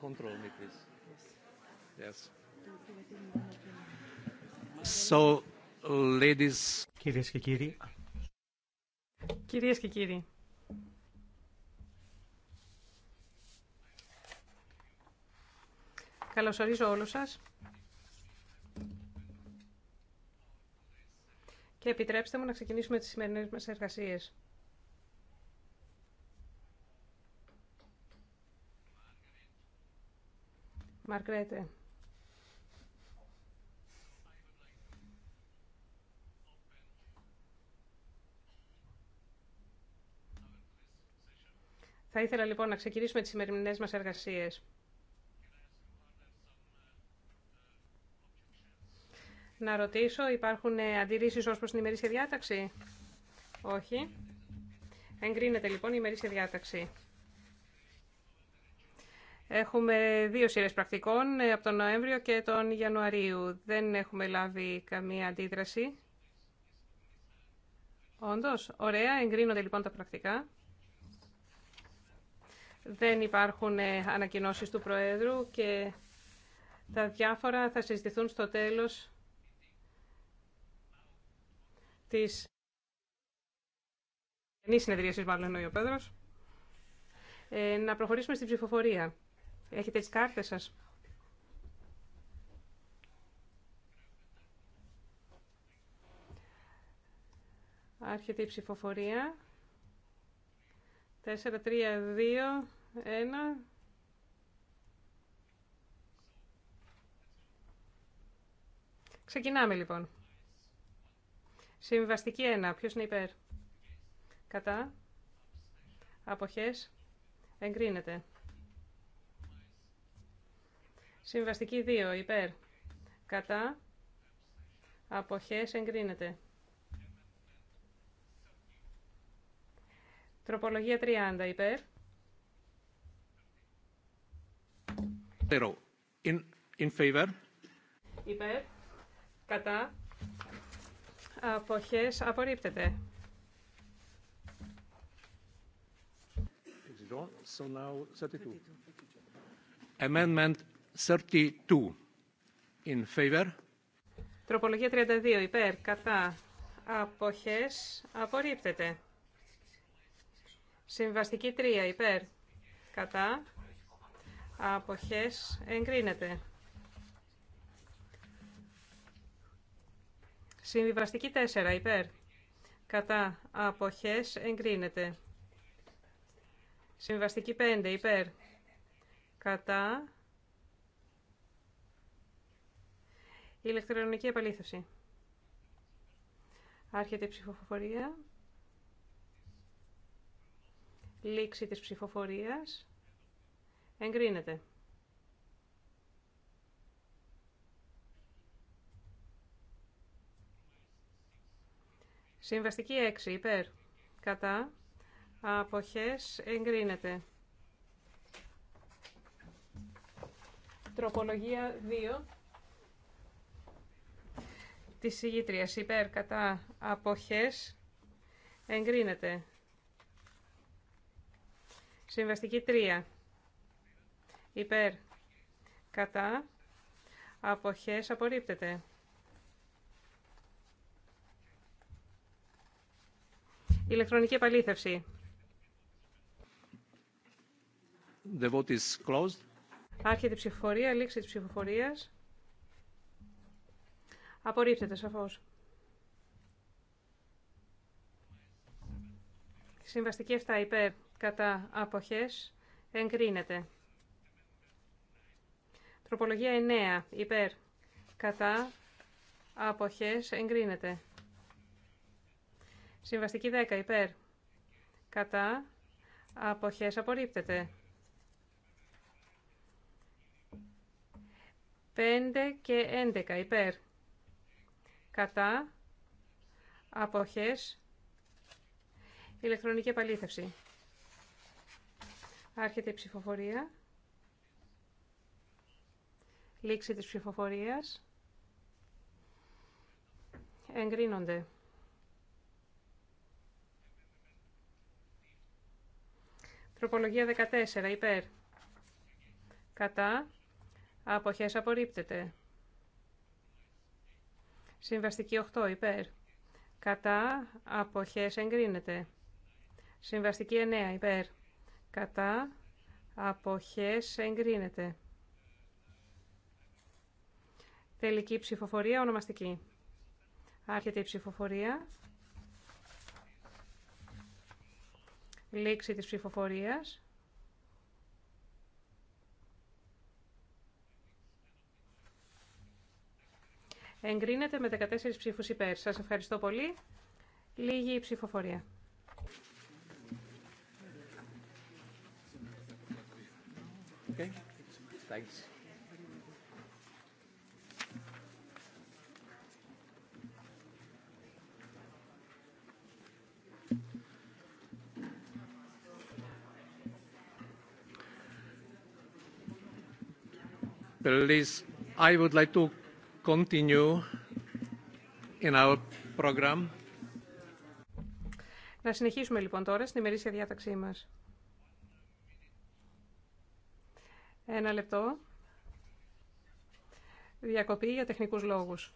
Control me, please. Yes. So, ladies... Κυρίες και κύριοι. Κυρίες και κύριοι. Καλωσορίζω όλους σας. Και επιτρέψτε μου να ξεκινήσουμε τις σημερινές μας εργασίες. Μαρκρέτε. Θα ήθελα λοιπόν να ξεκινήσουμε τις σημερινές μας εργασίες. Να ρωτήσω, υπάρχουν ε, αντιρρήσεις ως προς την ημερήσια διάταξη. Όχι. Εγκρίνεται λοιπόν η ημερήσια διάταξη. Έχουμε δύο σειρές πρακτικών ε, από τον Νοέμβριο και τον Ιανουαρίου. Δεν έχουμε λάβει καμία αντίδραση. Όντως, ωραία, εγκρίνονται λοιπόν τα πρακτικά. Δεν υπάρχουν ε, ανακοινώσεις του Προέδρου και τα διάφορα θα συζητηθούν στο τέλος της ενής συνεδρίασης, μάλλον ο Πέδρος. Ε, να προχωρήσουμε στην ψηφοφορία. Έχετε τις κάρτες σας. Άρχεται η ψηφοφορία. 4, 3, 2, 1... Ξεκινάμε λοιπόν. Συμβαστική 1. Ποιος είναι υπέρ. Κατά. Αποχές. Εγκρίνεται. Συμβαστική 2. Υπέρ. Κατά. Αποχές εγκρίνεται. Τροπολογία 30. Υπέρ. In, in favor. Υπέρ. Κατά. Αποχές απορρίπτεται. So now 32. 32. Amendment 32 in favor. Τροπολογία 32 υπέρ κατά αποχές απορρίπτεται. Συμβαστική 3 υπέρ κατά αποχές εγκρίνεται. Συμβιβαστική 4 υπέρ κατά αποχές εγκρίνεται. Συμβαστική 5 υπέρ κατά ηλεκτρονική επαλήθευση. Άρχεται η ψηφοφορία. Λήξη της ψηφοφορίας. Εγκρίνεται. Συμβαστική 6 υπέρ. Κατά. Αποχές εγκρίνεται. Τροπολογία 2 της ηγήτριας υπέρ κατά αποχές εγκρίνεται. Συμβαστική 3. Υπέρ κατά αποχές απορρίπτεται. Ηλεκτρονική επαλήθευση. The vote is closed. Άρχεται η ψηφοφορία, λήξη της ψηφοφορίας. Απορρίπτεται σαφώς. Συμβαστική 7 υπέρ κατά αποχές εγκρίνεται. Τροπολογία 9 υπέρ κατά αποχές εγκρίνεται. Συμβαστική 10 υπέρ κατά αποχές απορρίπτεται. 5 και 11 υπέρ κατά, αποχές, ηλεκτρονική επαλήθευση. Άρχεται η ψηφοφορία. Λήξη της ψηφοφορίας. Εγκρίνονται. Τροπολογία 14. Υπέρ. Κατά. Αποχές απορρίπτεται. Συμβαστική 8 υπέρ. Κατά αποχές εγκρίνεται. Συμβαστική 9 υπέρ. Κατά αποχές εγκρίνεται. Τελική ψηφοφορία ονομαστική. Άρχεται η ψηφοφορία. Λήξη της ψηφοφορίας. Εγκρίνεται με 14 ψήφου υπέρ. Σας ευχαριστώ πολύ. Λίγη ψηφοφορία. Okay. Please, I would like to continue in our program. Να συνεχίσουμε λοιπόν τώρα στην ημερήσια διάταξή μας. Ένα λεπτό. Διακοπή για τεχνικούς λόγους.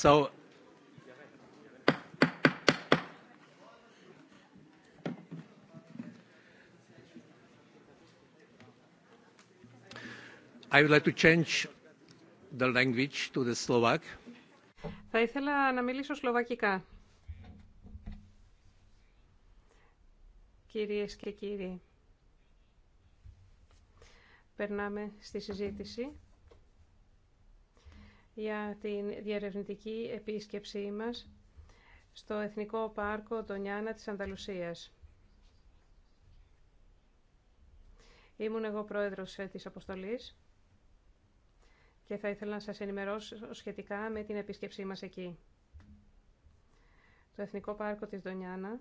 So I would like to change the language Θα ήθελα να μιλήσω σλοβακικά. Κυρίες και κύριοι, περνάμε στη συζήτηση για την διαρευνητική επίσκεψή μας στο Εθνικό Πάρκο Τονιάνα της Ανταλουσίας. Ήμουν εγώ πρόεδρος ε, της αποστολής και θα ήθελα να σας ενημερώσω σχετικά με την επίσκεψή μας εκεί. Το Εθνικό Πάρκο της Ντονιάνα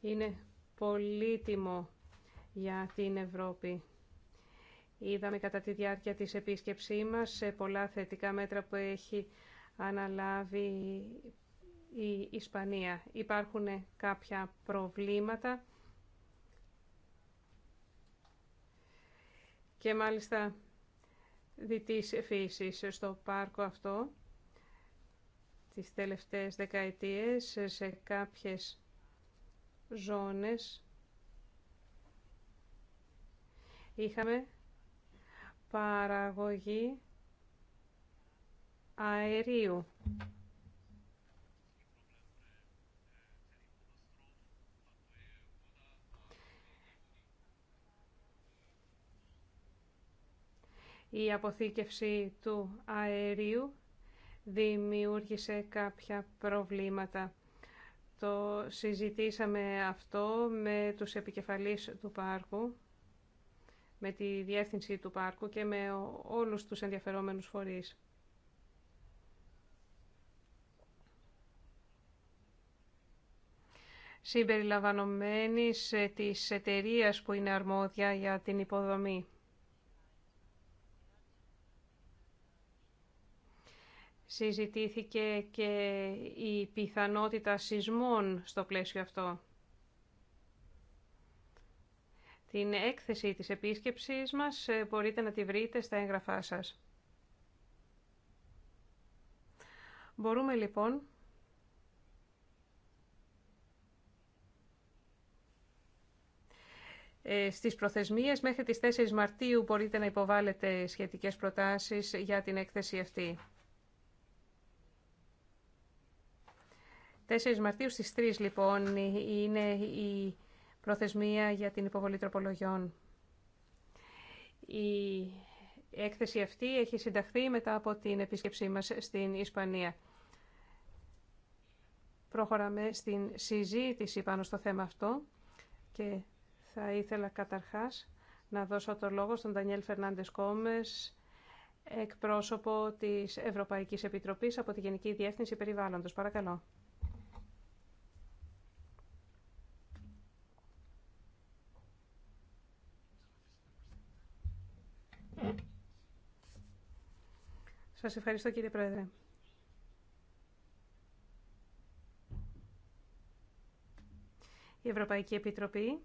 είναι πολύτιμο για την Ευρώπη. Είδαμε κατά τη διάρκεια της επίσκεψή μας σε πολλά θετικά μέτρα που έχει αναλάβει η Ισπανία. Υπάρχουν κάποια προβλήματα και μάλιστα διτής φύσης στο πάρκο αυτό τις τελευταίες δεκαετίες σε κάποιες ζώνες είχαμε παραγωγή αερίου. Η αποθήκευση του αερίου δημιούργησε κάποια προβλήματα. Το συζητήσαμε αυτό με τους επικεφαλείς του πάρκου με τη διεύθυνση του πάρκου και με όλους τους ενδιαφερόμενους φορείς. συμπεριλαμβανομένης ε, της εταιρεία που είναι αρμόδια για την υποδομή. Συζητήθηκε και η πιθανότητα σεισμών στο πλαίσιο αυτό. Την έκθεση της επίσκεψής μας ε, μπορείτε να τη βρείτε στα έγγραφά σας. Μπορούμε λοιπόν ε, στις προθεσμίες μέχρι τις 4 Μαρτίου μπορείτε να υποβάλλετε σχετικές προτάσεις για την έκθεση αυτή. 4 Μαρτίου στις 3 λοιπόν είναι η προθεσμία για την υποβολή τροπολογιών. Η έκθεση αυτή έχει συνταχθεί μετά από την επίσκεψή μας στην Ισπανία. Προχωράμε στην συζήτηση πάνω στο θέμα αυτό και θα ήθελα καταρχάς να δώσω το λόγο στον Δανιέλ Φερνάντες Κόμες, εκπρόσωπο της Ευρωπαϊκής Επιτροπής από τη Γενική Διεύθυνση Περιβάλλοντος. Παρακαλώ. Σας ευχαριστώ κύριε Πρόεδρε. Η Ευρωπαϊκή Επιτροπή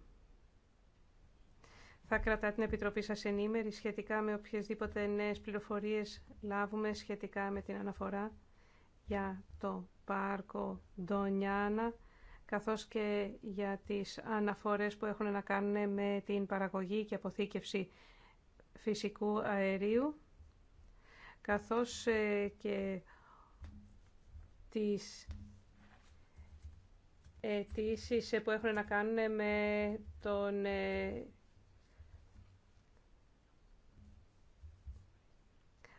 θα κρατά την Επιτροπή σας ενήμερη σχετικά με οποιασδήποτε νέες πληροφορίες λάβουμε σχετικά με την αναφορά για το πάρκο Ντονιάνα καθώς και για τις αναφορές που έχουν να κάνουν με την παραγωγή και αποθήκευση φυσικού αερίου καθώς ε, και τις αιτήσει ε, που έχουν να κάνουν με τον ε,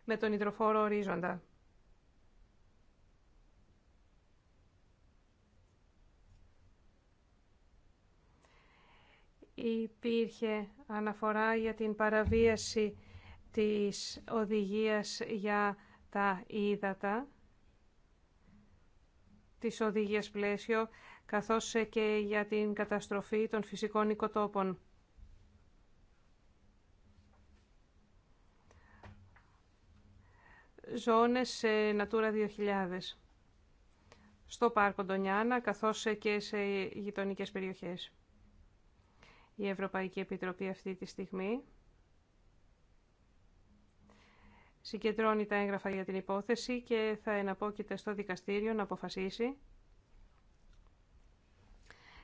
με τον υδροφόρο ορίζοντα. Υπήρχε αναφορά για την παραβίαση της οδηγίας για τα ύδατα, της οδηγίας πλαίσιο, καθώς και για την καταστροφή των φυσικών οικοτόπων. Ζώνες Natura 2000 στο Πάρκο Ντονιάνα, καθώς και σε γειτονικές περιοχές. Η Ευρωπαϊκή Επιτροπή αυτή τη στιγμή συγκεντρώνει τα έγγραφα για την υπόθεση και θα εναπόκειται στο δικαστήριο να αποφασίσει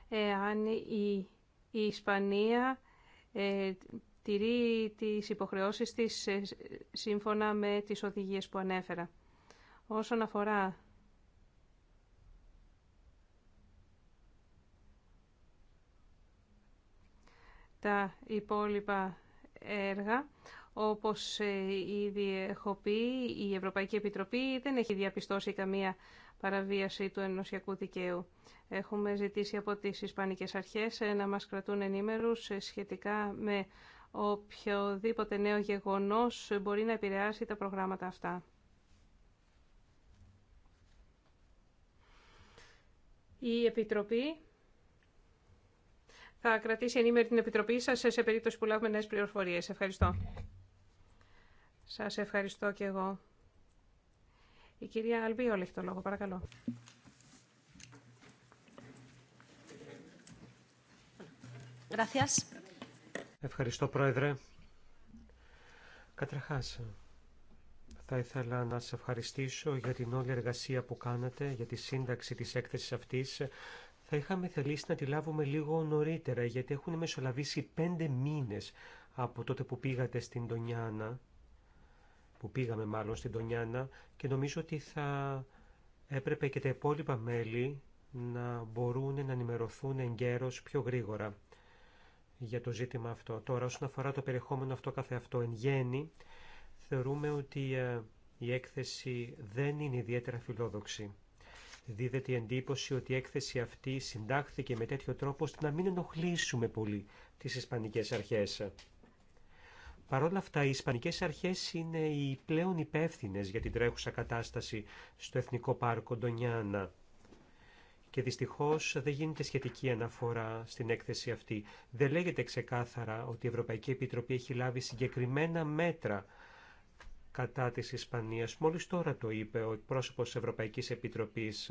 εάν η, Ισπανία ε, τηρεί τις υποχρεώσεις της ε, σύμφωνα με τις οδηγίες που ανέφερα. Όσον αφορά τα υπόλοιπα έργα, όπως ε, ήδη έχω πει, η Ευρωπαϊκή Επιτροπή δεν έχει διαπιστώσει καμία παραβίαση του ενωσιακού δικαίου. Έχουμε ζητήσει από τις Ισπανικές Αρχές ε, να μας κρατούν ενήμερους ε, σχετικά με οποιοδήποτε νέο γεγονός μπορεί να επηρεάσει τα προγράμματα αυτά. Η Επιτροπή θα κρατήσει ενήμερη την Επιτροπή σας σε περίπτωση που λάβουμε νέες πληροφορίες. Ευχαριστώ. Σας ευχαριστώ και εγώ. Η κυρία Αλμπίολ έχει το λόγο, παρακαλώ. Ευχαριστώ, Πρόεδρε. Καταρχάς, θα ήθελα να σας ευχαριστήσω για την όλη εργασία που κάνατε, για τη σύνταξη της έκθεσης αυτής. Θα είχαμε θελήσει να τη λάβουμε λίγο νωρίτερα, γιατί έχουν μεσολαβήσει πέντε μήνες από τότε που πήγατε στην Τονιάνα που πήγαμε μάλλον στην Τονιάνα και νομίζω ότι θα έπρεπε και τα υπόλοιπα μέλη να μπορούν να ενημερωθούν εγκαίρως πιο γρήγορα για το ζήτημα αυτό. Τώρα όσον αφορά το περιεχόμενο αυτό καθεαυτό εν γέννη, θεωρούμε ότι ε, η έκθεση δεν είναι ιδιαίτερα φιλόδοξη. Δίδεται η εντύπωση ότι η έκθεση αυτή συντάχθηκε με τέτοιο τρόπο ώστε να μην ενοχλήσουμε πολύ τις ισπανικές αρχές. Παρ' όλα αυτά, οι Ισπανικές αρχές είναι οι πλέον υπεύθυνες για την τρέχουσα κατάσταση στο Εθνικό Πάρκο Ντονιάνα. Και δυστυχώς δεν γίνεται σχετική αναφορά στην έκθεση αυτή. Δεν λέγεται ξεκάθαρα ότι η Ευρωπαϊκή Επιτροπή έχει λάβει συγκεκριμένα μέτρα κατά της Ισπανίας. Μόλις τώρα το είπε ο πρόσωπος της Ευρωπαϊκής Επιτροπής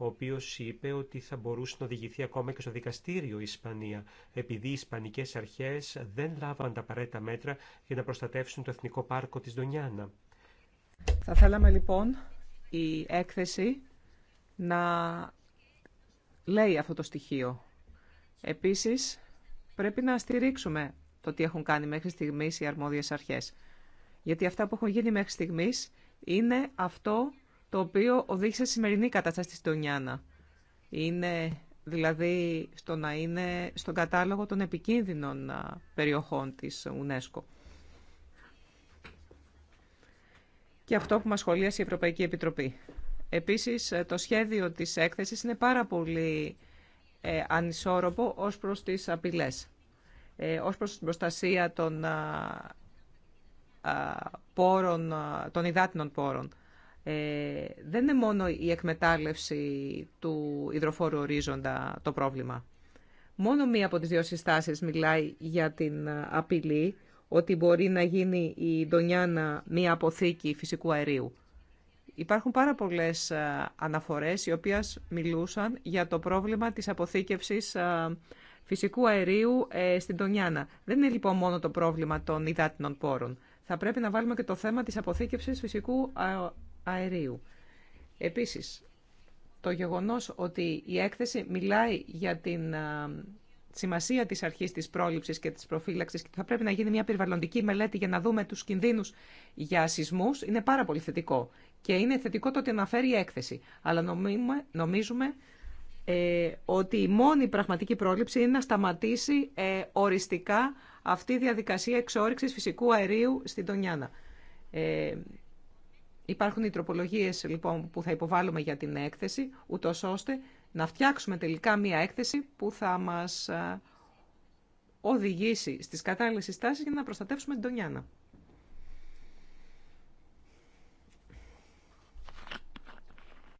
ο οποίο είπε ότι θα μπορούσε να οδηγηθεί ακόμα και στο δικαστήριο η Ισπανία, επειδή οι ισπανικέ αρχές δεν λάβαν τα απαραίτητα μέτρα για να προστατεύσουν το Εθνικό Πάρκο της Ντονιάννα. Θα θέλαμε λοιπόν η έκθεση να λέει αυτό το στοιχείο. Επίσης, πρέπει να στηρίξουμε το τι έχουν κάνει μέχρι στιγμής οι αρμόδιες αρχές. Γιατί αυτά που έχουν γίνει μέχρι στιγμής είναι αυτό το οποίο οδήγησε στη σημερινή κατάσταση στη Τονιάνα. Είναι δηλαδή στο να είναι στον κατάλογο των επικίνδυνων περιοχών της UNESCO. Και αυτό που μας σχολίασε η Ευρωπαϊκή Επιτροπή. Επίσης, ε, το σχέδιο της έκθεσης είναι πάρα πολύ ε, ανισόρροπο ως προς τις απειλές. Ε, ως προς την προστασία των, α, α, των υδάτινων πόρων ε, δεν είναι μόνο η εκμετάλλευση του υδροφόρου ορίζοντα το πρόβλημα. Μόνο μία από τις δύο συστάσεις μιλάει για την απειλή ότι μπορεί να γίνει η Ντονιάνα μία αποθήκη φυσικού αερίου. Υπάρχουν πάρα πολλές ε, αναφορές οι οποίες μιλούσαν για το πρόβλημα της αποθήκευσης ε, φυσικού αερίου ε, στην Τονιάνα. Δεν είναι λοιπόν μόνο το πρόβλημα των υδάτινων πόρων. Θα πρέπει να βάλουμε και το θέμα της αποθήκευσης φυσικού αερίου. Επίσης, το γεγονός ότι η έκθεση μιλάει για την σημασία της αρχής της πρόληψης και της προφύλαξης και θα πρέπει να γίνει μια περιβαλλοντική μελέτη για να δούμε τους κινδύνους για σεισμούς είναι πάρα πολύ θετικό. Και είναι θετικό το ότι αναφέρει η έκθεση. Αλλά νομίζουμε, νομίζουμε ε, ότι η μόνη πραγματική πρόληψη είναι να σταματήσει ε, οριστικά αυτή η διαδικασία εξόριξης φυσικού αερίου στην Τονιάνα. Ε, Υπάρχουν οι τροπολογίε λοιπόν που θα υποβάλουμε για την έκθεση, ούτω ώστε να φτιάξουμε τελικά μία έκθεση που θα μας ε, οδηγήσει στις κατάλληλες συστάσει για να προστατεύσουμε την Τονιάνα.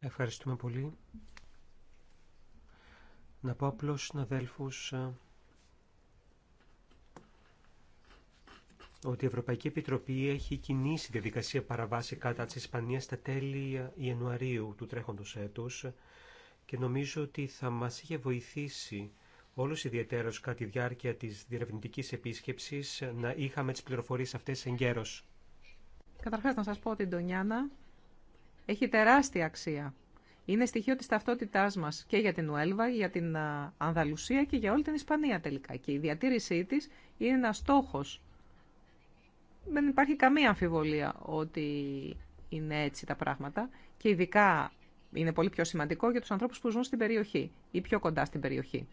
Ευχαριστούμε πολύ. Να πω απλώς συναδέλφους ε, ότι η Ευρωπαϊκή Επιτροπή έχει κινήσει τη διαδικασία παραβάση κατά της Ισπανίας στα τέλη Ιανουαρίου του τρέχοντος έτους και νομίζω ότι θα μας είχε βοηθήσει όλος ιδιαίτερος κατά τη διάρκεια της διερευνητικής επίσκεψης να είχαμε τις πληροφορίες αυτές γέρος. Καταρχάς να σας πω ότι η Ντονιάνα έχει τεράστια αξία. Είναι στοιχείο της ταυτότητάς μας και για την Ουέλβα, για την Ανδαλουσία και για όλη την Ισπανία τελικά. Και η διατήρησή της είναι ένας στόχος δεν υπάρχει καμία αμφιβολία ότι είναι έτσι τα πράγματα και ειδικά είναι πολύ πιο σημαντικό για τους ανθρώπους που ζουν στην περιοχή ή πιο κοντά στην περιοχή.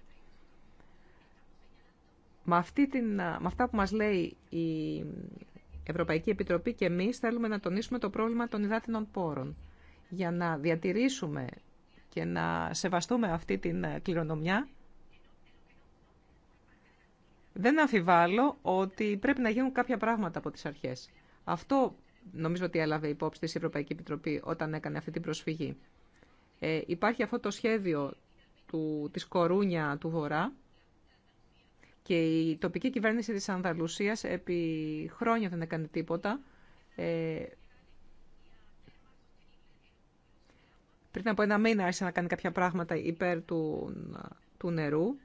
Με, αυτή την, με αυτά που μας λέει η Ευρωπαϊκή Επιτροπή και εμείς θέλουμε να τονίσουμε το πρόβλημα των υδάτινων πόρων για να διατηρήσουμε και να σεβαστούμε αυτή την κληρονομιά δεν αμφιβάλλω ότι πρέπει να γίνουν κάποια πράγματα από τις αρχές. Αυτό νομίζω ότι έλαβε υπόψη της Ευρωπαϊκή Επιτροπή όταν έκανε αυτή την προσφυγή. Ε, υπάρχει αυτό το σχέδιο του, της Κορούνια του Βορρά και η τοπική κυβέρνηση της Ανδαλουσίας επί χρόνια δεν έκανε τίποτα. Ε, πριν από ένα μήνα άρχισε να κάνει κάποια πράγματα υπέρ του νερού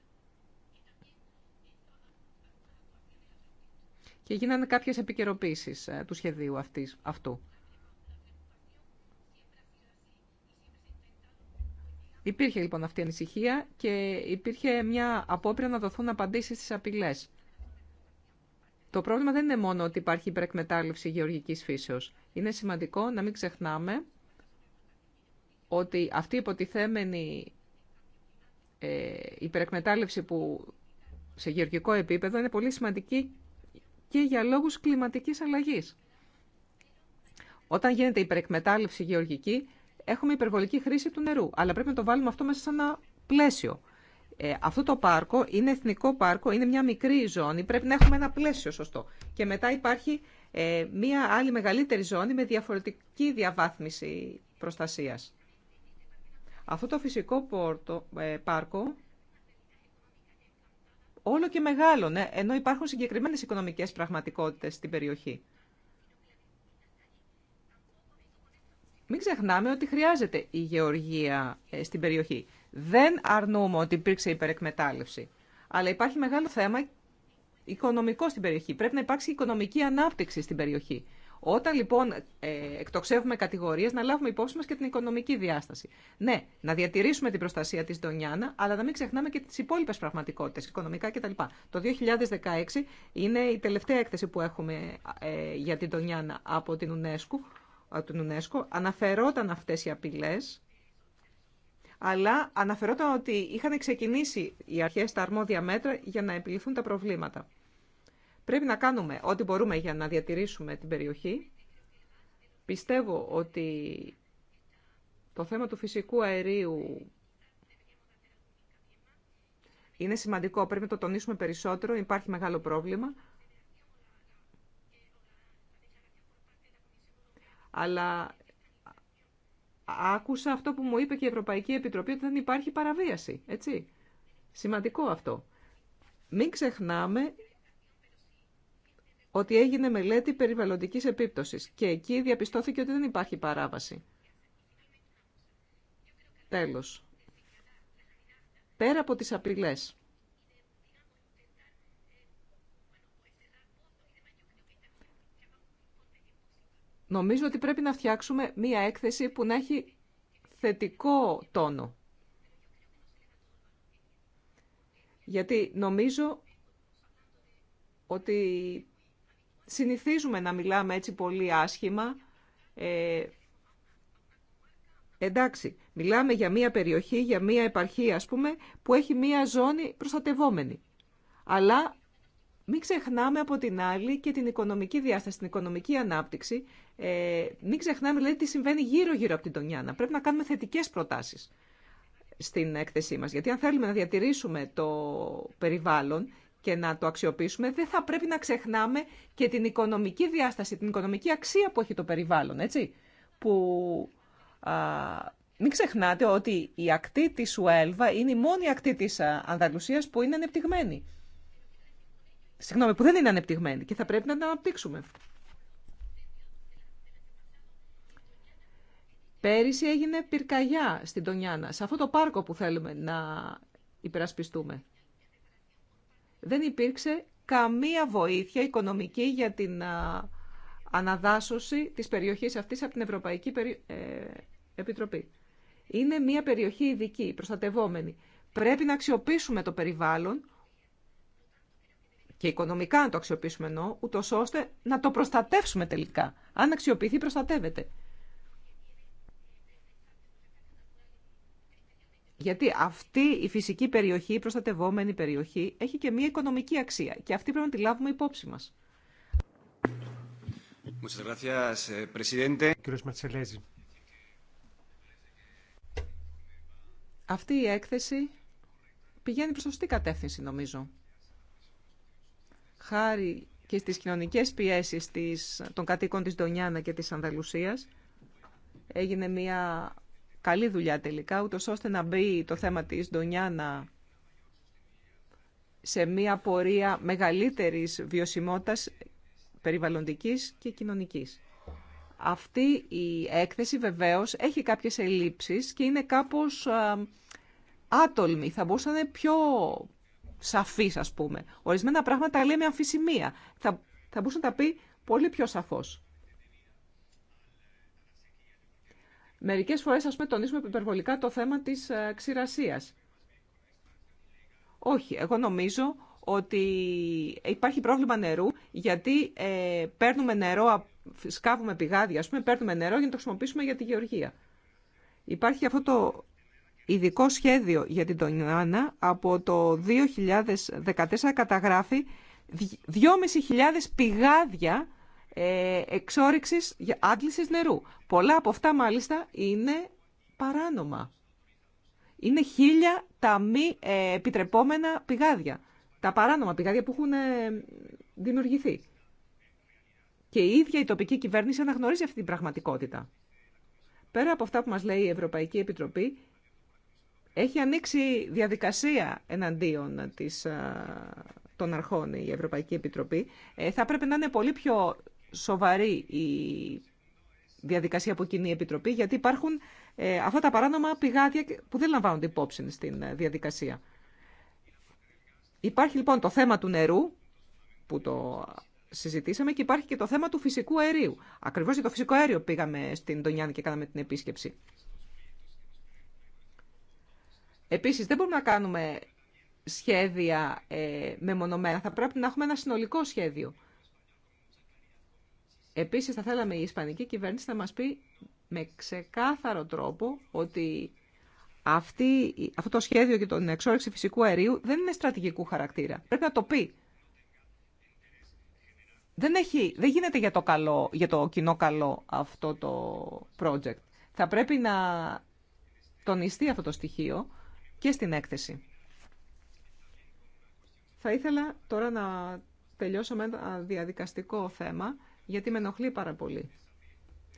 και γίνανε κάποιες επικαιροποίησεις ε, του σχεδίου αυτής, αυτού. Υπήρχε λοιπόν αυτή η ανησυχία και υπήρχε μια απόπειρα να δοθούν απαντήσεις στις απειλές. Το πρόβλημα δεν είναι μόνο ότι υπάρχει υπερεκμετάλλευση γεωργικής φύσεως. Είναι σημαντικό να μην ξεχνάμε ότι αυτή η υποτιθέμενη ε, υπερεκμετάλλευση που σε γεωργικό επίπεδο είναι πολύ σημαντική και για λόγους κλιματικής αλλαγής. Όταν γίνεται υπερεκμετάλλευση γεωργική, έχουμε υπερβολική χρήση του νερού, αλλά πρέπει να το βάλουμε αυτό μέσα σε ένα πλαίσιο. Ε, αυτό το πάρκο είναι εθνικό πάρκο, είναι μια μικρή ζώνη, πρέπει να έχουμε ένα πλαίσιο σωστό. Και μετά υπάρχει ε, μια άλλη μεγαλύτερη ζώνη με διαφορετική διαβάθμιση προστασίας. Αυτό το φυσικό ε, πάρκο όλο και μεγάλωνε, ναι, ενώ υπάρχουν συγκεκριμένες οικονομικές πραγματικότητες στην περιοχή. Μην ξεχνάμε ότι χρειάζεται η γεωργία ε, στην περιοχή. Δεν αρνούμε ότι υπήρξε υπερεκμετάλλευση, αλλά υπάρχει μεγάλο θέμα οικονομικό στην περιοχή. Πρέπει να υπάρξει οικονομική ανάπτυξη στην περιοχή. Όταν λοιπόν ε, εκτοξεύουμε κατηγορίε, να λάβουμε υπόψη μα και την οικονομική διάσταση. Ναι, να διατηρήσουμε την προστασία τη Ντονιάνα, αλλά να μην ξεχνάμε και τι υπόλοιπε πραγματικότητε, οικονομικά κτλ. Το 2016 είναι η τελευταία έκθεση που έχουμε ε, για την Ντονιάνα από την UNESCO. Από ε, την UNESCO. Αναφερόταν αυτέ οι απειλέ, αλλά αναφερόταν ότι είχαν ξεκινήσει οι αρχέ τα αρμόδια μέτρα για να επιληθούν τα προβλήματα. Πρέπει να κάνουμε ό,τι μπορούμε για να διατηρήσουμε την περιοχή. Πιστεύω ότι το θέμα του φυσικού αερίου είναι σημαντικό, πρέπει να το τονίσουμε περισσότερο, υπάρχει μεγάλο πρόβλημα. Αλλά άκουσα αυτό που μου είπε και η Ευρωπαϊκή Επιτροπή ότι δεν υπάρχει παραβίαση, έτσι. Σημαντικό αυτό. Μην ξεχνάμε ότι έγινε μελέτη περιβαλλοντικής επίπτωσης και εκεί διαπιστώθηκε ότι δεν υπάρχει παράβαση. Τέλος. Πέρα από τις απειλές. Νομίζω ότι πρέπει να φτιάξουμε μία έκθεση που να έχει θετικό τόνο. Γιατί νομίζω ότι συνηθίζουμε να μιλάμε έτσι πολύ άσχημα. Ε, εντάξει, μιλάμε για μία περιοχή, για μία επαρχία, ας πούμε, που έχει μία ζώνη προστατευόμενη. Αλλά μην ξεχνάμε από την άλλη και την οικονομική διάσταση, την οικονομική ανάπτυξη. Ε, μην ξεχνάμε, δηλαδή, τι συμβαίνει γύρω-γύρω από την Τονιάνα. Πρέπει να κάνουμε θετικές προτάσεις στην έκθεσή μας. Γιατί αν θέλουμε να διατηρήσουμε το περιβάλλον και να το αξιοποιήσουμε, δεν θα πρέπει να ξεχνάμε και την οικονομική διάσταση, την οικονομική αξία που έχει το περιβάλλον, έτσι. Που μην ξεχνάτε ότι η ακτή της Σουέλβα είναι η μόνη ακτή της Ανταλουσίας που είναι ανεπτυγμένη. Συγγνώμη, που δεν είναι ανεπτυγμένη και θα πρέπει να την αναπτύξουμε. Πέρυσι έγινε πυρκαγιά στην Τονιάνα, σε αυτό το πάρκο που θέλουμε να υπερασπιστούμε δεν υπήρξε καμία βοήθεια οικονομική για την αναδάσωση της περιοχής αυτής από την Ευρωπαϊκή ε, Επιτροπή. Είναι μια περιοχή ειδική, προστατευόμενη. Πρέπει να αξιοποιήσουμε το περιβάλλον και οικονομικά να το αξιοποιήσουμε ενώ, ούτω ώστε να το προστατεύσουμε τελικά. Αν αξιοποιηθεί, προστατεύεται. Γιατί αυτή η φυσική περιοχή, η προστατευόμενη περιοχή, έχει και μία οικονομική αξία και αυτή πρέπει να τη λάβουμε υπόψη μας. Eh, αυτή η έκθεση πηγαίνει προς σωστή κατεύθυνση, νομίζω. Χάρη και στις κοινωνικές πιέσεις των κατοίκων της Ντονιάνα και της Ανδαλουσίας, έγινε μια καλή δουλειά τελικά, ούτω ώστε να μπει το θέμα της Ντονιάνα σε μια πορεία μεγαλύτερης βιωσιμότητας περιβαλλοντικής και κοινωνικής. Αυτή η έκθεση βεβαίως έχει κάποιες ελλείψεις και είναι κάπως άτολμη, θα μπορούσε να είναι πιο σαφής ας πούμε. Ορισμένα πράγματα λέμε αμφισημεία. αμφισημία, θα, θα μπορούσε να τα πει πολύ πιο σαφώς. Μερικές φορές, ας πούμε, τονίζουμε υπερβολικά το θέμα της ε, ξηρασίας. Όχι, εγώ νομίζω ότι υπάρχει πρόβλημα νερού, γιατί ε, παίρνουμε νερό, σκάβουμε πηγάδια, ας πούμε, παίρνουμε νερό για να το χρησιμοποιήσουμε για τη γεωργία. Υπάρχει αυτό το ειδικό σχέδιο για την Τονιάνα από το 2014 καταγράφει 2.500 πηγάδια ε, εξόριξης για νερού. Πολλά από αυτά μάλιστα είναι παράνομα. Είναι χίλια τα μη ε, επιτρεπόμενα πηγάδια. Τα παράνομα πηγάδια που έχουν ε, δημιουργηθεί. Και η ίδια η τοπική κυβέρνηση αναγνωρίζει αυτή την πραγματικότητα. Πέρα από αυτά που μας λέει η Ευρωπαϊκή Επιτροπή, έχει ανοίξει διαδικασία εναντίον της, ε, των αρχών η Ευρωπαϊκή Επιτροπή. θα πρέπει να είναι πολύ πιο σοβαρή η διαδικασία που κοινή Επιτροπή, γιατί υπάρχουν ε, αυτά τα παράνομα πηγάδια που δεν λαμβάνονται υπόψη στην ε, διαδικασία. Υπάρχει λοιπόν το θέμα του νερού, που το συζητήσαμε, και υπάρχει και το θέμα του φυσικού αερίου. Ακριβώς για το φυσικό αέριο πήγαμε στην Τονιάννη και κάναμε την επίσκεψη. Επίσης, δεν μπορούμε να κάνουμε σχέδια ε, μεμονωμένα. Θα πρέπει να έχουμε ένα συνολικό σχέδιο. Επίσης θα θέλαμε η Ισπανική κυβέρνηση να μας πει με ξεκάθαρο τρόπο ότι αυτή, αυτό το σχέδιο για την εξόρυξη φυσικού αερίου δεν είναι στρατηγικού χαρακτήρα. Πρέπει να το πει. Δεν, έχει, δεν γίνεται για το, καλό, για το κοινό καλό αυτό το project. Θα πρέπει να τονιστεί αυτό το στοιχείο και στην έκθεση. Θα ήθελα τώρα να τελειώσω με ένα διαδικαστικό θέμα γιατί με ενοχλεί πάρα πολύ.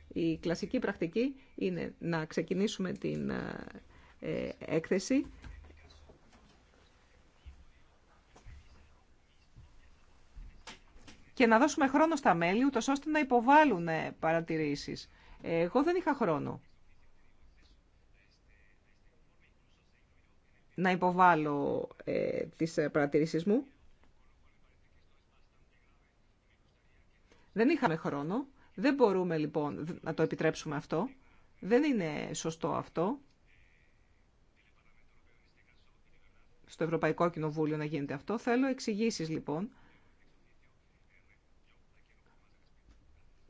Η κλασική πρακτική είναι να ξεκινήσουμε την ε, ε, έκθεση και να δώσουμε χρόνο στα μέλη, ούτως ώστε να υποβάλουν ε, παρατηρήσεις. Εγώ δεν είχα χρόνο να υποβάλω τις παρατηρήσεις μου. Δεν είχαμε χρόνο. Δεν μπορούμε λοιπόν να το επιτρέψουμε αυτό. Δεν είναι σωστό αυτό. Στο Ευρωπαϊκό Κοινοβούλιο να γίνεται αυτό. Θέλω εξηγήσει λοιπόν.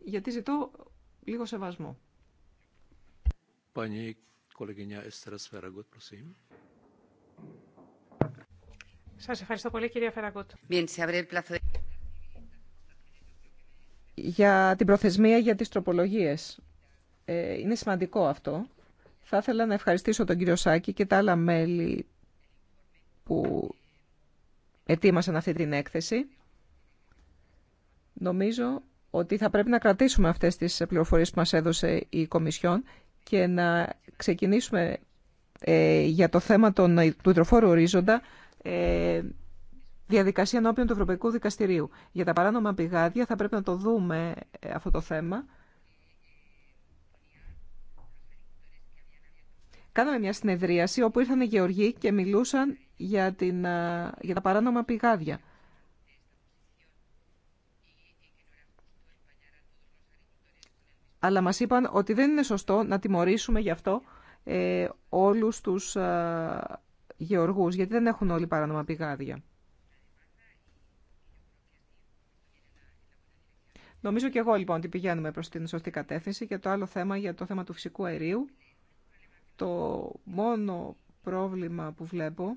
Γιατί ζητώ λίγο σεβασμό. Σας ευχαριστώ πολύ κυρία Φεραγκούτ για την προθεσμία για τις τροπολογίες. Ε, είναι σημαντικό αυτό. Θα ήθελα να ευχαριστήσω τον κύριο Σάκη και τα άλλα μέλη που ετοίμασαν αυτή την έκθεση. Νομίζω ότι θα πρέπει να κρατήσουμε αυτές τις πληροφορίες που μας έδωσε η Κομισιόν και να ξεκινήσουμε ε, για το θέμα των, του υδροφόρου ορίζοντα ε, διαδικασία ενώπιον του Ευρωπαϊκού Δικαστηρίου. Για τα παράνομα πηγάδια θα πρέπει να το δούμε ε, αυτό το θέμα. Κάναμε μια συνεδρίαση όπου ήρθαν οι Γεωργοί και μιλούσαν ε, για, τα παράνομα πηγάδια. Αλλά μας είπαν ότι δεν είναι σωστό να τιμωρήσουμε γι' αυτό ε, όλους τους ε, γεωργούς, γιατί δεν έχουν όλοι παράνομα πηγάδια. Νομίζω και εγώ λοιπόν ότι πηγαίνουμε προς την σωστή κατεύθυνση και το άλλο θέμα για το θέμα του φυσικού αερίου. Το μόνο πρόβλημα που βλέπω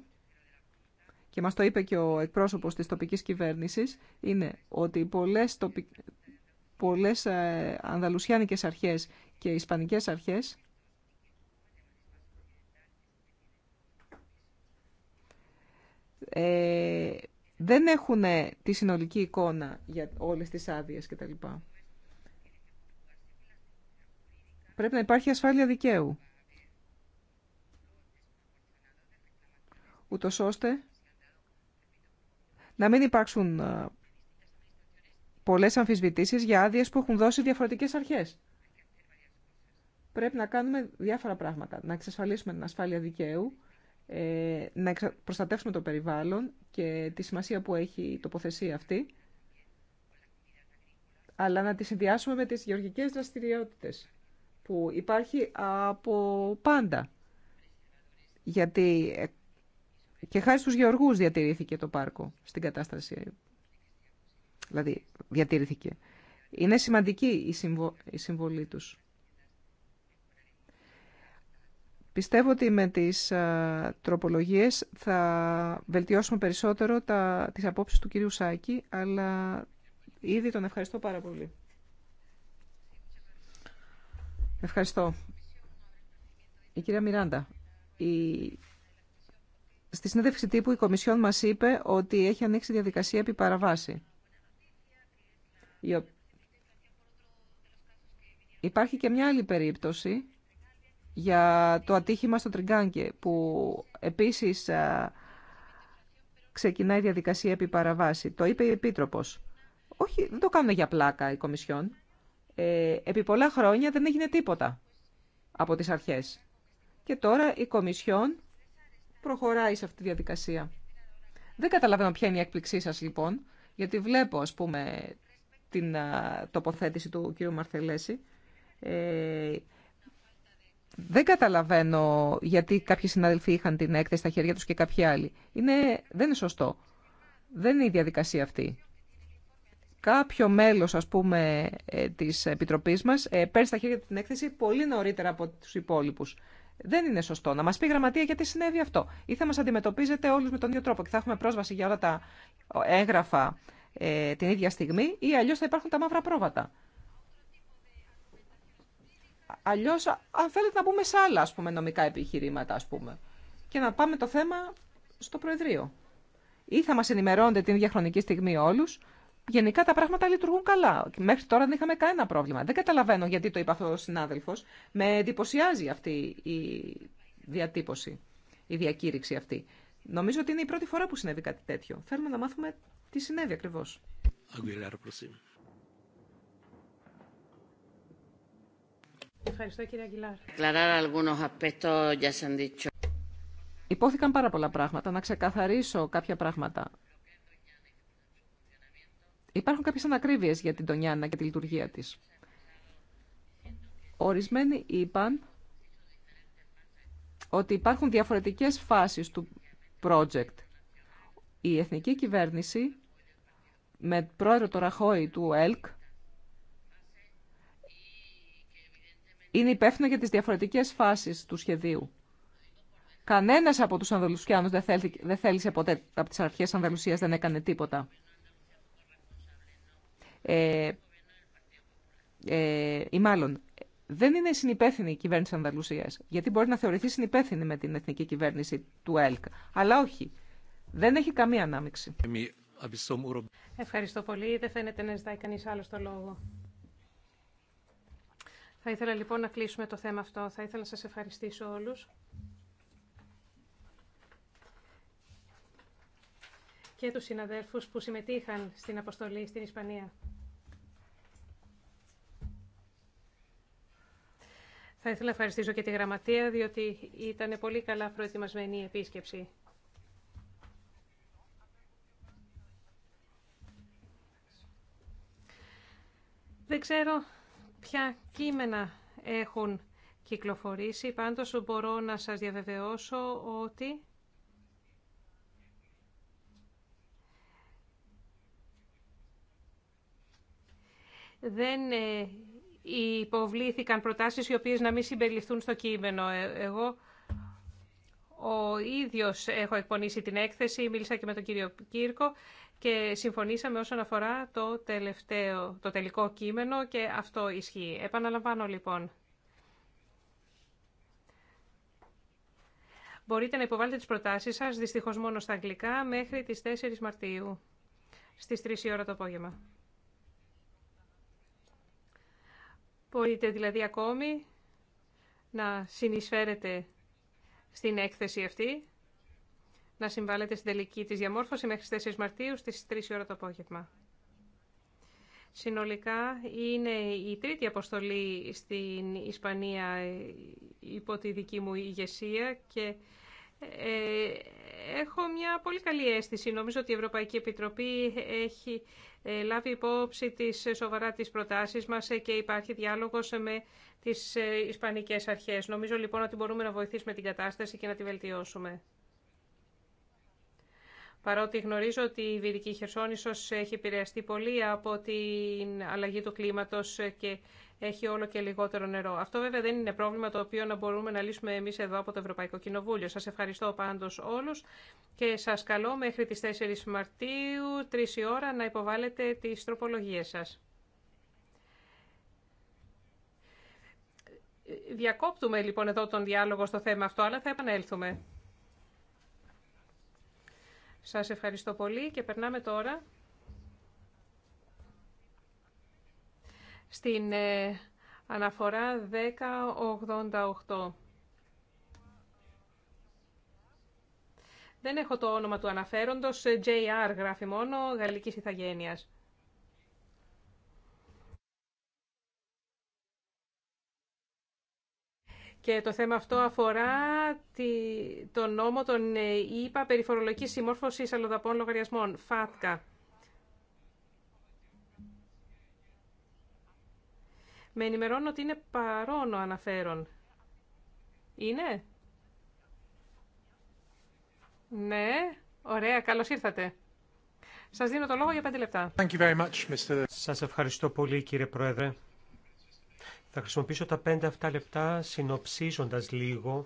και μας το είπε και ο εκπρόσωπος της τοπικής κυβέρνησης είναι ότι πολλές, τοπι... πολλές ε, ανδαλουσιάνικες αρχές και ισπανικές αρχές ε, δεν έχουν ε, τη συνολική εικόνα για όλες τις άδειες κτλ. Πρέπει να υπάρχει ασφάλεια δικαίου. Ούτως ώστε να μην υπάρξουν ε, πολλές αμφισβητήσεις για άδειες που έχουν δώσει διαφορετικές αρχές. Πρέπει να κάνουμε διάφορα πράγματα. Να εξασφαλίσουμε την ασφάλεια δικαίου, ε, να προστατεύσουμε το περιβάλλον και τη σημασία που έχει η τοποθεσία αυτή, αλλά να τη συνδυάσουμε με τις γεωργικές δραστηριότητες που υπάρχει από πάντα. Γιατί ε, και χάρη στους γεωργούς διατηρήθηκε το πάρκο στην κατάσταση. Δηλαδή, διατηρήθηκε. Είναι σημαντική η, συμβολή τους. Πιστεύω ότι με τις α, τροπολογίες θα βελτιώσουμε περισσότερο τα, τις απόψεις του κυρίου Σάκη, αλλά ήδη τον ευχαριστώ πάρα πολύ. Ευχαριστώ. Η κυρία Μιράντα, στη συνέντευξη τύπου η Κομισιόν μας είπε ότι έχει ανοίξει διαδικασία επί παραβάση. Υπάρχει και μια άλλη περίπτωση για το ατύχημα στο Τριγκάνκε, που επίσης ξεκινάει η διαδικασία επί παραβάση. Το είπε η Επίτροπος. Όχι, δεν το κάνουν για πλάκα η Κομισιόν. Ε, επί πολλά χρόνια δεν έγινε τίποτα από τις αρχές. Και τώρα η Κομισιόν προχωράει σε αυτή τη διαδικασία. Δεν καταλαβαίνω ποια είναι η έκπληξή σας λοιπόν, γιατί βλέπω ας πούμε την τοποθέτηση του κ. Μαρθελέση. Ε, δεν καταλαβαίνω γιατί κάποιοι συναδελφοί είχαν την έκθεση στα χέρια τους και κάποιοι άλλοι. Είναι, δεν είναι σωστό. Δεν είναι η διαδικασία αυτή. Κάποιο μέλος, ας πούμε, ε, της Επιτροπής μας ε, παίρνει στα χέρια του την έκθεση πολύ νωρίτερα από τους υπόλοιπους. Δεν είναι σωστό. Να μας πει η γραμματεία γιατί συνέβη αυτό. Ή θα μας αντιμετωπίζετε όλους με τον ίδιο τρόπο και θα έχουμε πρόσβαση για όλα τα έγγραφα ε, την ίδια στιγμή, ή αλλιώς θα υπάρχουν τα μαύρα πρόβατα. Αλλιώ, αν θέλετε να μπούμε σε άλλα ας πούμε, νομικά επιχειρήματα, ας πούμε, και να πάμε το θέμα στο Προεδρείο. Ή θα μας ενημερώνετε την ίδια χρονική στιγμή όλου, Γενικά τα πράγματα λειτουργούν καλά. Μέχρι τώρα δεν είχαμε κανένα πρόβλημα. Δεν καταλαβαίνω γιατί το είπε αυτό ο συνάδελφο, Με εντυπωσιάζει αυτή η διατύπωση, η διακήρυξη αυτή. Νομίζω ότι είναι η πρώτη φορά που συνέβη κάτι τέτοιο. Θέλουμε να μάθουμε τι συνέβη ακριβώς. Αγγελάρα, Ευχαριστώ Αγγιλάρ. Υπόθηκαν πάρα πολλά πράγματα. Να ξεκαθαρίσω κάποια πράγματα. Υπάρχουν κάποιες ανακρίβειες για την Τονιάννα και τη λειτουργία της. Ορισμένοι είπαν ότι υπάρχουν διαφορετικές φάσεις του project. Η εθνική κυβέρνηση με πρόεδρο το Ραχώη του ΕΛΚ είναι υπεύθυνο για τις διαφορετικές φάσεις του σχεδίου. Κανένας από τους Ανδαλουσιάνους δεν, δεν θέλησε ποτέ από τι αρχέ Ανδαλουσίας δεν έκανε τίποτα. Ε, ε, ή μάλλον, δεν είναι συνυπεύθυνη η κυβέρνηση Ανδαλουσίας, κυβερνηση ανδαλουσία, μπορεί να θεωρηθεί συνυπεύθυνη με την εθνική κυβέρνηση του ΕΛΚ. Αλλά όχι, δεν έχει καμία ανάμειξη. Ευχαριστώ πολύ. Δεν φαίνεται να ζητάει κανείς άλλο το λόγο. Θα ήθελα λοιπόν να κλείσουμε το θέμα αυτό. Θα ήθελα να σας ευχαριστήσω όλους. και τους συναδέλφους που συμμετείχαν στην αποστολή στην Ισπανία. Θα ήθελα να ευχαριστήσω και τη Γραμματεία, διότι ήταν πολύ καλά προετοιμασμένη η επίσκεψη. Δεν ξέρω ποια κείμενα έχουν κυκλοφορήσει. Πάντως μπορώ να σας διαβεβαιώσω ότι δεν ε, υποβλήθηκαν προτάσεις οι οποίες να μην συμπεριληφθούν στο κείμενο. Ε, εγώ ο ίδιος έχω εκπονήσει την έκθεση, μίλησα και με τον κύριο Κύρκο και συμφωνήσαμε όσον αφορά το, τελευταίο, το τελικό κείμενο και αυτό ισχύει. Επαναλαμβάνω λοιπόν. Μπορείτε να υποβάλλετε τις προτάσεις σας, δυστυχώς μόνο στα αγγλικά, μέχρι τις 4 Μαρτίου, στις 3 η ώρα το απόγευμα. Μπορείτε δηλαδή ακόμη να συνεισφέρετε στην έκθεση αυτή να συμβάλλεται στην τελική της διαμόρφωση μέχρι στις 4 Μαρτίου στις 3 ώρα το απόγευμα. Συνολικά είναι η τρίτη αποστολή στην Ισπανία ε, υπό τη δική μου ηγεσία και ε, έχω μια πολύ καλή αίσθηση. Νομίζω ότι η Ευρωπαϊκή Επιτροπή έχει ε, λάβει υπόψη τις σοβαρά τις προτάσεις μας και υπάρχει διάλογος με τις Ισπανικές αρχές. Νομίζω λοιπόν ότι μπορούμε να βοηθήσουμε την κατάσταση και να τη βελτιώσουμε παρότι γνωρίζω ότι η Βυρική Χερσόνησος έχει επηρεαστεί πολύ από την αλλαγή του κλίματος και έχει όλο και λιγότερο νερό. Αυτό βέβαια δεν είναι πρόβλημα το οποίο να μπορούμε να λύσουμε εμείς εδώ από το Ευρωπαϊκό Κοινοβούλιο. Σας ευχαριστώ πάντως όλους και σας καλώ μέχρι τις 4 Μαρτίου, 3 η ώρα, να υποβάλλετε τις τροπολογίες σας. Διακόπτουμε λοιπόν εδώ τον διάλογο στο θέμα αυτό, αλλά θα επανέλθουμε. Σας ευχαριστώ πολύ και περνάμε τώρα στην ε, αναφορά 1088. Δεν έχω το όνομα του αναφέροντος, JR ε, γράφει μόνο, γαλλικής ηθαγένειας. Και το θέμα αυτό αφορά τη, τον νόμο των ε, ΙΠΑ περί φορολογικής συμμόρφωσης αλλοδαπών λογαριασμών, ΦΑΤΚΑ. Με ενημερώνω ότι είναι παρόν ο αναφέρον. Είναι? Ναι, ωραία, καλώς ήρθατε. Σας δίνω το λόγο για πέντε λεπτά. Thank much, Mr. Σας ευχαριστώ πολύ κύριε Πρόεδρε. Θα χρησιμοποιήσω τα 5 αυτά λεπτά συνοψίζοντας λίγο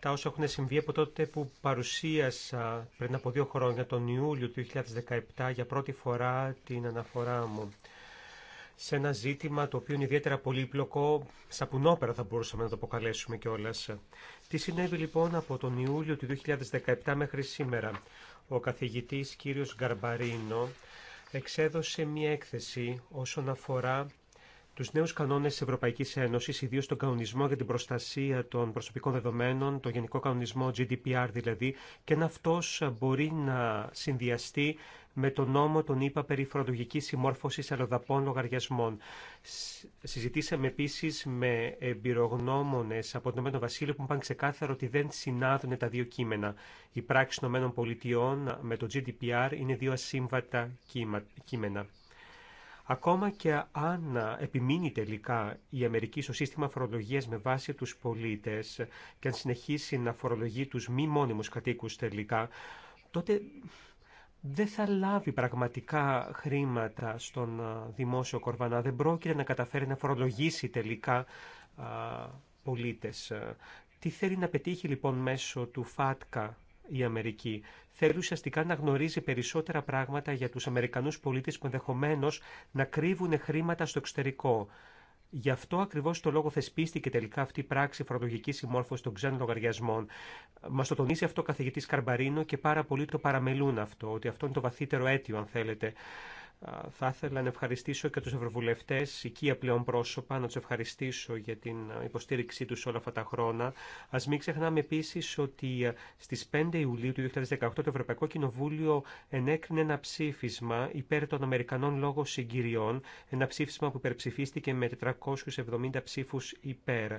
τα όσα έχουν συμβεί από τότε που παρουσίασα πριν από δύο χρόνια, τον Ιούλιο του 2017, για πρώτη φορά την αναφορά μου σε ένα ζήτημα το οποίο είναι ιδιαίτερα πολύπλοκο, σαπουνόπερα θα μπορούσαμε να το αποκαλέσουμε κιόλα. Τι συνέβη λοιπόν από τον Ιούλιο του 2017 μέχρι σήμερα. Ο καθηγητής κύριος Γκαρμπαρίνο εξέδωσε μία έκθεση όσον αφορά του νέου κανόνε τη Ευρωπαϊκή Ένωση, ιδίω τον κανονισμό για την προστασία των προσωπικών δεδομένων, τον γενικό κανονισμό GDPR δηλαδή, και αν αυτό μπορεί να συνδυαστεί με τον νόμο των ΗΠΑ περί φορολογική συμμόρφωση αλλοδαπών λογαριασμών. Συζητήσαμε επίση με εμπειρογνώμονε από το Νομένο Βασίλειο που είπαν ξεκάθαρο ότι δεν συνάδουν τα δύο κείμενα. Η πράξη των ΗΠΑ με το GDPR είναι δύο ασύμβατα κείμενα. Ακόμα και αν επιμείνει τελικά η Αμερική στο σύστημα φορολογίας με βάση τους πολίτες και αν συνεχίσει να φορολογεί τους μη μόνιμους κατοίκους τελικά, τότε δεν θα λάβει πραγματικά χρήματα στον δημόσιο κορβανά. Δεν πρόκειται να καταφέρει να φορολογήσει τελικά πολίτες. Τι θέλει να πετύχει λοιπόν μέσω του ΦΑΤΚΑ η Αμερική. Θέλει ουσιαστικά να γνωρίζει περισσότερα πράγματα για τους Αμερικανούς πολίτες που ενδεχομένω να κρύβουν χρήματα στο εξωτερικό. Γι' αυτό ακριβώ το λόγο θεσπίστηκε τελικά αυτή η πράξη φορολογική συμμόρφωση των ξένων λογαριασμών. Μα το τονίζει αυτό ο καθηγητή Καρμπαρίνο και πάρα πολλοί το παραμελούν αυτό, ότι αυτό είναι το βαθύτερο αίτιο, αν θέλετε. Θα ήθελα να ευχαριστήσω και τους ευρωβουλευτές, οικία πλέον πρόσωπα, να τους ευχαριστήσω για την ε, υποστήριξή τους όλα αυτά τα χρόνια. Ας μην ξεχνάμε επίσης ότι ε, στις 5 Ιουλίου του 2018 το Ευρωπαϊκό Κοινοβούλιο ενέκρινε ένα ψήφισμα υπέρ των Αμερικανών λόγω συγκυριών, ένα ψήφισμα που υπερψηφίστηκε με 470 ψήφους υπέρ.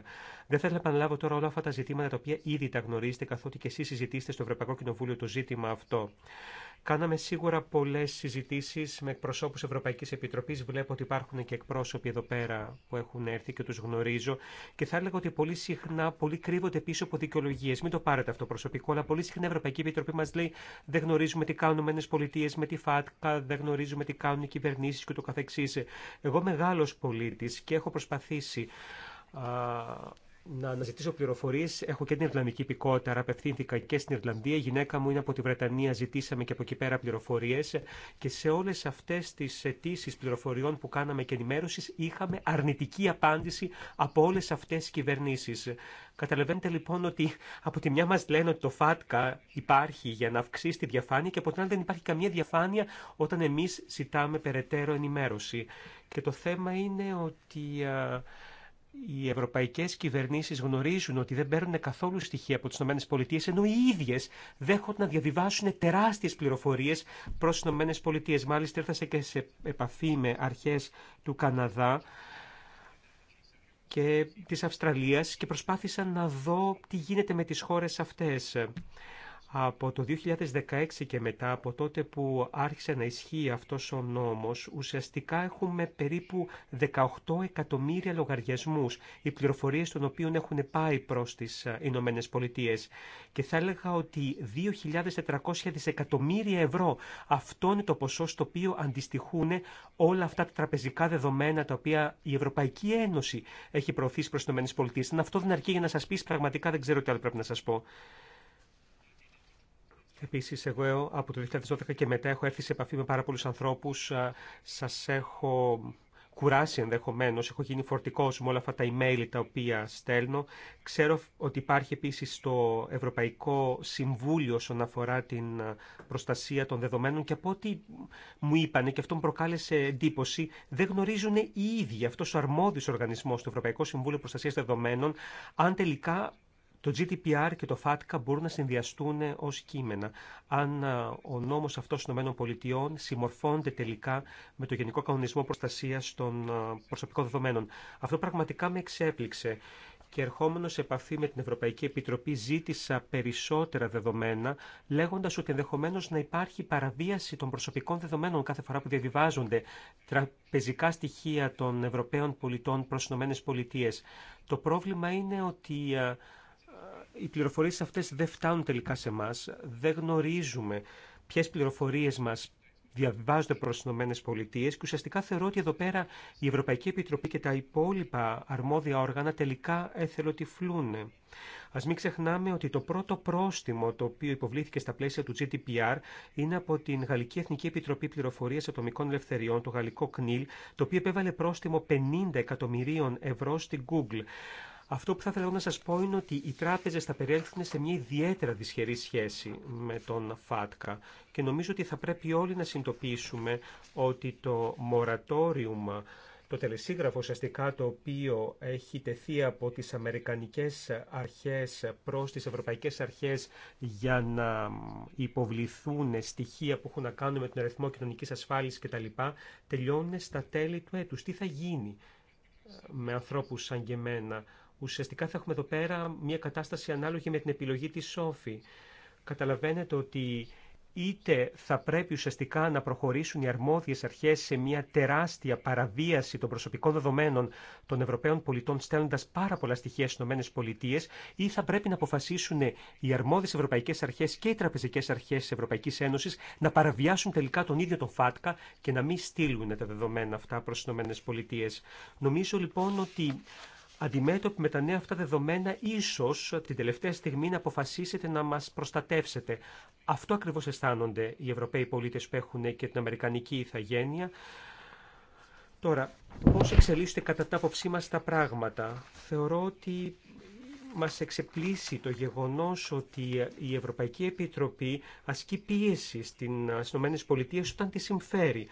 Δεν θέλω να επαναλάβω τώρα όλα αυτά τα ζητήματα τα οποία ήδη τα γνωρίζετε, καθότι και εσείς συζητήσετε στο Ευρωπαϊκό Κοινοβούλιο το ζήτημα αυτό. Κάναμε σίγουρα πολλέ συζητήσει με εκπροσώπου Ευρωπαϊκή Επιτροπή. Βλέπω ότι υπάρχουν και εκπρόσωποι εδώ πέρα που έχουν έρθει και του γνωρίζω. Και θα έλεγα ότι πολύ συχνά πολύ κρύβονται πίσω από δικαιολογίε. Μην το πάρετε αυτό προσωπικό, αλλά πολύ συχνά η Ευρωπαϊκή Επιτροπή μα λέει δεν γνωρίζουμε τι κάνουν οι πολιτείε με τη ΦΑΤΚΑ, δεν γνωρίζουμε τι κάνουν οι κυβερνήσει κ.ο.κ. Εγώ μεγάλο πολίτη και έχω προσπαθήσει να αναζητήσω πληροφορίε. Έχω και την Ιρλανδική υπηκότητα, απευθύνθηκα και στην Ιρλανδία. Η γυναίκα μου είναι από τη Βρετανία, ζητήσαμε και από εκεί πέρα πληροφορίε. Και σε όλε αυτέ τι αιτήσει πληροφοριών που κάναμε και ενημέρωση, είχαμε αρνητική απάντηση από όλε αυτέ τι κυβερνήσει. Καταλαβαίνετε λοιπόν ότι από τη μια μα λένε ότι το ΦΑΤΚΑ υπάρχει για να αυξήσει τη διαφάνεια και από την άλλη δεν υπάρχει καμία διαφάνεια όταν εμεί ζητάμε περαιτέρω ενημέρωση. Και το θέμα είναι ότι οι ευρωπαϊκέ κυβερνήσει γνωρίζουν ότι δεν παίρνουν καθόλου στοιχεία από τι ΗΠΑ, ενώ οι ίδιε δέχονται να διαβιβάσουν τεράστιε πληροφορίε προ τι ΗΠΑ. Μάλιστα, ήρθα και σε επαφή με αρχέ του Καναδά και της Αυστραλίας και προσπάθησαν να δω τι γίνεται με τις χώρες αυτές. Από το 2016 και μετά, από τότε που άρχισε να ισχύει αυτός ο νόμος, ουσιαστικά έχουμε περίπου 18 εκατομμύρια λογαριασμούς, οι πληροφορίες των οποίων έχουν πάει προς τις ε, Ηνωμένε Πολιτείε. Και θα έλεγα ότι 2.400 δισεκατομμύρια ευρώ, αυτό είναι το ποσό στο οποίο αντιστοιχούν όλα αυτά τα τραπεζικά δεδομένα τα οποία η Ευρωπαϊκή Ένωση έχει προωθήσει προς τις Ηνωμένες Πολιτείες. Αν αυτό δεν αρκεί για να σας πεις, πραγματικά δεν ξέρω τι άλλο πρέπει να σας πω. Επίση, εγώ από το 2012 και μετά έχω έρθει σε επαφή με πάρα πολλού ανθρώπου σα έχω κουράσει ενδεχομένω, έχω γίνει φορτικό με όλα αυτά τα email τα οποία στέλνω. Ξέρω ότι υπάρχει επίση το Ευρωπαϊκό Συμβούλιο όσον αφορά την προστασία των δεδομένων και από ό,τι μου είπανε και αυτό μου προκάλεσε εντύπωση, δεν γνωρίζουν οι ίδιοι αυτός ο αρμόδιος οργανισμό, του Ευρωπαϊκό Συμβούλιο Προστασία Δεδομένων αν τελικά το GDPR και το FATCA μπορούν να συνδυαστούν ως κείμενα. Αν ε, ο νόμος αυτός των ΗΠΑ συμμορφώνεται τελικά με το Γενικό Κανονισμό Προστασίας των ε, Προσωπικών Δεδομένων. Αυτό πραγματικά με εξέπληξε και ερχόμενο σε επαφή με την Ευρωπαϊκή Επιτροπή ζήτησα περισσότερα δεδομένα, λέγοντας ότι ενδεχομένω να υπάρχει παραβίαση των προσωπικών δεδομένων κάθε φορά που διαβιβάζονται τραπεζικά στοιχεία των Ευρωπαίων πολιτών προς ΗΠΑ. Το πρόβλημα είναι ότι ε, οι πληροφορίες αυτές δεν φτάνουν τελικά σε εμά, δεν γνωρίζουμε ποιες πληροφορίες μας διαβάζονται προς τις Ηνωμένες Πολιτείες και ουσιαστικά θεωρώ ότι εδώ πέρα η Ευρωπαϊκή Επιτροπή και τα υπόλοιπα αρμόδια όργανα τελικά εθελοτυφλούν. Ας μην ξεχνάμε ότι το πρώτο πρόστιμο το οποίο υποβλήθηκε στα πλαίσια του GDPR είναι από την Γαλλική Εθνική Επιτροπή Πληροφορίας Ατομικών Ελευθεριών, το γαλλικό ΚΝΙΛ, το οποίο επέβαλε πρόστιμο 50 εκατομμυρίων ευρώ στην Google. Αυτό που θα ήθελα να σας πω είναι ότι οι τράπεζες θα περιέλθουν σε μια ιδιαίτερα δυσχερή σχέση με τον ΦΑΤΚΑ και νομίζω ότι θα πρέπει όλοι να συνειδητοποιήσουμε ότι το μορατόριουμ, το τελεσίγραφο ουσιαστικά το οποίο έχει τεθεί από τις Αμερικανικές αρχές προς τις Ευρωπαϊκές αρχές για να υποβληθούν στοιχεία που έχουν να κάνουν με τον αριθμό κοινωνικής ασφάλισης κτλ. τελειώνουν στα τέλη του έτους. Τι θα γίνει με ανθρώπους σαν και εμένα ουσιαστικά θα έχουμε εδώ πέρα μια κατάσταση ανάλογη με την επιλογή της Σόφη. Καταλαβαίνετε ότι είτε θα πρέπει ουσιαστικά να προχωρήσουν οι αρμόδιες αρχές σε μια τεράστια παραβίαση των προσωπικών δεδομένων των Ευρωπαίων πολιτών στέλνοντας πάρα πολλά στοιχεία στις ΗΠΑ ή θα πρέπει να αποφασίσουν οι αρμόδιες ευρωπαϊκές αρχές και οι τραπεζικές αρχές της Ευρωπαϊκής Ένωσης να παραβιάσουν τελικά τον ίδιο τον ΦΑΤΚΑ και να μην στείλουν τα δεδομένα αυτά προς τις ΗΠΑ. Νομίζω λοιπόν ότι αντιμέτωποι με τα νέα αυτά δεδομένα, ίσως την τελευταία στιγμή να αποφασίσετε να μας προστατεύσετε. Αυτό ακριβώς αισθάνονται οι Ευρωπαίοι πολίτες που έχουν και την Αμερικανική ηθαγένεια. Τώρα, πώς εξελίσσονται κατά την άποψή μα τα πράγματα. Θεωρώ ότι μας εξεπλήσει το γεγονός ότι η Ευρωπαϊκή Επιτροπή ασκεί πίεση στις ΗΠΑ όταν τη συμφέρει.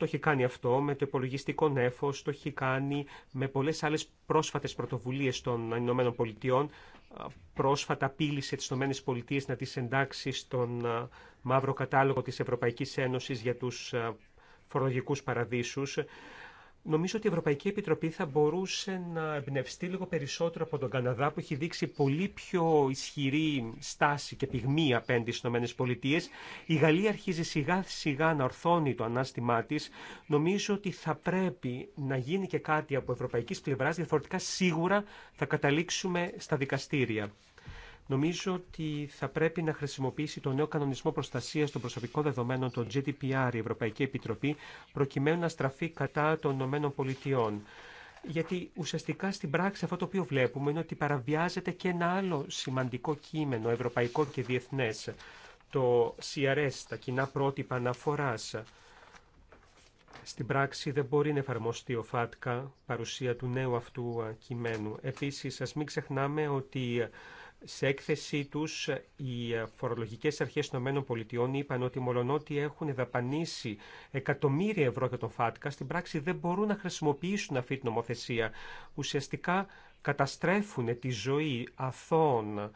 Το έχει κάνει αυτό με το υπολογιστικό νέφος, το έχει κάνει με πολλές άλλες πρόσφατες πρωτοβουλίε των Ηνωμένων Πολιτειών. Πρόσφατα πήλησε τις Ηνωμένε Πολιτείε να τις εντάξει στον μαύρο κατάλογο της Ευρωπαϊκής Ένωσης για τους φορολογικούς παραδείσου. Νομίζω ότι η Ευρωπαϊκή Επιτροπή θα μπορούσε να εμπνευστεί λίγο περισσότερο από τον Καναδά που έχει δείξει πολύ πιο ισχυρή στάση και πυγμή απέναντι στι ΗΠΑ. Η Γαλλία αρχίζει σιγά σιγά να ορθώνει το ανάστημά τη. Νομίζω ότι θα πρέπει να γίνει και κάτι από ευρωπαϊκή πλευρά, διαφορετικά σίγουρα θα καταλήξουμε στα δικαστήρια. Νομίζω ότι θα πρέπει να χρησιμοποιήσει το νέο κανονισμό προστασία των προσωπικών δεδομένων, το GDPR, η Ευρωπαϊκή Επιτροπή, προκειμένου να στραφεί κατά των ΗΠΑ. Γιατί ουσιαστικά στην πράξη αυτό το οποίο βλέπουμε είναι ότι παραβιάζεται και ένα άλλο σημαντικό κείμενο, ευρωπαϊκό και διεθνέ, το CRS, τα κοινά πρότυπα αναφορά. Στην πράξη δεν μπορεί να εφαρμοστεί ο ΦΑΤΚΑ, παρουσία του νέου αυτού κειμένου. Επίσης, ας μην ξεχνάμε ότι σε έκθεσή τους, οι φορολογικές αρχές των ΗΠΑ είπαν ότι μολονότι έχουν δαπανίσει εκατομμύρια ευρώ για τον ΦΑΤΚΑ, στην πράξη δεν μπορούν να χρησιμοποιήσουν αυτή την νομοθεσία. Ουσιαστικά καταστρέφουν τη ζωή αθώων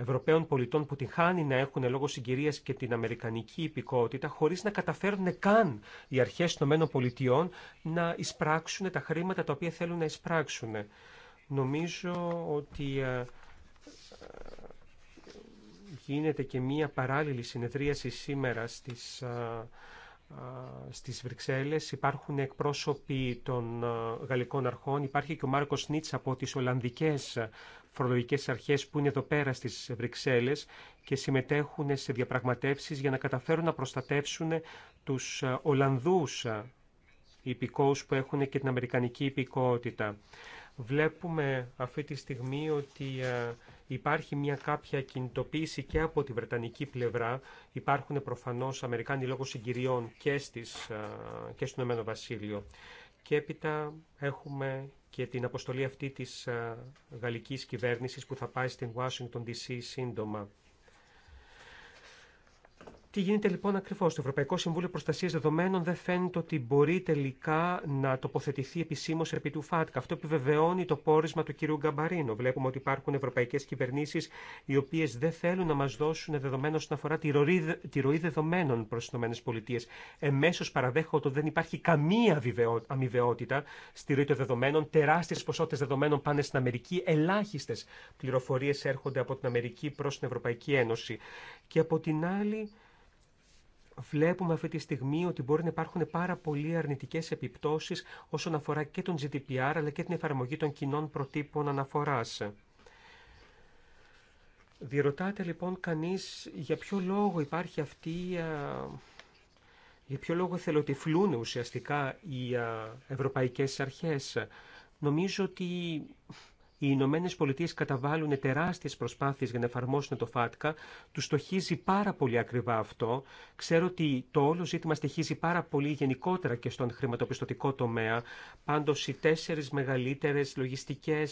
Ευρωπαίων πολιτών που την χάνει να έχουν λόγω συγκυρία και την Αμερικανική υπηκότητα, χωρί να καταφέρουν καν οι αρχέ των ΗΠΑ να εισπράξουν τα χρήματα τα οποία θέλουν να εισπράξουν. Νομίζω ότι ε, γίνεται και μία παράλληλη συνεδρίαση σήμερα στις, στις Βρυξέλλες. Υπάρχουν εκπρόσωποι των γαλλικών αρχών. Υπάρχει και ο Μάρκος Νίτς από τις Ολλανδικές φορολογικές αρχές που είναι εδώ πέρα στις Βρυξέλλες και συμμετέχουν σε διαπραγματεύσεις για να καταφέρουν να προστατεύσουν τους Ολλανδούς υπηκόους που έχουν και την Αμερικανική υπηκότητα. Βλέπουμε αυτή τη στιγμή ότι ε, υπάρχει μια κάποια κινητοποίηση και από τη Βρετανική πλευρά. Υπάρχουν προφανώς Αμερικάνοι λόγω συγκυριών και, στις, ε, και στον Εμένο Βασίλειο. Και έπειτα έχουμε και την αποστολή αυτή της ε, γαλλικής κυβέρνησης που θα πάει στην Washington DC σύντομα. Τι γίνεται λοιπόν ακριβώ Το Ευρωπαϊκό Συμβούλιο Προστασία Δεδομένων δεν φαίνεται ότι μπορεί τελικά να τοποθετηθεί επισήμω επί του ΦΑΤΚΑ. Αυτό επιβεβαιώνει το πόρισμα του κυρίου Γκαμπαρίνο. Βλέπουμε ότι υπάρχουν ευρωπαϊκέ κυβερνήσει οι οποίε δεν θέλουν να μα δώσουν δεδομένα όσον αφορά τη ροή, τη ροή δεδομένων προ τι ΗΠΑ. Εμέσω παραδέχομαι ότι δεν υπάρχει καμία αμοιβαιότητα στη ροή των δεδομένων. τεράστιε ποσότητε δεδομένων πάνε στην Αμερική. ελάχιστε πληροφορίε έρχονται από την Αμερική προ την Ευρωπαϊκή Ένωση. Και από την άλλη βλέπουμε αυτή τη στιγμή ότι μπορεί να υπάρχουν πάρα πολλοί αρνητικές επιπτώσεις όσον αφορά και τον GDPR αλλά και την εφαρμογή των κοινών προτύπων αναφοράς. Διερωτάται λοιπόν κανείς για ποιο λόγο υπάρχει αυτή, για ποιο λόγο θελοτυφλούν ουσιαστικά οι ευρωπαϊκές αρχές. Νομίζω ότι οι Ηνωμένε Πολιτείε καταβάλουν τεράστιε προσπάθειε για να εφαρμόσουν το ΦΑΤΚΑ. Του στοχίζει πάρα πολύ ακριβά αυτό. Ξέρω ότι το όλο ζήτημα στοιχίζει πάρα πολύ γενικότερα και στον χρηματοπιστωτικό τομέα. Πάντω, οι τέσσερι μεγαλύτερε λογιστικέ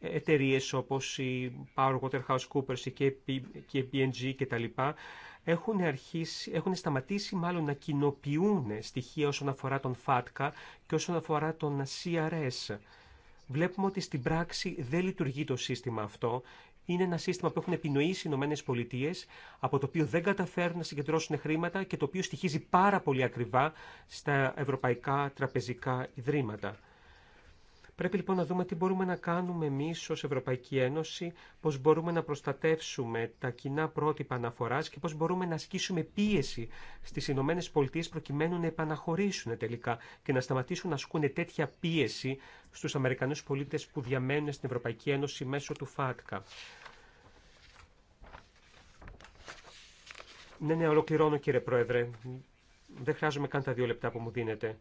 εταιρείε όπω η PricewaterhouseCoopers, η KPMG κτλ. Έχουν, αρχίσει, έχουν σταματήσει μάλλον να κοινοποιούν στοιχεία όσον αφορά τον ΦΑΤΚΑ και όσον αφορά τον CRS βλέπουμε ότι στην πράξη δεν λειτουργεί το σύστημα αυτό. Είναι ένα σύστημα που έχουν επινοήσει οι Ηνωμένε Πολιτείε, από το οποίο δεν καταφέρουν να συγκεντρώσουν χρήματα και το οποίο στοιχίζει πάρα πολύ ακριβά στα ευρωπαϊκά τραπεζικά ιδρύματα. Πρέπει λοιπόν να δούμε τι μπορούμε να κάνουμε εμεί ω Ευρωπαϊκή Ένωση, πώς μπορούμε να προστατεύσουμε τα κοινά πρότυπα αναφορά και πώς μπορούμε να ασκήσουμε πίεση στις Ηνωμένε Πολιτείε προκειμένου να επαναχωρήσουν τελικά και να σταματήσουν να ασκούν τέτοια πίεση στους Αμερικανούς πολίτες που διαμένουν στην Ευρωπαϊκή Ένωση μέσω του ΦΑΤΚΑ. Ναι, ναι, ολοκληρώνω κύριε Πρόεδρε. Δεν χρειάζομαι καν τα δύο λεπτά που μου δίνετε.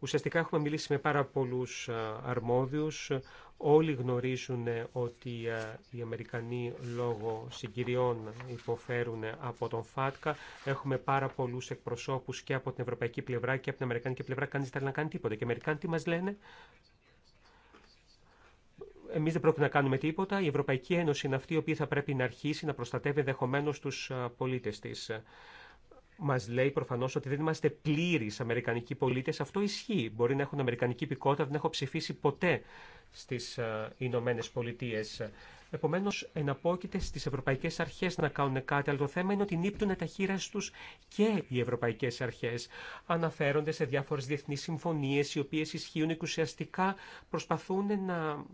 Ουσιαστικά έχουμε μιλήσει με πάρα πολλούς αρμόδιους. Όλοι γνωρίζουν ότι οι Αμερικανοί λόγω συγκυριών υποφέρουν από τον ΦΑΤΚΑ. Έχουμε πάρα πολλούς εκπροσώπους και από την ευρωπαϊκή πλευρά και από την αμερικανική πλευρά. Κανείς δεν θέλει να κάνει τίποτα. Και οι Αμερικάνοι τι μας λένε. Εμεί δεν πρόκειται να κάνουμε τίποτα. Η Ευρωπαϊκή Ένωση είναι αυτή η οποία θα πρέπει να αρχίσει να προστατεύει ενδεχομένω του πολίτε τη. Μα λέει προφανώ ότι δεν είμαστε πλήρει Αμερικανικοί πολίτε. Αυτό ισχύει. Μπορεί να έχουν Αμερικανική υπηκότητα, δεν έχω ψηφίσει ποτέ στι ε, Ηνωμένε Πολιτείε. Επομένω, εναπόκειται στι ευρωπαϊκέ αρχέ να κάνουν κάτι, αλλά το θέμα είναι ότι νύπτουν τα χείρα του και οι ευρωπαϊκέ αρχέ. Αναφέρονται σε διάφορε διεθνεί συμφωνίε, οι οποίε ισχύουν και ουσιαστικά προσπαθούν να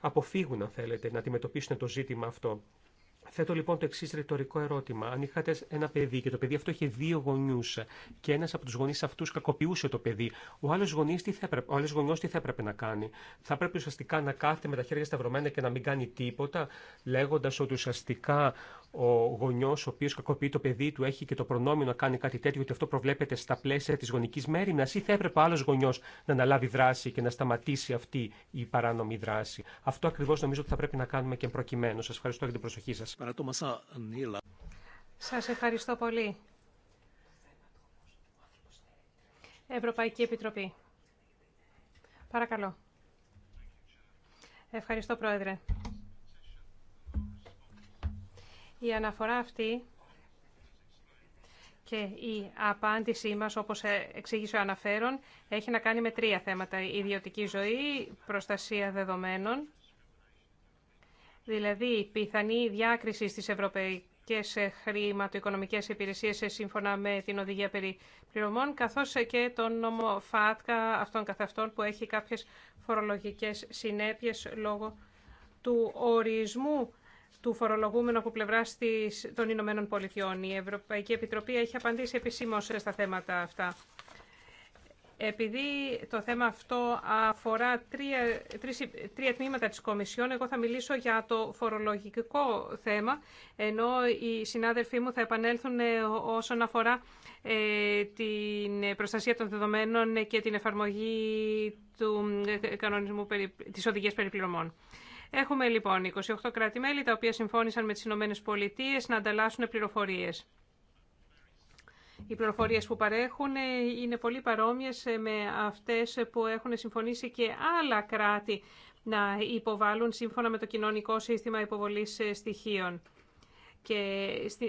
αποφύγουν, αν θέλετε, να αντιμετωπίσουν το ζήτημα αυτό. Θέτω λοιπόν το εξή ρητορικό ερώτημα. Αν είχατε ένα παιδί και το παιδί αυτό είχε δύο γονιού και ένα από του γονεί αυτού κακοποιούσε το παιδί, ο άλλο γονιό τι, θα έπρεπε, τι θα έπρεπε να κάνει. Θα έπρεπε ουσιαστικά να κάθεται με τα χέρια σταυρωμένα και να μην κάνει τίποτα, λέγοντα ότι ουσιαστικά ο γονιό ο οποίο κακοποιεί το παιδί του έχει και το προνόμιο να κάνει κάτι τέτοιο, ότι αυτό προβλέπεται στα πλαίσια τη γονική μέρημνα, ή θα έπρεπε άλλο γονιό να αναλάβει δράση και να σταματήσει αυτή η παράνομη δράση. Αυτό ακριβώ νομίζω ότι θα πρέπει να κάνουμε και προκειμένου. Σα ευχαριστώ για την προσοχή σα. Σα ευχαριστώ πολύ. Ευρωπαϊκή Επιτροπή. Παρακαλώ. Ευχαριστώ, Πρόεδρε. Η αναφορά αυτή και η απάντησή μας, όπως ε, εξήγησε ο αναφέρον, έχει να κάνει με τρία θέματα. Η ιδιωτική ζωή, προστασία δεδομένων, δηλαδή πιθανή διάκριση στις ευρωπαϊκές ε, χρηματοοικονομικές υπηρεσίες ε, σύμφωνα με την οδηγία περί πληρωμών, καθώς και τον νόμο ΦΑΤΚΑ αυτών καθ' που έχει κάποιες φορολογικές συνέπειες λόγω του ορισμού του φορολογούμενου από πλευρά των Ηνωμένων Πολιτειών. Η Ευρωπαϊκή Επιτροπή έχει απαντήσει επισήμω στα θέματα αυτά. Επειδή το θέμα αυτό αφορά τρία, τρεις, τρία τμήματα της Κομισιόν, εγώ θα μιλήσω για το φορολογικό θέμα, ενώ οι συνάδελφοί μου θα επανέλθουν ε, όσον αφορά ε, την προστασία των δεδομένων και την εφαρμογή του ε, κανονισμού της οδηγίας περιπληρωμών. Έχουμε λοιπόν 28 κράτη-μέλη τα οποία συμφώνησαν με τις Ηνωμένε να ανταλλάσσουν πληροφορίες. Οι πληροφορίες που παρέχουν ε, είναι πολύ παρόμοιες ε, με αυτές που έχουν συμφωνήσει και άλλα κράτη να υποβάλουν σύμφωνα με το κοινωνικό σύστημα υποβολής ε, στοιχείων. Και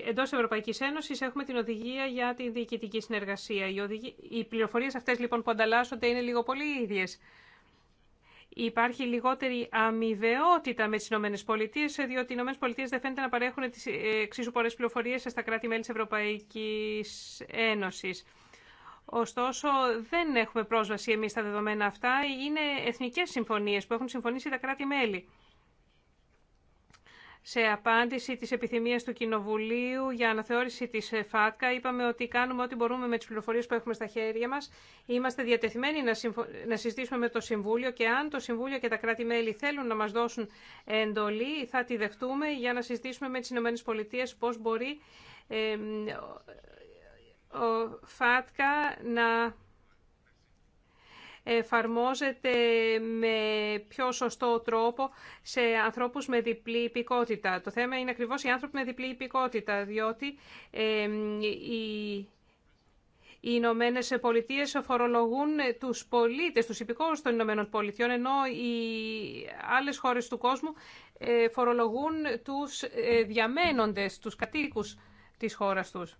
εντό Ευρωπαϊκή Ένωση έχουμε την οδηγία για τη διοικητική συνεργασία. Οι πληροφορίε αυτέ λοιπόν που ανταλλάσσονται είναι λίγο πολύ ίδιε. Υπάρχει λιγότερη αμοιβαιότητα με τι ΗΠΑ, διότι οι ΗΠΑ δεν φαίνεται να παρέχουν τι ε, εξίσου πολλέ πληροφορίε στα κράτη-μέλη τη Ευρωπαϊκή Ένωση. Ωστόσο, δεν έχουμε πρόσβαση εμεί στα δεδομένα αυτά. Είναι εθνικέ συμφωνίε που έχουν συμφωνήσει τα κράτη-μέλη σε απάντηση της επιθυμίας του Κοινοβουλίου για αναθεώρηση της ΦΑΤΚΑ είπαμε ότι κάνουμε ό,τι μπορούμε με τις πληροφορίες που έχουμε στα χέρια μας. Είμαστε διατεθειμένοι να, να συζητήσουμε με το Συμβούλιο και αν το Συμβούλιο και τα κράτη-μέλη θέλουν να μας δώσουν εντολή θα τη δεχτούμε για να συζητήσουμε με τις ΗΠΑ πώς μπορεί ο ΦΑΤΚΑ να εφαρμόζεται με πιο σωστό τρόπο σε ανθρώπους με διπλή υπηκότητα. Το θέμα είναι ακριβώς οι άνθρωποι με διπλή υπηκότητα, διότι οι οι Ηνωμένε Πολιτείε φορολογούν τους πολίτε, τους υπηκόου των Ηνωμένων Πολιτείων, ενώ οι άλλε χώρε του κόσμου ε, φορολογούν του ε, διαμένοντες, τους κατοίκου τη χώρα τους.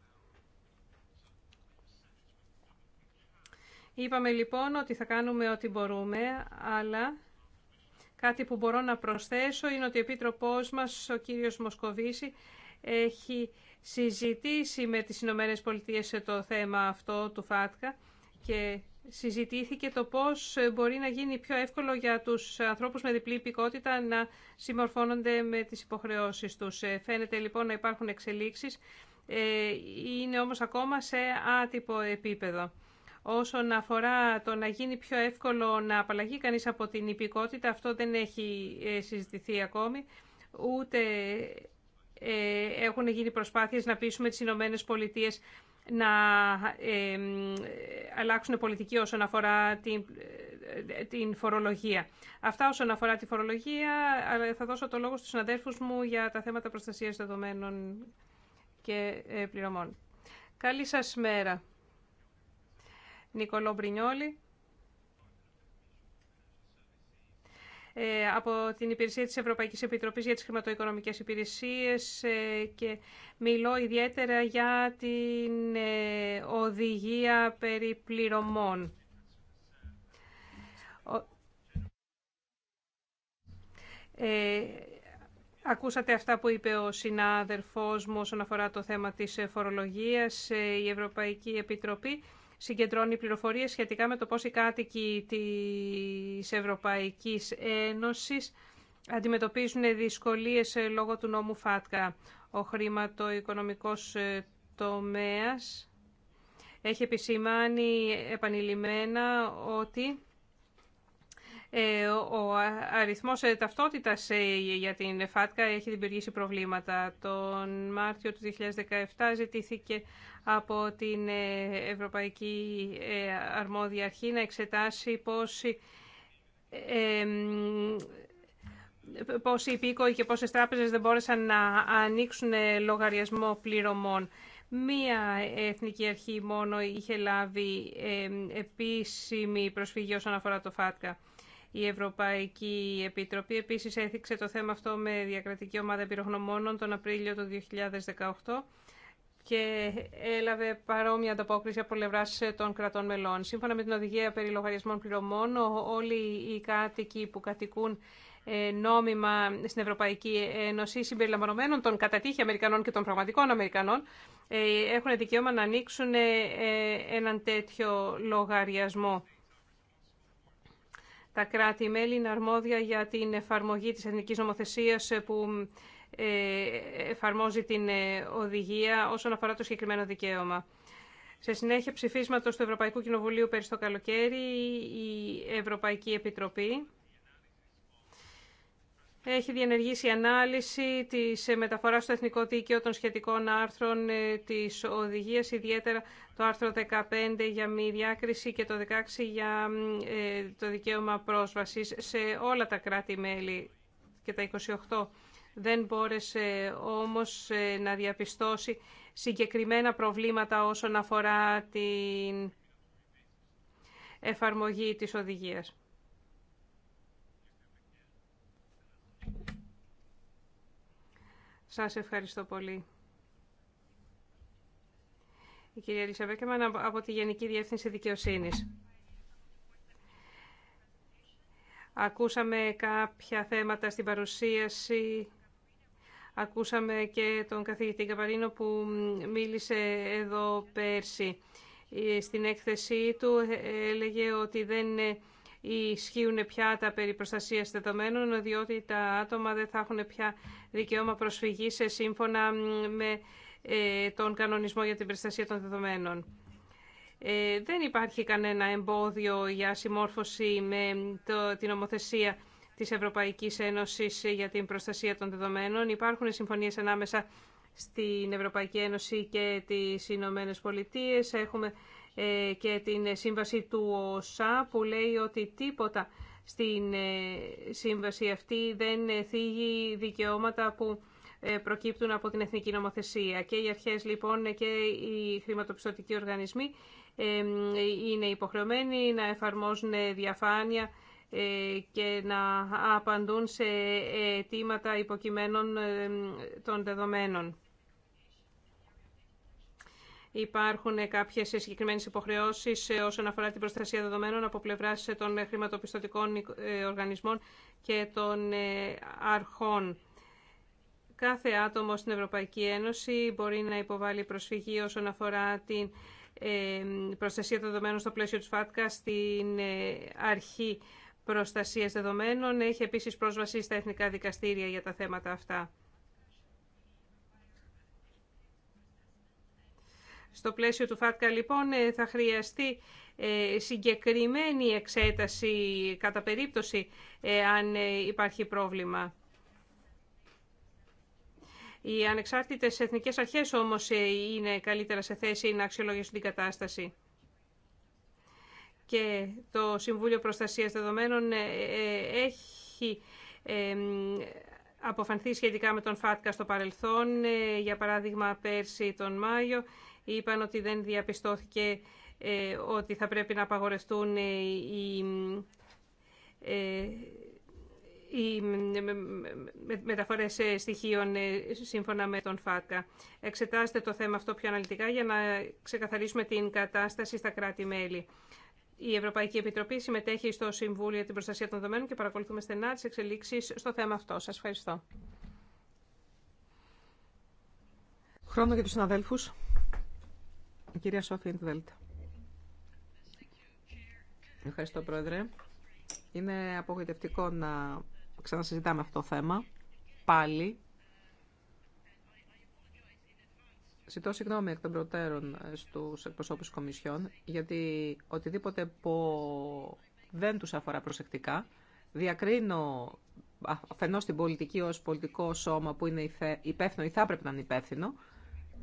Είπαμε λοιπόν ότι θα κάνουμε ό,τι μπορούμε, αλλά κάτι που μπορώ να προσθέσω είναι ότι ο Επίτροπός μας, ο κύριος Μοσκοβίση, έχει συζητήσει με τις Ηνωμένε Πολιτείες σε το θέμα αυτό του ΦΑΤΚΑ και συζητήθηκε το πώς μπορεί να γίνει πιο εύκολο για τους ανθρώπους με διπλή υπηκότητα να συμμορφώνονται με τις υποχρεώσεις τους. Ε, φαίνεται λοιπόν να υπάρχουν εξελίξεις, ε, είναι όμως ακόμα σε άτυπο επίπεδο. Όσον αφορά το να γίνει πιο εύκολο να απαλλαγεί κανείς από την υπηκότητα, αυτό δεν έχει ε, συζητηθεί ακόμη, ούτε ε, έχουν γίνει προσπάθειες να πείσουμε τις Ηνωμένε Πολιτείες να ε, αλλάξουν πολιτική όσον αφορά την, την φορολογία. Αυτά όσον αφορά τη φορολογία, αλλά θα δώσω το λόγο στους συναδέλφους μου για τα θέματα προστασίας δεδομένων και πληρωμών. Καλή σας μέρα. Νικολό Μπρινιόλη ε, από την Υπηρεσία της Ευρωπαϊκής Επιτροπής για τις Χρηματοοικονομικές Υπηρεσίες ε, και μιλώ ιδιαίτερα για την ε, οδηγία περί πληρωμών. Ε, ακούσατε αυτά που είπε ο συνάδελφός μου όσον αφορά το θέμα της φορολογίας, η Ευρωπαϊκή Επιτροπή συγκεντρώνει πληροφορίες σχετικά με το πώς οι κάτοικοι της Ευρωπαϊκής Ένωσης αντιμετωπίζουν δυσκολίες ε, λόγω του νόμου ΦΑΤΚΑ. Ο χρηματοοικονομικός ε, τομέας έχει επισημάνει επανειλημμένα ότι ε, ο αριθμός ε, ταυτότητας ε, για την ΦΑΤΚΑ έχει δημιουργήσει προβλήματα. Τον Μάρτιο του 2017 ζητήθηκε από την Ευρωπαϊκή Αρμόδια Αρχή να εξετάσει πόσοι οι υπήκοοι και πόσες τράπεζες δεν μπόρεσαν να ανοίξουν λογαριασμό πληρωμών. Μία εθνική αρχή μόνο είχε λάβει επίσημη προσφυγή όσον αφορά το ΦΑΤΚΑ. Η Ευρωπαϊκή Επιτροπή επίσης έθιξε το θέμα αυτό με διακρατική ομάδα επιρροχνωμόνων τον Απρίλιο του 2018 και έλαβε παρόμοια ανταπόκριση από πλευρά των κρατών μελών. Σύμφωνα με την Οδηγία περί λογαριασμών πληρωμών, όλοι οι κάτοικοι που κατοικούν ε, νόμιμα στην Ευρωπαϊκή Ένωση, συμπεριλαμβανομένων των κατατύχει Αμερικανών και των πραγματικών Αμερικανών, ε, έχουν δικαίωμα να ανοίξουν ε, έναν τέτοιο λογαριασμό τα κράτη-μέλη είναι αρμόδια για την εφαρμογή της εθνικής νομοθεσίας που ε, εφαρμόζει την ε, οδηγία όσον αφορά το συγκεκριμένο δικαίωμα. Σε συνέχεια ψηφίσματος του Ευρωπαϊκού Κοινοβουλίου πέρυσι το καλοκαίρι, η Ευρωπαϊκή Επιτροπή έχει διενεργήσει ανάλυση της μεταφοράς στο Εθνικό Δίκαιο των σχετικών άρθρων ε, της οδηγίας, ιδιαίτερα το άρθρο 15 για μη διάκριση και το 16 για ε, το δικαίωμα πρόσβασης σε όλα τα κράτη-μέλη και τα 28. Δεν μπόρεσε όμως ε, να διαπιστώσει συγκεκριμένα προβλήματα όσον αφορά την εφαρμογή της οδηγίας. Σας ευχαριστώ πολύ. Η κυρία Ελισαβέκεμαν από τη Γενική Διεύθυνση Δικαιοσύνης. Ακούσαμε κάποια θέματα στην παρουσίαση. Ακούσαμε και τον καθηγητή Καπαρίνο που μίλησε εδώ πέρσι. Ε, στην έκθεσή του ε, έλεγε ότι δεν ε, ισχύουν πια τα περί προστασίας δεδομένων, διότι τα άτομα δεν θα έχουν πια δικαίωμα προσφυγή σε σύμφωνα με ε, τον κανονισμό για την προστασία των δεδομένων. Ε, δεν υπάρχει κανένα εμπόδιο για συμμόρφωση με το, την ομοθεσία της Ευρωπαϊκής Ένωσης για την προστασία των δεδομένων. Υπάρχουν συμφωνίες ανάμεσα στην Ευρωπαϊκή Ένωση και τις Ηνωμένε Πολιτείες. Έχουμε ε, και την σύμβαση του ΟΣΑ που λέει ότι τίποτα στην ε, σύμβαση αυτή δεν θίγει δικαιώματα που ε, προκύπτουν από την εθνική νομοθεσία. Και οι αρχές λοιπόν και οι χρηματοπιστωτικοί οργανισμοί είναι υποχρεωμένοι να εφαρμόζουν διαφάνεια και να απαντούν σε αιτήματα υποκειμένων των δεδομένων. Υπάρχουν κάποιε συγκεκριμένε υποχρεώσει ε, όσον αφορά την προστασία δεδομένων από πλευρά ε, των χρηματοπιστωτικών ε, οργανισμών και των αρχών. Κάθε άτομο στην Ευρωπαϊκή Ένωση μπορεί να υποβάλει προσφυγή όσον αφορά την προστασία δεδομένων στο πλαίσιο της ΦΑΤΚΑ στην αρχή προστασίας δεδομένων. Έχει επίσης πρόσβαση στα εθνικά δικαστήρια για τα θέματα αυτά. Στο πλαίσιο του ΦΑΤΚΑ, λοιπόν, ε, θα χρειαστεί ε, συγκεκριμένη εξέταση κατά περίπτωση ε, αν υπάρχει πρόβλημα. Οι ανεξάρτητες εθνικές αρχές όμως είναι καλύτερα σε θέση να αξιολογήσουν την κατάσταση. Και το Συμβούλιο Προστασίας Δεδομένων έχει αποφανθεί σχετικά με τον ΦΑΤΚΑ στο παρελθόν, για παράδειγμα πέρσι τον Μάιο, είπαν ότι δεν διαπιστώθηκε ε, ότι θα πρέπει να απαγορευτούν οι οι ε, μεταφορές ε, στοιχείων σύμφωνα με τον ΦΑΤΚΑ. Εξετάστε το θέμα αυτό πιο αναλυτικά για να ξεκαθαρίσουμε την κατάσταση στα κράτη-μέλη. Η Ευρωπαϊκή Επιτροπή συμμετέχει στο Συμβούλιο για την Προστασία των Δεδομένων και παρακολουθούμε στενά τι εξελίξει στο θέμα αυτό. Σα ευχαριστώ. Χρόνο για του συναδέλφου κυρία Σόφη Ιντβέλτ. Ευχαριστώ, Πρόεδρε. Είναι απογοητευτικό να ξανασυζητάμε αυτό το θέμα. Πάλι. Ζητώ συγγνώμη εκ των προτέρων ε, στους εκπροσώπους Κομισιόν, γιατί οτιδήποτε που δεν τους αφορά προσεκτικά, διακρίνω αφενός την πολιτική ως πολιτικό σώμα που είναι υπεύθυνο ή θα έπρεπε να είναι υπεύθυνο,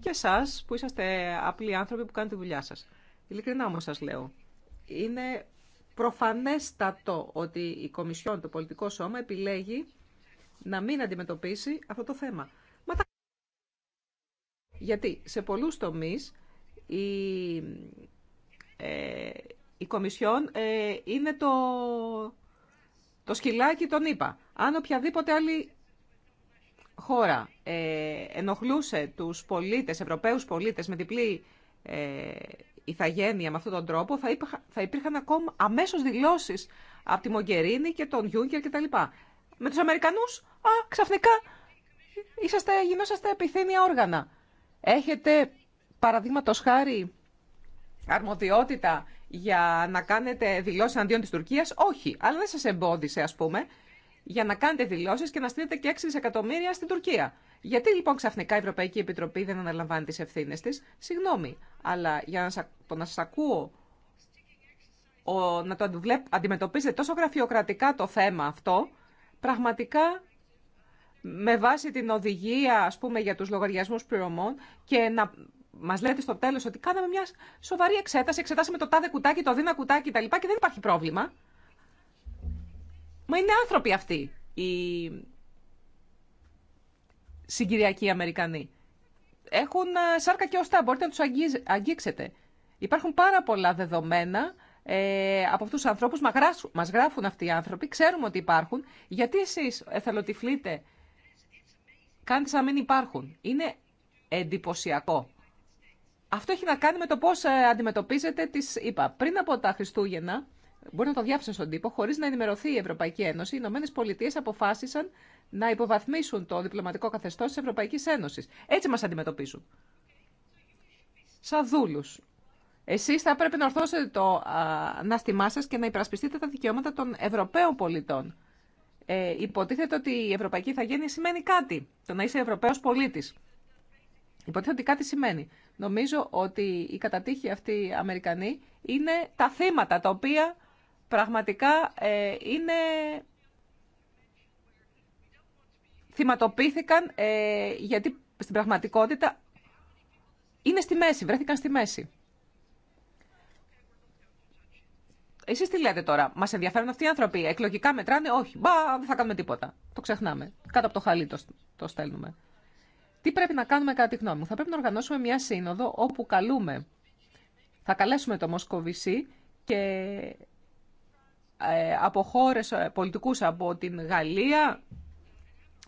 και εσά που είσαστε απλοί άνθρωποι που κάνετε τη δουλειά σας. Ειλικρινά όμω σας λέω, είναι προφανέστατο ότι η Κομισιόν, το πολιτικό σώμα, επιλέγει να μην αντιμετωπίσει αυτό το θέμα. Μα Γιατί σε πολλούς τομεί η, ε, η Κομισιόν ε, είναι το, το σκυλάκι τον ύπα. Αν οποιαδήποτε άλλη χώρα ε, ενοχλούσε τους πολίτες, ευρωπαίους πολίτες με διπλή ε, ηθαγένεια με αυτόν τον τρόπο, θα, θα υπήρχαν ακόμα αμέσως δηλώσεις από τη Μογκερίνη και τον Γιούγκερ κτλ. Με τους Αμερικανούς, α, ξαφνικά είσαστε, γινόσαστε επιθύμια όργανα. Έχετε, παραδείγματο χάρη, αρμοδιότητα για να κάνετε δηλώσεις αντίον της Τουρκίας. Όχι, αλλά δεν σας εμπόδισε, ας πούμε, για να κάνετε δηλώσει και να στείλετε και 6 δισεκατομμύρια στην Τουρκία. Γιατί λοιπόν ξαφνικά η Ευρωπαϊκή Επιτροπή δεν αναλαμβάνει τι ευθύνε τη, Συγγνώμη, αλλά για να σας ακούω ο, να το αντιμετωπίζετε τόσο γραφειοκρατικά το θέμα αυτό, πραγματικά με βάση την οδηγία ας πούμε, για τους λογαριασμούς πληρωμών και να μας λέτε στο τέλος ότι κάναμε μια σοβαρή εξέταση, εξετάσαμε το τάδε κουτάκι, το δίνα κουτάκι κτλ. και δεν υπάρχει πρόβλημα. Μα είναι άνθρωποι αυτοί οι συγκυριακοί Αμερικανοί. Έχουν ε, σάρκα και οστά, μπορείτε να τους αγγίξετε. Υπάρχουν πάρα πολλά δεδομένα ε, από αυτούς τους ανθρώπους, μα μας γράφουν αυτοί οι άνθρωποι, ξέρουμε ότι υπάρχουν. Γιατί εσείς εθελοτυφλείτε, κάνετε σαν μην υπάρχουν. Είναι εντυπωσιακό. Αυτό έχει να κάνει με το πώς ε, αντιμετωπίζετε τις είπα, Πριν από τα Χριστούγεννα, μπορεί να το διάψουν στον τύπο, χωρί να ενημερωθεί η Ευρωπαϊκή Ένωση, οι Ηνωμένε Πολιτείε αποφάσισαν να υποβαθμίσουν το διπλωματικό καθεστώ τη Ευρωπαϊκή Ένωση. Έτσι μα αντιμετωπίζουν. Σαν δούλου. Εσεί θα πρέπει να ορθώσετε το ανάστημά σα και να υπερασπιστείτε τα δικαιώματα των Ευρωπαίων πολιτών. Ε, υποτίθεται ότι η Ευρωπαϊκή Ιθαγένεια σημαίνει κάτι, το να είσαι Ευρωπαίο πολίτη. Υποτίθεται ότι κάτι σημαίνει. Νομίζω ότι οι κατατύχοι αυτοί οι Αμερικανοί είναι τα θύματα τα οποία πραγματικά ε, είναι... Θυματοποιήθηκαν ε, γιατί στην πραγματικότητα είναι στη μέση, βρέθηκαν στη μέση. Εσείς τι λέτε τώρα, μας ενδιαφέρουν αυτοί οι άνθρωποι. Εκλογικά μετράνε, Όχι. Μπα, δεν θα κάνουμε τίποτα. Το ξεχνάμε. Κάτω από το χαλί το, το στέλνουμε. Τι πρέπει να κάνουμε, κατά τη γνώμη μου, Θα πρέπει να οργανώσουμε μια σύνοδο όπου καλούμε. Θα καλέσουμε το Μοσκοβισί και ε, από χώρες ε, πολιτικούς από την Γαλλία,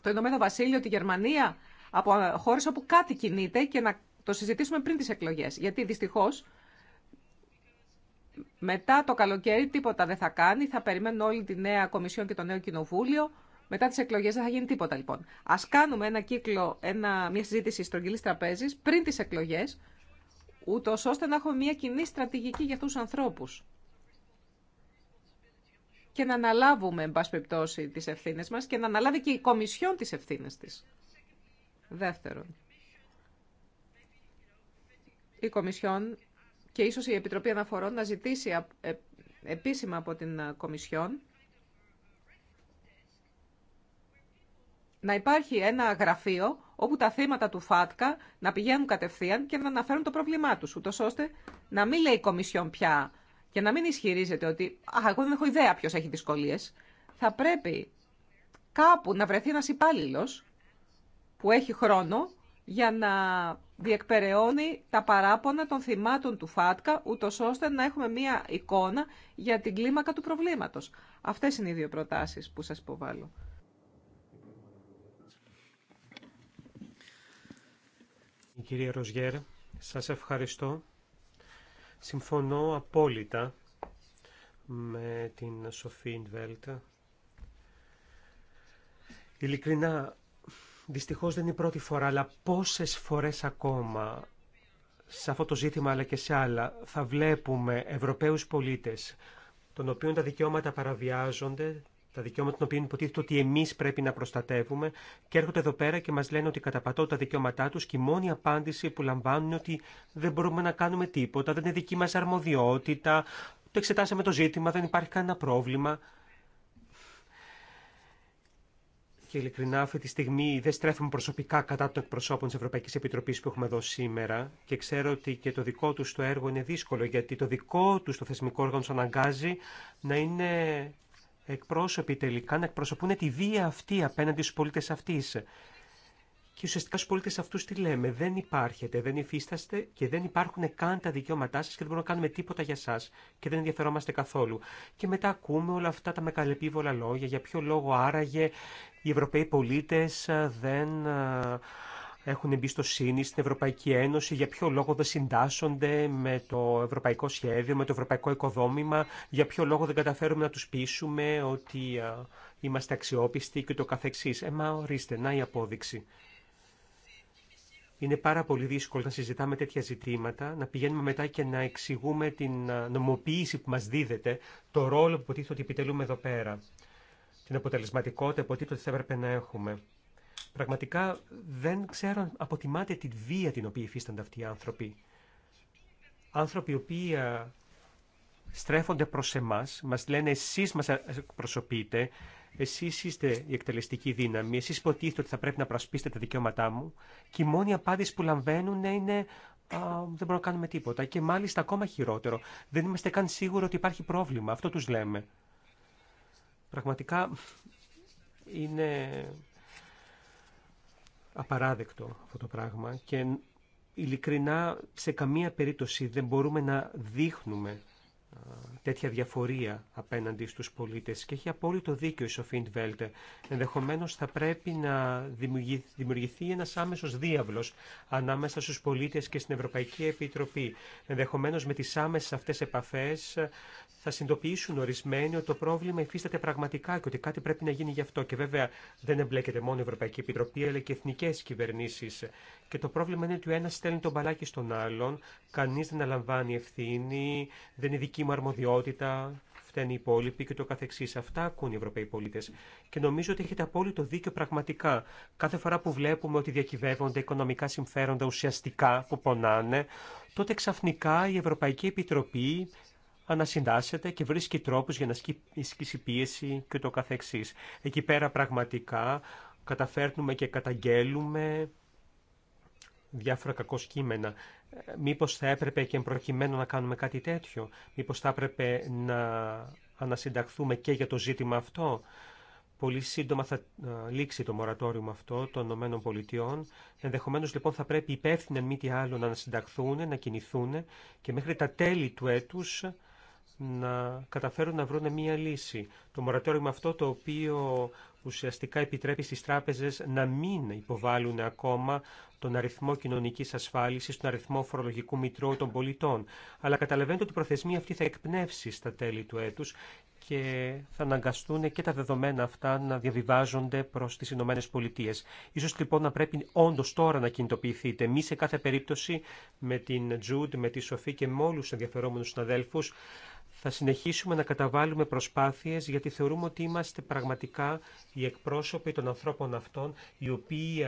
το Ηνωμένο Βασίλειο, τη Γερμανία, από ε, χώρες όπου κάτι κινείται και να το συζητήσουμε πριν τις εκλογές. Γιατί δυστυχώς μετά το καλοκαίρι τίποτα δεν θα κάνει, θα περιμένουν όλη τη νέα Κομισιόν και το νέο Κοινοβούλιο. Μετά τι εκλογέ δεν θα γίνει τίποτα λοιπόν. Α κάνουμε ένα κύκλο, ένα, μια συζήτηση στρογγυλή τραπέζη πριν τι εκλογέ, ούτω ώστε να έχουμε μια κοινή στρατηγική για αυτού του ανθρώπου και να αναλάβουμε, εν πάση περιπτώσει, τις ευθύνες μας και να αναλάβει και η Κομισιόν τις ευθύνες της. Δεύτερον, η Κομισιόν και ίσως η Επιτροπή Αναφορών να ζητήσει ε, επίσημα από την ε, Κομισιόν να υπάρχει ένα γραφείο όπου τα θύματα του ΦΑΤΚΑ να πηγαίνουν κατευθείαν και να αναφέρουν το πρόβλημά τους, ούτως ώστε να μην λέει η Κομισιόν πια και να μην ισχυρίζεται ότι «Α, εγώ δεν έχω ιδέα ποιο έχει δυσκολίε. θα πρέπει κάπου να βρεθεί ένας υπάλληλο που έχει χρόνο για να διεκπεραιώνει τα παράπονα των θυμάτων του ΦΑΤΚΑ, ούτω ώστε να έχουμε μία εικόνα για την κλίμακα του προβλήματος. Αυτές είναι οι δύο προτάσεις που σας υποβάλλω. Κύριε Ροζιέρ, σας ευχαριστώ. Συμφωνώ απόλυτα με την Σοφή Ινβέλτ. Ειλικρινά, δυστυχώς δεν είναι η πρώτη φορά, αλλά πόσες φορές ακόμα σε αυτό το ζήτημα αλλά και σε άλλα θα βλέπουμε Ευρωπαίους πολίτες των οποίων τα δικαιώματα παραβιάζονται, τα δικαιώματα των οποίων υποτίθεται ότι εμεί πρέπει να προστατεύουμε, και έρχονται εδώ πέρα και μα λένε ότι καταπατώ τα δικαιώματά του και η μόνη απάντηση που λαμβάνουν είναι ότι δεν μπορούμε να κάνουμε τίποτα, δεν είναι δική μα αρμοδιότητα, το εξετάσαμε το ζήτημα, δεν υπάρχει κανένα πρόβλημα. Και ειλικρινά αυτή τη στιγμή δεν στρέφουμε προσωπικά κατά των εκπροσώπων τη Ευρωπαϊκή Επιτροπή που έχουμε εδώ σήμερα και ξέρω ότι και το δικό του το έργο είναι δύσκολο γιατί το δικό του το θεσμικό όργανο του αναγκάζει να είναι εκπρόσωποι τελικά να εκπροσωπούν τη βία αυτή απέναντι στους πολίτες αυτής. Και ουσιαστικά στους πολίτε αυτού τι λέμε, δεν υπάρχετε, δεν υφίσταστε και δεν υπάρχουν καν τα δικαιώματά σα και δεν μπορούμε να κάνουμε τίποτα για σας και δεν ενδιαφερόμαστε καθόλου. Και μετά ακούμε όλα αυτά τα μεγαλεπίβολα λόγια, για ποιο λόγο άραγε οι Ευρωπαίοι πολίτε ε, δεν ε, έχουν εμπιστοσύνη στην Ευρωπαϊκή Ένωση, για ποιο λόγο δεν συντάσσονται με το ευρωπαϊκό σχέδιο, με το ευρωπαϊκό οικοδόμημα, για ποιο λόγο δεν καταφέρουμε να τους πείσουμε ότι είμαστε αξιόπιστοι και το καθεξής. Ε, μα ορίστε, να η απόδειξη. Είναι πάρα πολύ δύσκολο να συζητάμε τέτοια ζητήματα, να πηγαίνουμε μετά και να εξηγούμε την νομοποίηση που μας δίδεται, το ρόλο που υποτίθεται ότι επιτελούμε εδώ πέρα, την αποτελεσματικότητα που υποτίθεται θα έπρεπε να έχουμε. Πραγματικά δεν ξέρω αποτιμάτε τη βία την οποία υφίστανται αυτοί οι άνθρωποι. Άνθρωποι οι οποίοι στρέφονται προς εμάς, μας λένε εσείς μας εκπροσωπείτε, εσείς είστε η εκτελεστική δύναμη, εσείς υποτίθεται ότι θα πρέπει να προσπίσετε τα δικαιώματά μου και η μόνη απάντηση που λαμβαίνουν είναι α, δεν μπορούμε να κάνουμε τίποτα και μάλιστα ακόμα χειρότερο. Δεν είμαστε καν σίγουροι ότι υπάρχει πρόβλημα, αυτό τους λέμε. Πραγματικά είναι απαράδεκτο αυτό το πράγμα και ειλικρινά σε καμία περίπτωση δεν μπορούμε να δείχνουμε ε, τέτοια διαφορία απέναντι στους πολίτες και έχει απόλυτο δίκιο η Σοφίντ Βέλτε. Ενδεχομένως θα πρέπει να δημιουργηθεί ένας άμεσος διάβλος ανάμεσα στους πολίτες και στην Ευρωπαϊκή Επιτροπή. Ενδεχομένως με τις άμεσες αυτές επαφές ε, θα συνειδητοποιήσουν ορισμένοι ότι το πρόβλημα υφίσταται πραγματικά και ότι κάτι πρέπει να γίνει γι' αυτό. Και βέβαια δεν εμπλέκεται μόνο η Ευρωπαϊκή Επιτροπή αλλά και εθνικέ κυβερνήσει. Και το πρόβλημα είναι ότι ο ένα στέλνει τον μπαλάκι στον άλλον, κανεί δεν αναλαμβάνει ευθύνη, δεν είναι δική μου αρμοδιότητα, φταίνει οι υπόλοιποι και το καθεξής. Αυτά ακούν οι Ευρωπαίοι πολίτες. Και νομίζω ότι έχετε απόλυτο δίκιο πραγματικά. Κάθε φορά που βλέπουμε ότι διακυβεύονται οικονομικά συμφέροντα ουσιαστικά που πονάνε, τότε ξαφνικά η Ευρωπαϊκή Επιτροπή ανασυντάσσεται και βρίσκει τρόπους για να ασκήσει πίεση και το καθεξής. Εκεί πέρα πραγματικά καταφέρνουμε και καταγγέλουμε διάφορα κακό κείμενα. Ε, μήπως θα έπρεπε και προκειμένου να κάνουμε κάτι τέτοιο. Μήπως θα έπρεπε να ανασυνταχθούμε και για το ζήτημα αυτό. Πολύ σύντομα θα ε, λήξει το μορατόριο αυτό των ΗΠΑ. Ενδεχομένω λοιπόν θα πρέπει υπεύθυνοι, μη τι άλλο, να ανασυνταχθούν, να κινηθούν και μέχρι τα τέλη του έτου να καταφέρουν να βρουν μια λύση. Το μορατόριο αυτό το οποίο ουσιαστικά επιτρέπει στις τράπεζες να μην υποβάλουν ακόμα τον αριθμό κοινωνικής ασφάλισης, τον αριθμό φορολογικού μητρώου των πολιτών. Αλλά καταλαβαίνετε ότι η προθεσμία αυτή θα εκπνεύσει στα τέλη του έτους και θα αναγκαστούν και τα δεδομένα αυτά να διαβιβάζονται προς τις Ηνωμένε Πολιτείε. Ίσως λοιπόν να πρέπει όντως τώρα να κινητοποιηθείτε. Εμεί σε κάθε περίπτωση με την Τζουντ, με τη Σοφή και με όλου του ενδιαφερόμενους συναδέλφου θα συνεχίσουμε να καταβάλουμε προσπάθειες γιατί θεωρούμε ότι είμαστε πραγματικά οι εκπρόσωποι των ανθρώπων αυτών οι οποίοι,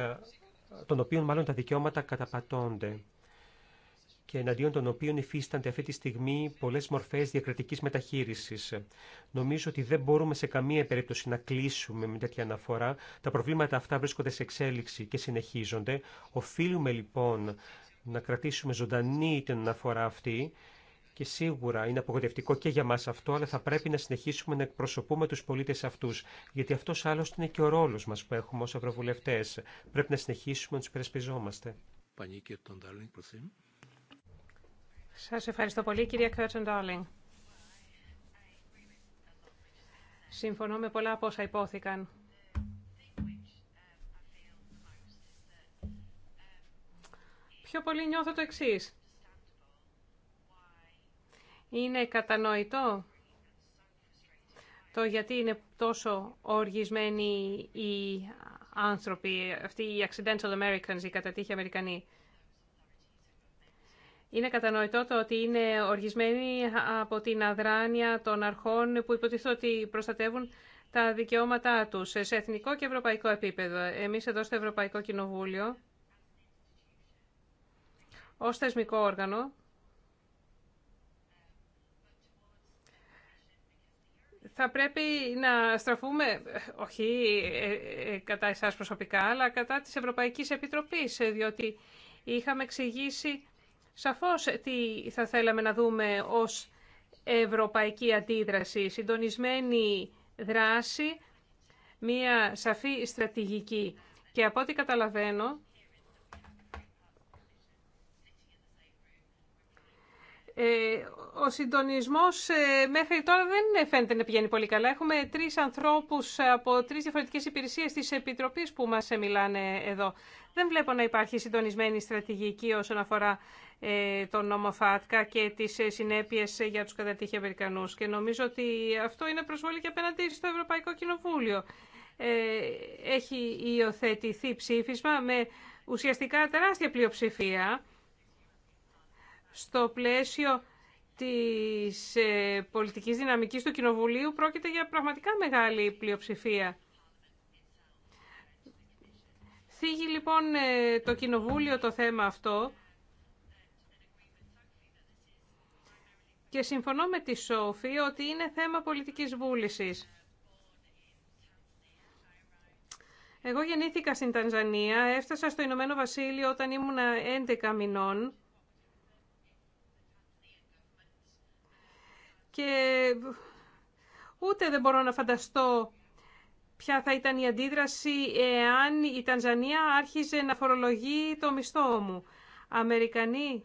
των οποίων μάλλον τα δικαιώματα καταπατώνται και εναντίον των οποίων υφίστανται αυτή τη στιγμή πολλές μορφές διακριτικής μεταχείρισης. Νομίζω ότι δεν μπορούμε σε καμία περίπτωση να κλείσουμε με τέτοια αναφορά. Τα προβλήματα αυτά βρίσκονται σε εξέλιξη και συνεχίζονται. Οφείλουμε λοιπόν να κρατήσουμε ζωντανή την αναφορά αυτή και σίγουρα είναι απογοητευτικό και για μας αυτό, αλλά θα πρέπει να συνεχίσουμε να εκπροσωπούμε τους πολίτες αυτούς, γιατί αυτός άλλωστε είναι και ο ρόλος μας που έχουμε ω ευρωβουλευτέ. Πρέπει να συνεχίσουμε να του υπερασπιζόμαστε. Σα ευχαριστώ πολύ, κυρία Κέρτσον Ντάρλινγκ. Συμφωνώ με πολλά από όσα υπόθηκαν. Πιο πολύ νιώθω το εξής. Είναι κατανοητό το γιατί είναι τόσο οργισμένοι οι άνθρωποι, αυτοί οι accidental Americans, οι κατατύχοι Αμερικανοί. Είναι κατανοητό το ότι είναι οργισμένοι από την αδράνεια των αρχών που υποτίθεται ότι προστατεύουν τα δικαιώματά τους σε εθνικό και ευρωπαϊκό επίπεδο. Εμείς εδώ στο Ευρωπαϊκό Κοινοβούλιο, ως θεσμικό όργανο, θα πρέπει να στραφούμε, όχι ε, ε, κατά εσάς προσωπικά, αλλά κατά της Ευρωπαϊκής Επιτροπής, ε, διότι είχαμε εξηγήσει σαφώς τι θα θέλαμε να δούμε ως ευρωπαϊκή αντίδραση, συντονισμένη δράση, μία σαφή στρατηγική. Και από ό,τι καταλαβαίνω, Ε, ο συντονισμός ε, μέχρι τώρα δεν φαίνεται να πηγαίνει πολύ καλά. Έχουμε τρεις ανθρώπους από τρεις διαφορετικές υπηρεσίες τη επιτροπή που μας ε, μιλάνε εδώ. Δεν βλέπω να υπάρχει συντονισμένη στρατηγική όσον αφορά τον νόμο ΦΑΤΚΑ και τις συνέπειες για τους κατατύχει Αμερικανού. Και νομίζω ότι αυτό είναι προσβολή και απέναντι στο Ευρωπαϊκό Κοινοβούλιο. έχει υιοθετηθεί ψήφισμα με ουσιαστικά τεράστια πλειοψηφία στο πλαίσιο της ε, πολιτικής δυναμικής του Κοινοβουλίου πρόκειται για πραγματικά μεγάλη πλειοψηφία. Θίγει λοιπόν ε, το Κοινοβούλιο το θέμα αυτό και συμφωνώ με τη Σόφη ότι είναι θέμα πολιτικής βούλησης. Εγώ γεννήθηκα στην Τανζανία, έφτασα στο Ηνωμένο Βασίλειο όταν ήμουν 11 μηνών και ούτε δεν μπορώ να φανταστώ ποια θα ήταν η αντίδραση εάν η Τανζανία άρχιζε να φορολογεί το μισθό μου. Αμερικανοί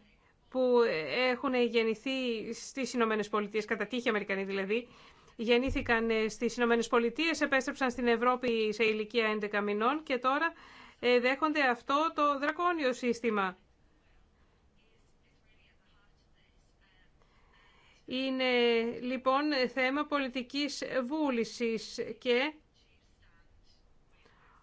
που έχουν γεννηθεί στις Ηνωμένε Πολιτείε, κατά τύχη Αμερικανοί δηλαδή, γεννήθηκαν στις Ηνωμένε Πολιτείε, επέστρεψαν στην Ευρώπη σε ηλικία 11 μηνών και τώρα ε, δέχονται αυτό το δρακόνιο σύστημα. Είναι λοιπόν θέμα πολιτικής βούλησης και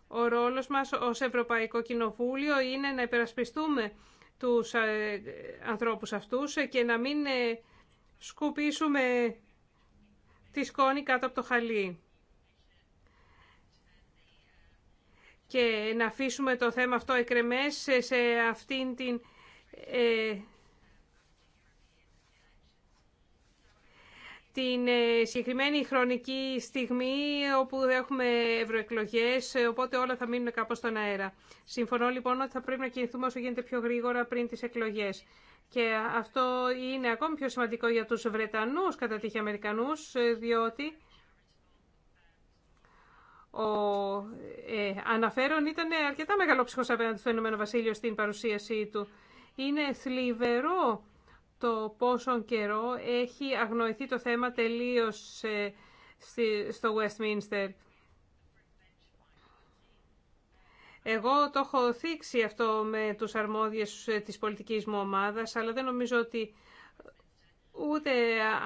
ο ρόλος μας ως Ευρωπαϊκό Κοινοβούλιο είναι να υπερασπιστούμε τους ε, ανθρώπους αυτούς και να μην ε, σκουπίσουμε τη σκόνη κάτω από το χαλί. Και να αφήσουμε το θέμα αυτό εκρεμές σε αυτήν την ε, την ε, συγκεκριμένη χρονική στιγμή όπου έχουμε ευρωεκλογέ, ε, οπότε όλα θα μείνουν κάπως στον αέρα. Συμφωνώ λοιπόν ότι θα πρέπει να κινηθούμε όσο γίνεται πιο γρήγορα πριν τις εκλογές. Και αυτό είναι ακόμη πιο σημαντικό για τους Βρετανούς κατά τύχη Αμερικανούς, ε, διότι ο ε, αναφέρον ήταν αρκετά μεγαλόψυχος απέναντι στο Ηνωμένο Βασίλειο στην παρουσίασή του. Είναι θλιβερό το πόσο καιρό έχει αγνοηθεί το θέμα τελείως ε, στο Westminster. Εγώ το έχω θίξει αυτό με τους αρμόδιες ε, της πολιτικής μου ομάδας, αλλά δεν νομίζω ότι ούτε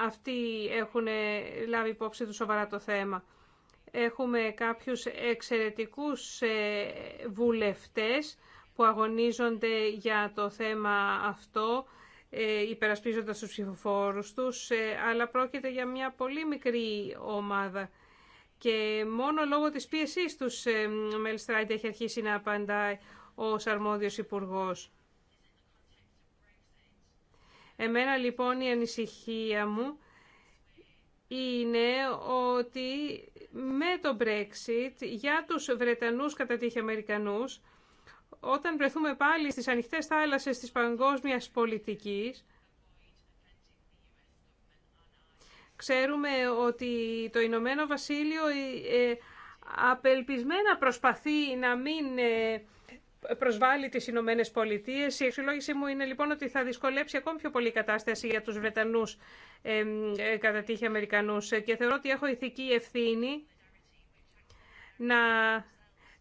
αυτοί έχουν ε, λάβει υπόψη του σοβαρά το θέμα. Έχουμε κάποιους εξαιρετικούς βουλευτές που αγωνίζονται για το θέμα αυτό ε, υπερασπίζοντας τους ψηφοφόρους τους, ε, αλλά πρόκειται για μια πολύ μικρή ομάδα. Και μόνο λόγω της πίεσής τους ο ε, Μέλστραιντ έχει αρχίσει να απαντάει ως αρμόδιος υπουργός. Εμένα λοιπόν η ανησυχία μου είναι ότι με το Brexit για τους Βρετανούς κατά τύχη Αμερικανούς όταν βρεθούμε πάλι στις ανοιχτές θάλασσες της παγκόσμιας πολιτικής, ξέρουμε ότι το Ηνωμένο Βασίλειο ε, ε, απελπισμένα προσπαθεί να μην ε, προσβάλλει τις Ηνωμένε Πολιτείε. Η εξολόγηση μου είναι λοιπόν ότι θα δυσκολέψει ακόμη πιο πολύ η κατάσταση για τους Βρετανούς ε, κατά τύχη Αμερικανούς και θεωρώ ότι έχω ηθική ευθύνη να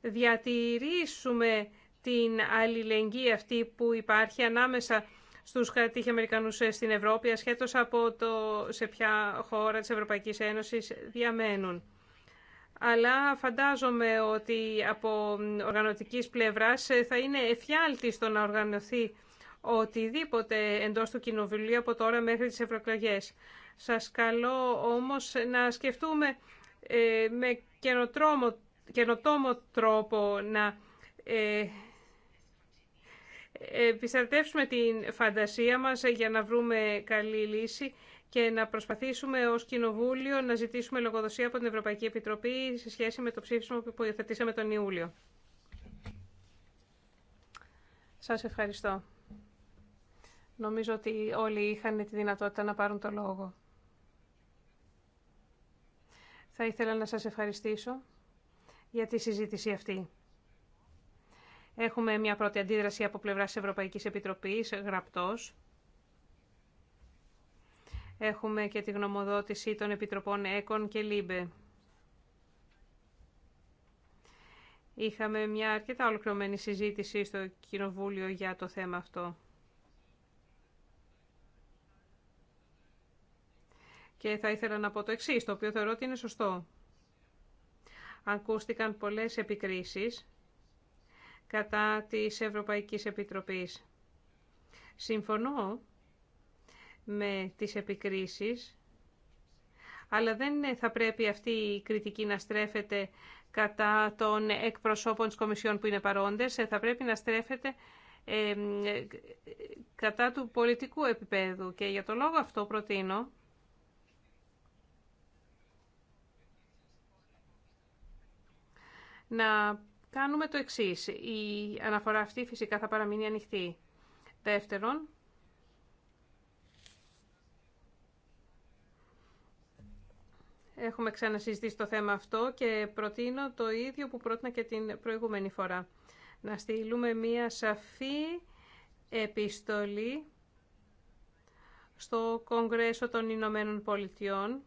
διατηρήσουμε την αλληλεγγύη αυτή που υπάρχει ανάμεσα στους κατήχοι Αμερικανούς στην Ευρώπη, ασχέτως από το σε ποια χώρα της Ευρωπαϊκής Ένωσης διαμένουν. Αλλά φαντάζομαι ότι από οργανωτικής πλευράς θα είναι εφιάλτη στο να οργανωθεί οτιδήποτε εντός του Κοινοβουλίου από τώρα μέχρι τις ευρωεκλογέ. Σας καλώ όμως να σκεφτούμε ε, με καινοτόμο τρόπο να ε, επιστρατεύσουμε την φαντασία μας για να βρούμε καλή λύση και να προσπαθήσουμε ως Κοινοβούλιο να ζητήσουμε λογοδοσία από την Ευρωπαϊκή Επιτροπή σε σχέση με το ψήφισμα που υιοθετήσαμε τον Ιούλιο. Σας ευχαριστώ. Νομίζω ότι όλοι είχαν τη δυνατότητα να πάρουν το λόγο. Θα ήθελα να σας ευχαριστήσω για τη συζήτηση αυτή. Έχουμε μια πρώτη αντίδραση από πλευράς Ευρωπαϊκής Επιτροπής, γραπτός. Έχουμε και τη γνωμοδότηση των Επιτροπών ΕΚΟΝ και ΛΥΜΠΕ. Είχαμε μια αρκετά ολοκληρωμένη συζήτηση στο Κοινοβούλιο για το θέμα αυτό. Και θα ήθελα να πω το εξής, το οποίο θεωρώ ότι είναι σωστό. Ακούστηκαν πολλές επικρίσεις κατά της Ευρωπαϊκής Επιτροπής. Συμφωνώ με τις επικρίσεις, αλλά δεν θα πρέπει αυτή η κριτική να στρέφεται κατά των εκπροσώπων της Κομισιόν που είναι παρόντες, ε, θα πρέπει να στρέφεται κατά του πολιτικού επίπεδου. Και για το λόγο αυτό προτείνω να κάνουμε το εξή. Η αναφορά αυτή φυσικά θα παραμείνει ανοιχτή. Δεύτερον, Έχουμε ξανασυζητήσει το θέμα αυτό και προτείνω το ίδιο που πρότεινα και την προηγούμενη φορά. Να στείλουμε μία σαφή επιστολή στο Κογκρέσο των Ηνωμένων Πολιτειών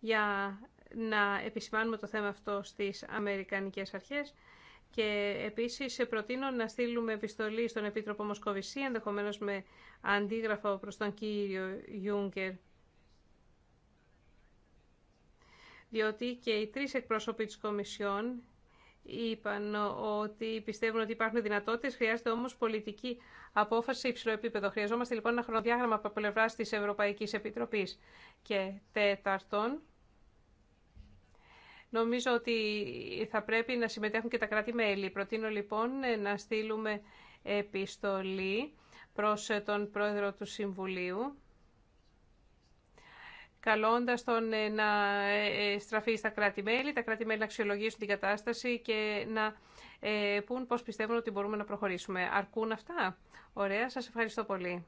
για να επισημάνουμε το θέμα αυτό στις Αμερικανικές αρχές και επίσης προτείνω να στείλουμε επιστολή στον Επίτροπο Μοσκοβισή, ενδεχομένως με αντίγραφο προς τον κύριο Γιούγκερ. Διότι και οι τρεις εκπρόσωποι της Κομισιόν είπαν ότι πιστεύουν ότι υπάρχουν δυνατότητες, χρειάζεται όμως πολιτική απόφαση υψηλό επίπεδο. Χρειαζόμαστε λοιπόν ένα χρονοδιάγραμμα από πλευρά της Ευρωπαϊκής Επιτροπής. Και τέταρτον, Νομίζω ότι θα πρέπει να συμμετέχουν και τα κράτη-μέλη. Προτείνω λοιπόν να στείλουμε επιστολή προς τον Πρόεδρο του Συμβουλίου, καλώντας τον ε, να ε, στραφεί στα κράτη-μέλη, τα κράτη-μέλη να αξιολογήσουν την κατάσταση και να ε, πούν πώς πιστεύουν ότι μπορούμε να προχωρήσουμε. Αρκούν αυτά. Ωραία, σας ευχαριστώ πολύ.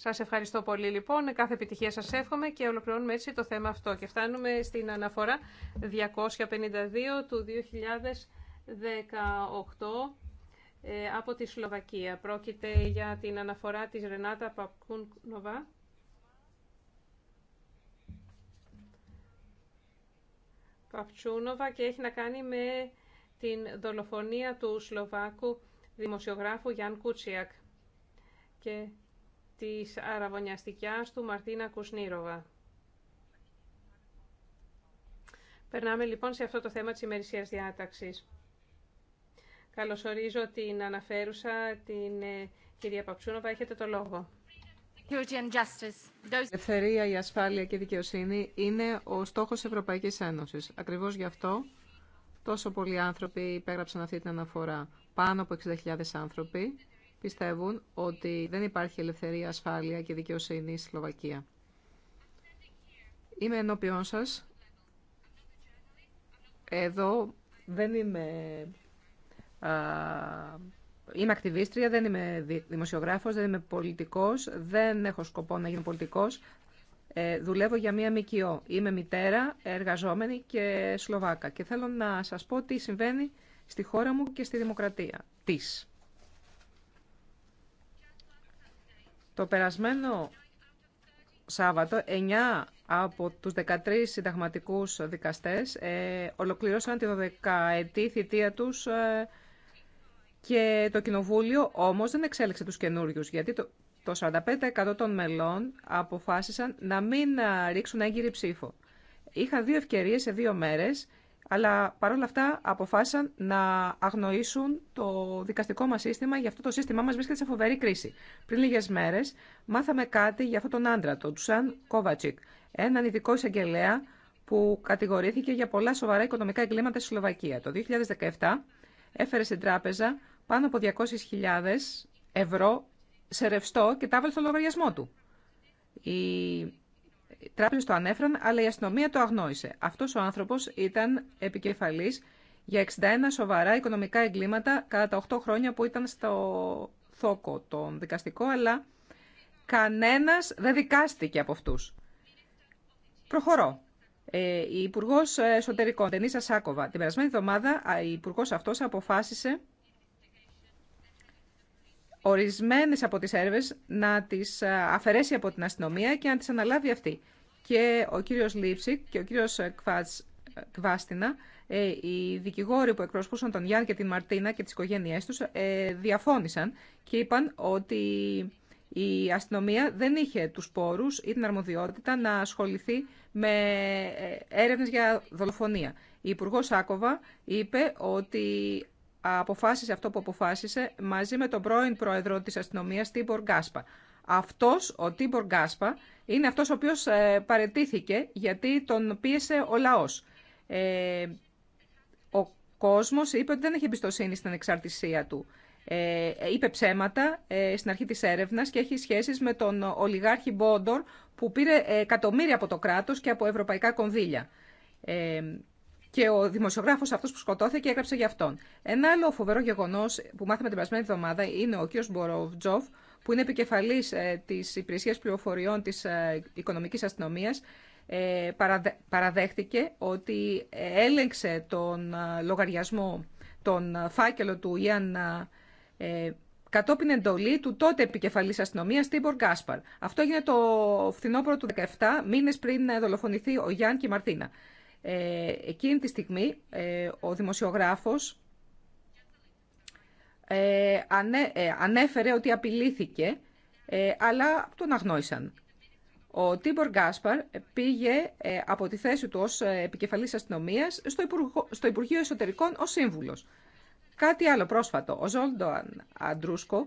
Σας ευχαριστώ πολύ λοιπόν, κάθε επιτυχία σας εύχομαι και ολοκληρώνουμε έτσι το θέμα αυτό. Και φτάνουμε στην αναφορά 252 του 2018 ε, από τη Σλοβακία. Πρόκειται για την αναφορά της Ρενάτα Παπκούνοβα. Παπτσούνοβα και έχει να κάνει με την δολοφονία του Σλοβάκου δημοσιογράφου Γιάν Κούτσιακ. Και της αραβωνιαστικιάς του Μαρτίνα Κουσνίροβα. Περνάμε λοιπόν σε αυτό το θέμα της ημερησίας διάταξης. Καλωσορίζω την αναφέρουσα, την ε, κυρία Παψούνοβα. Έχετε το λόγο. Η ελευθερία, η ασφάλεια και η δικαιοσύνη είναι ο στόχος Ευρωπαϊκής Ένωσης. Ακριβώς γι' αυτό τόσο πολλοί άνθρωποι υπέγραψαν αυτή την αναφορά. Πάνω από 60.000 άνθρωποι πιστεύουν ότι δεν υπάρχει ελευθερία, ασφάλεια και δικαιοσύνη στη Σλοβακία. Είμαι ενώπιόν σας. Εδώ δεν είμαι... Α, είμαι ακτιβίστρια, δεν είμαι δημοσιογράφος, δεν είμαι πολιτικός, δεν έχω σκοπό να γίνω πολιτικός. Ε, δουλεύω για μία ΜΚΟ. Είμαι μητέρα, εργαζόμενη και Σλοβάκα. Και θέλω να σας πω τι συμβαίνει στη χώρα μου και στη δημοκρατία της. Το περασμένο Σάββατο, 9 από τους 13 συνταγματικούς δικαστές ε, ολοκληρώσαν τη 12η θητεία τους ε, και το Κοινοβούλιο όμως δεν εξέλιξε τους καινούριου, γιατί το, το 45% των μελών αποφάσισαν να μην ε, ρίξουν έγκυρη ψήφο. Είχαν δύο ευκαιρίες σε δύο μέρες αλλά παρόλα αυτά αποφάσισαν να αγνοήσουν το δικαστικό μας σύστημα, γι' αυτό το σύστημά μας βρίσκεται σε φοβερή κρίση. Πριν λίγες μέρες μάθαμε κάτι για αυτόν τον άντρα, τον Τουσάν Κόβατσικ, έναν ειδικό εισαγγελέα που κατηγορήθηκε για πολλά σοβαρά οικονομικά εγκλήματα στη Σλοβακία. Το 2017 έφερε στην τράπεζα πάνω από 200.000 ευρώ σε ρευστό και τα έβαλε στο λογαριασμό του. Η τράπεζε το ανέφεραν, αλλά η αστυνομία το αγνόησε. Αυτό ο άνθρωπο ήταν επικεφαλή για 61 σοβαρά οικονομικά εγκλήματα κατά τα 8 χρόνια που ήταν στο θόκο τον δικαστικό, αλλά κανένας δεν δικάστηκε από αυτούς. Προχωρώ. Ε, η Υπουργό Εσωτερικών, Τενίσα Σάκοβα, την περασμένη εβδομάδα, η Υπουργό αυτό αποφάσισε ορισμένες από τις έρευνες να τις ε, αφαιρέσει από την αστυνομία και να τις αναλάβει αυτή. Και ο κύριος Λίψικ και ο κύριος Κβάστινα, ε, οι δικηγόροι που εκπροσωπούσαν τον Γιάννη και την Μαρτίνα και τις οικογένειές τους, ε, διαφώνησαν και είπαν ότι η αστυνομία δεν είχε τους πόρους ή την αρμοδιότητα να ασχοληθεί με έρευνες για δολοφονία. Η Υπουργό Σάκοβα είπε ότι αποφάσισε αυτό που αποφάσισε μαζί με τον πρώην πρόεδρο της αστυνομίας Τίμπορ Γκάσπα. Αυτός, ο Τίμπορ Γκάσπα, είναι αυτός ο οποίος ε, παρετήθηκε γιατί τον πίεσε ο λαός. Ε, ο κόσμος είπε ότι δεν έχει εμπιστοσύνη στην εξαρτησία του. Ε, είπε ψέματα ε, στην αρχή της έρευνας και έχει σχέσεις με τον ολιγάρχη Μπόντορ που πήρε ε, εκατομμύρια από το κράτος και από ευρωπαϊκά κονδύλια. Ε, και ο δημοσιογράφο αυτό που σκοτώθηκε έγραψε για αυτόν. Ένα άλλο φοβερό γεγονό που μάθαμε την περασμένη εβδομάδα είναι ο κ. Μποροβτζόφ, που είναι επικεφαλή ε, τη Υπηρεσία Πληροφοριών τη ε, Οικονομική Αστυνομία, ε, παραδέχτηκε ότι έλεγξε τον λογαριασμό, τον φάκελο του Ιαν κατόπιν εντολή του τότε επικεφαλή αστυνομία Τίμπορ Γκάσπαρ. Αυτό έγινε το φθινόπωρο του 2017, μήνε πριν δολοφονηθεί ο Γιάννη και η Μαρτίνα. Ε, εκείνη τη στιγμή ε, ο δημοσιογράφος ε, ανέφερε ότι απειλήθηκε, αλλά τον αγνόησαν. Ο Τίμπορ Γκάσπαρ πήγε από τη θέση του ως επικεφαλής αστυνομίας στο, Υπουργείο Εσωτερικών ως σύμβουλος. Κάτι άλλο πρόσφατο. Ο Ζόλντοαν Αντρούσκο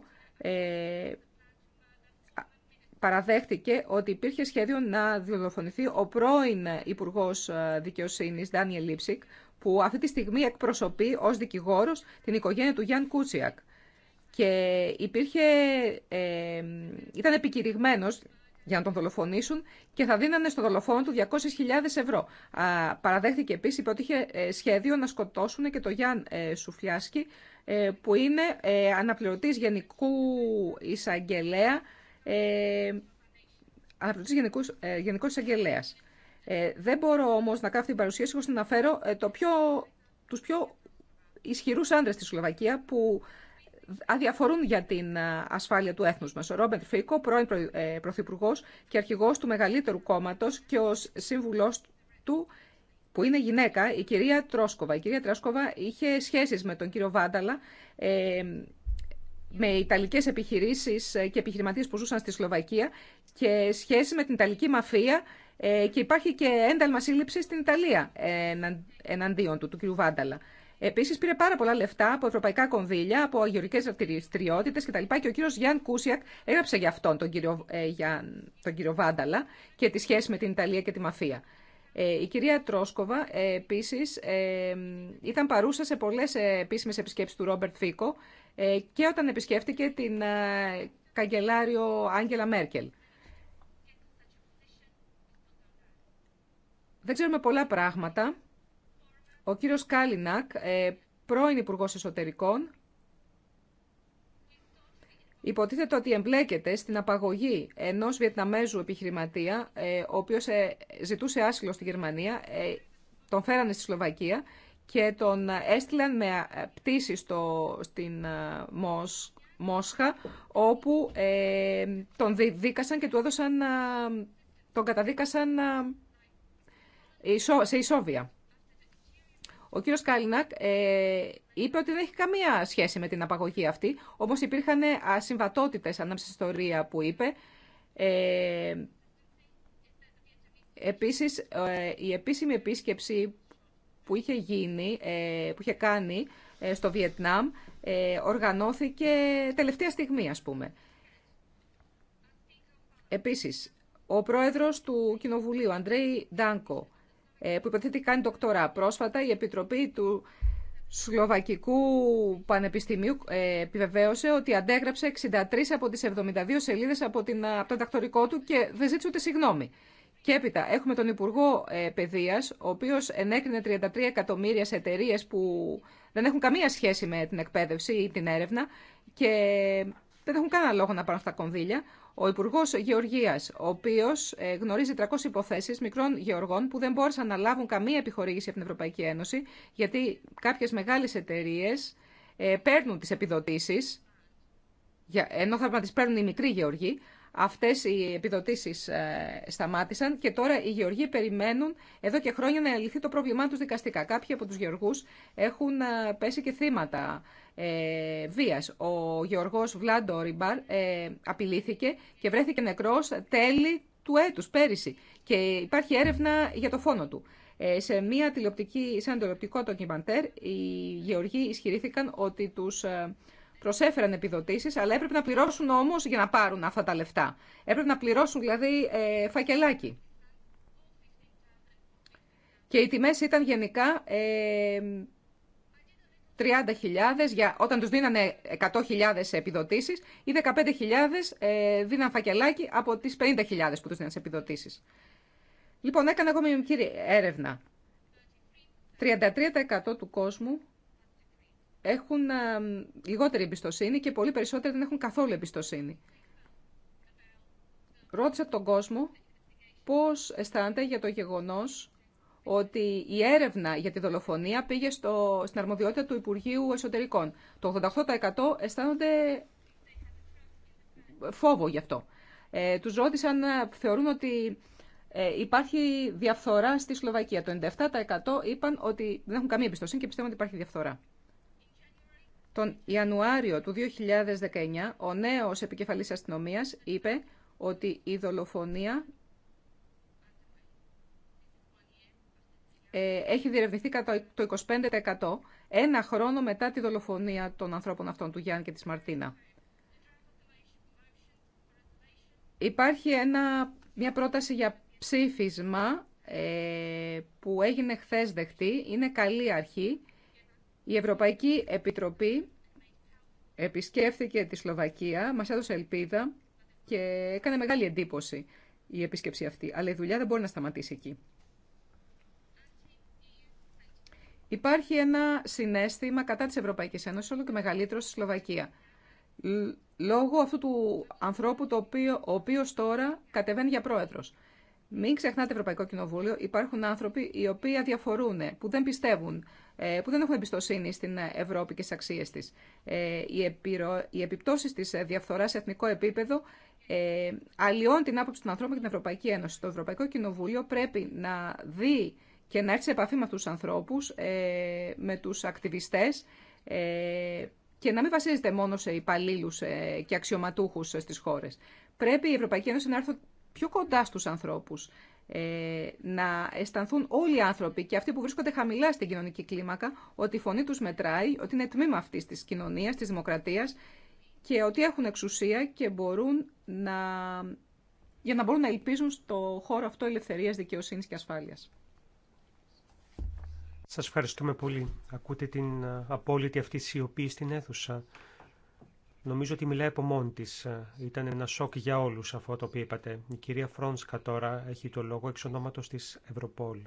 παραδέχτηκε ότι υπήρχε σχέδιο να δολοφονηθεί ο πρώην Υπουργό ε, Δικαιοσύνη, Ντάνιελ Λίψικ, που αυτή τη στιγμή εκπροσωπεί ω δικηγόρο την οικογένεια του Γιάνν Κούτσιακ. Και υπήρχε, ε, ήταν επικηρυγμένο για να τον δολοφονήσουν και θα δίνανε στο δολοφόνο του 200.000 ευρώ. Α, παραδέχτηκε επίση, ότι είχε ε, σχέδιο να σκοτώσουν και τον Γιάνν ε, που είναι ε, αναπληρωτής γενικού εισαγγελέα ε, αναπληρωτής ε, γενικός, ε, Ε, δεν μπορώ όμως να κάνω αυτή την παρουσίαση χωρί να αναφέρω ε, το πιο, τους πιο ισχυρούς άντρες στη Σλοβακία που αδιαφορούν για την ε, ασφάλεια του έθνους μας. Ο Ρόμπερτ Φίκο, πρώην ε, Πρωθυπουργό και αρχηγός του μεγαλύτερου κόμματος και ο σύμβουλός του που είναι γυναίκα, η κυρία Τρόσκοβα. Η κυρία Τρόσκοβα είχε σχέσεις με τον κύριο Βάνταλα, με Ιταλικέ επιχειρήσει ε, και επιχειρηματίε που ζούσαν στη Σλοβακία και σχέση με την ιταλική μαφία ε, και υπάρχει και ένταλμα σύλληψη στην Ιταλία εναντίον του, του κ. Βάνταλα. Επίση, πήρε πάρα πολλά λεφτά από ευρωπαϊκά κονδύλια, από αγιορικέ δραστηριότητε κτλ. Και ο κ. Γιάνν Κούσιακ έγραψε για αυτόν τον κύριο, ε, για τον κύριο Βάνταλα και τη σχέση με την Ιταλία και τη μαφία. Ε, η κυρία Τρόσκοβα ε, επίση ε, ήταν παρούσα σε πολλέ ε, επίσημε επισκέψει του Ρόμπερτ Φίκο ε, και όταν επισκέφτηκε την ε, καγκελάριο Άγγελα Μέρκελ. Δεν ξέρουμε πολλά πράγματα. Ο κύριος Κάλινακ, ε, πρώην Υπουργό Εσωτερικών, υποτίθεται ότι εμπλέκεται στην απαγωγή ενός Βιετναμέζου επιχειρηματία, ο οποίος ζητούσε άσυλο στη Γερμανία, τον φέρανε στη Σλοβακία και τον έστειλαν με πτήση στο, στην ε, Μόσχα, όπου ε, τον δίκασαν και του έδωσαν, ε, τον καταδίκασαν ε, σε ισόβια. Ο κύριος Κάλινακ ε, είπε ότι δεν έχει καμία σχέση με την απαγωγή αυτή, όμως υπήρχαν ασυμβατότητες ανάμεσα στη ιστορία που είπε. Ε, επίσης, η επίσημη επίσκεψη που είχε, γίνει, ε, που είχε κάνει ε, στο Βιετνάμ ε, οργανώθηκε τελευταία στιγμή, ας πούμε. Επίσης, ο πρόεδρος του Κοινοβουλίου, Αντρέι Ντάνκο, που υποθέτει κάνει δοκτορά Πρόσφατα η Επιτροπή του Σλοβακικού Πανεπιστημίου επιβεβαίωσε ότι αντέγραψε 63 από τις 72 σελίδες από, την, από το δακτορικό του και δεν ζήτησε ούτε συγγνώμη. Και έπειτα έχουμε τον Υπουργό ε, ο οποίος ενέκρινε 33 εκατομμύρια σε εταιρείε που δεν έχουν καμία σχέση με την εκπαίδευση ή την έρευνα και δεν έχουν κανένα λόγο να πάρουν αυτά τα κονδύλια. Ο Υπουργό Γεωργία, ο οποίο ε, γνωρίζει 300 υποθέσει μικρών γεωργών που δεν μπόρεσαν να λάβουν καμία επιχορήγηση από την Ευρωπαϊκή Ένωση, γιατί κάποιε μεγάλε εταιρείε ε, παίρνουν τι επιδοτήσει, ενώ θα να τι παίρνουν οι μικροί γεωργοί, Αυτές οι επιδοτήσεις ε, σταμάτησαν και τώρα οι γεωργοί περιμένουν εδώ και χρόνια να λυθεί το πρόβλημά τους δικαστικά. Κάποιοι από τους γεωργούς έχουν ε, πέσει και θύματα ε, βίας. Ο γεωργός Βλάντο Ριμπάρ ε, απειλήθηκε και βρέθηκε νεκρός τέλη του έτους, πέρυσι. Και υπάρχει έρευνα για το φόνο του. Ε, σε, μια τηλεοπτική, σε ένα τηλεοπτικό ντοκιμαντέρ οι γεωργοί ισχυρήθηκαν ότι τους προσέφεραν επιδοτήσεις, αλλά έπρεπε να πληρώσουν όμως για να πάρουν αυτά τα λεφτά. Έπρεπε να πληρώσουν δηλαδή ε, φακελάκι. Και οι τιμές ήταν γενικά ε, 30.000, για, όταν τους δίνανε 100.000 επιδοτήσεις ή 15.000 ε, δίναν φακελάκι από τις 50.000 που τους δίνανε σε επιδοτήσεις. Λοιπόν, έκανα εγώ μια μικρή έρευνα. 33% του κόσμου έχουν ε, λιγότερη εμπιστοσύνη και πολύ περισσότεροι δεν έχουν καθόλου εμπιστοσύνη. Ρώτησα τον κόσμο πώς αισθάνεται για το γεγονός ότι η έρευνα για τη δολοφονία πήγε στο, στην αρμοδιότητα του Υπουργείου Εσωτερικών. Το 88% αισθάνονται φόβο γι' αυτό. Ε, τους ρώτησαν, ε, θεωρούν ότι ε, υπάρχει διαφθορά στη Σλοβακία. Το 97% είπαν ότι δεν έχουν καμία εμπιστοσύνη και πιστεύουν ότι υπάρχει διαφθορά. Τον Ιανουάριο του 2019, ο νέος επικεφαλής αστυνομίας είπε ότι η δολοφονία ε, έχει διερευνηθεί κατά το 25% ένα χρόνο μετά τη δολοφονία των ανθρώπων αυτών, του Γιάννη και της Μαρτίνα. Υπάρχει ένα, μια πρόταση για ψήφισμα ε, που έγινε χθες δεχτή. Είναι καλή αρχή η Ευρωπαϊκή Επιτροπή επισκέφθηκε τη Σλοβακία, μας έδωσε ελπίδα και έκανε μεγάλη εντύπωση η επίσκεψη αυτή. Αλλά η δουλειά δεν μπορεί να σταματήσει εκεί. Υπάρχει ένα συνέστημα κατά της Ευρωπαϊκής Ένωσης, όλο και μεγαλύτερο στη Σλοβακία. Λόγω αυτού του ανθρώπου, το οποίο, ο οποίος τώρα κατεβαίνει για πρόεδρος. Μην ξεχνάτε Ευρωπαϊκό Κοινοβούλιο, υπάρχουν άνθρωποι οι οποίοι αδιαφορούν, που δεν πιστεύουν ε, που δεν έχουν εμπιστοσύνη στην Ευρώπη και στις αξίες της. Ε, οι επιπτώσεις της διαφθοράς σε εθνικό επίπεδο ε, αλλοιώνουν την άποψη των ανθρώπων και την Ευρωπαϊκή Ένωση. Το Ευρωπαϊκό Κοινοβούλιο πρέπει να δει και να έρθει σε επαφή με τους ανθρώπους, με τους ακτιβιστές και να μην βασίζεται μόνο σε υπαλλήλου και αξιωματούχους στις χώρες. Πρέπει η Ευρωπαϊκή Ένωση να έρθει πιο κοντά στους ανθρώπους ε, να αισθανθούν όλοι οι άνθρωποι και αυτοί που βρίσκονται χαμηλά στην κοινωνική κλίμακα ότι η φωνή τους μετράει, ότι είναι τμήμα αυτής της κοινωνίας, της δημοκρατίας και ότι έχουν εξουσία και μπορούν για να μπορούν να ελπίζουν στο χώρο αυτό ελευθερίας, δικαιοσύνης και ασφάλειας. Σας ευχαριστούμε πολύ. Ακούτε την ε, απόλυτη αυτή σιωπή στην αίθουσα. Νομίζω ότι μιλάει από μόνη τη. Ε, ήταν ένα σοκ για όλου αυτό το οποίο είπατε. Η κυρία Φρόνσκα τώρα έχει το λόγο εξ ονόματο τη Ευρωπόλ.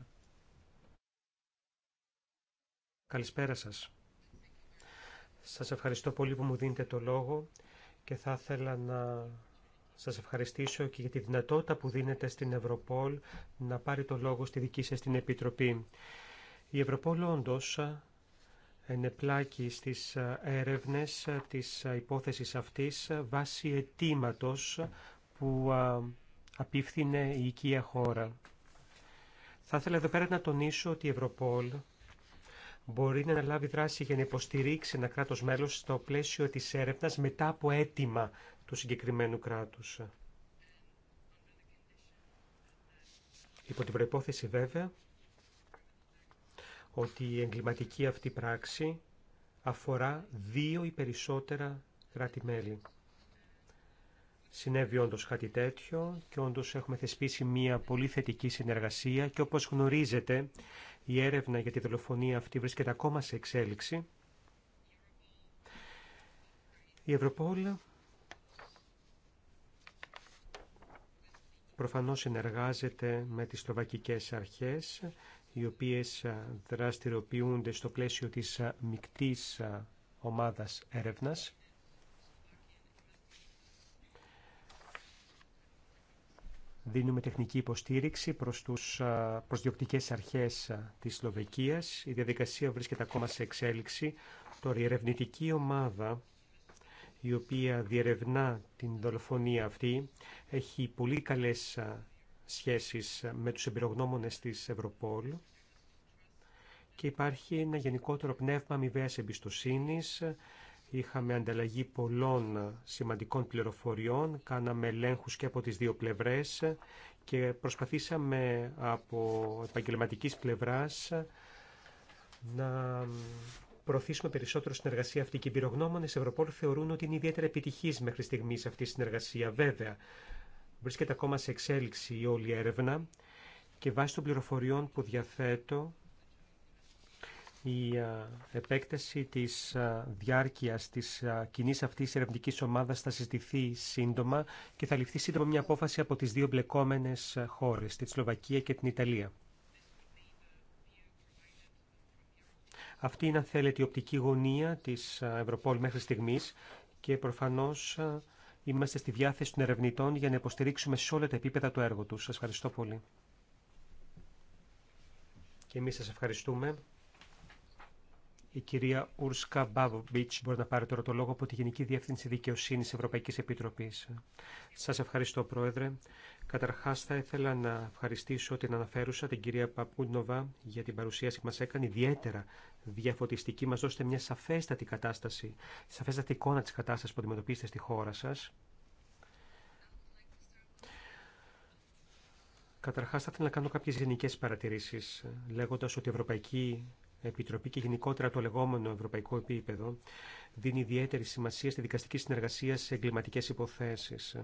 Καλησπέρα σα. Σα ευχαριστώ πολύ που μου δίνετε το λόγο και θα ήθελα να σας ευχαριστήσω και για τη δυνατότητα που δίνετε στην Ευρωπόλ να πάρει το λόγο στη δική σα την Επιτροπή. Η Ευρωπόλ όντω πλάκη στις ε, έρευνες ε, της ε, υπόθεσης αυτής βάσει αιτήματο που απίφθινε η οικία χώρα. Θα ήθελα εδώ πέρα να τονίσω ότι η Ευρωπόλ μπορεί να αναλάβει δράση για να υποστηρίξει ένα κράτος μέλος στο πλαίσιο της έρευνας μετά από αίτημα του συγκεκριμένου κράτους. Υπό την προϋπόθεση βέβαια ότι η εγκληματική αυτή πράξη αφορά δύο ή περισσότερα κράτη-μέλη. Συνέβη όντω κάτι τέτοιο και όντω έχουμε θεσπίσει μια πολύ θετική συνεργασία και όπως γνωρίζετε η έρευνα για τη δολοφονία αυτή βρίσκεται ακόμα σε εξέλιξη. Η Ευρωπόλ προφανώς συνεργάζεται με τις Σλοβακικές Αρχές οι οποίες δραστηριοποιούνται στο πλαίσιο της μικτής ομάδας έρευνας. Δίνουμε τεχνική υποστήριξη προς, τους, προς αρχές της Σλοβεκίας. Η διαδικασία βρίσκεται ακόμα σε εξέλιξη. Τώρα η ερευνητική ομάδα η οποία διερευνά την δολοφονία αυτή έχει πολύ καλές σχέσεις με τους εμπειρογνώμονες της Ευρωπόλ και υπάρχει ένα γενικότερο πνεύμα αμοιβαίας εμπιστοσύνης. Είχαμε ανταλλαγή πολλών σημαντικών πληροφοριών, κάναμε ελέγχου και από τις δύο πλευρές και προσπαθήσαμε από επαγγελματικής πλευράς να προωθήσουμε περισσότερο συνεργασία αυτή και οι πυρογνώμονες Ευρωπόλ θεωρούν ότι είναι ιδιαίτερα επιτυχής μέχρι στιγμή αυτή η συνεργασία. Βέβαια, Βρίσκεται ακόμα σε εξέλιξη η όλη έρευνα και βάσει των πληροφοριών που διαθέτω η επέκταση της διάρκειας της κοινής αυτής ερευνητικής ομάδας θα συζητηθεί σύντομα και θα ληφθεί σύντομα μια απόφαση από τις δύο μπλεκόμενες χώρες, τη Σλοβακία και την Ιταλία. Αυτή είναι, αν θέλετε, η οπτική γωνία της Ευρωπόλ μέχρι στιγμής και προφανώς Είμαστε στη διάθεση των ερευνητών για να υποστηρίξουμε σε όλα τα επίπεδα το έργο τους. Σας ευχαριστώ πολύ. Και εμείς σας ευχαριστούμε. Η κυρία Ούρσκα Μπάβοβιτς μπορεί να πάρει τώρα το λόγο από τη Γενική Διεύθυνση Δικαιοσύνης Ευρωπαϊκής Επιτροπής. Σας ευχαριστώ, Πρόεδρε. Καταρχάς, θα ήθελα να ευχαριστήσω την αναφέρουσα, την κυρία Παπούντοβα, για την παρουσίαση που μας έκανε, ιδιαίτερα διαφωτιστική μας δώσετε μια σαφέστατη κατάσταση, σαφέστατη εικόνα της κατάστασης που αντιμετωπίσετε στη χώρα σας. Καταρχάς θα ήθελα να κάνω κάποιες γενικές παρατηρήσεις, λέγοντας ότι η Ευρωπαϊκή Επιτροπή και γενικότερα το λεγόμενο ευρωπαϊκό επίπεδο δίνει ιδιαίτερη σημασία στη δικαστική συνεργασία σε εγκληματικές υποθέσεις.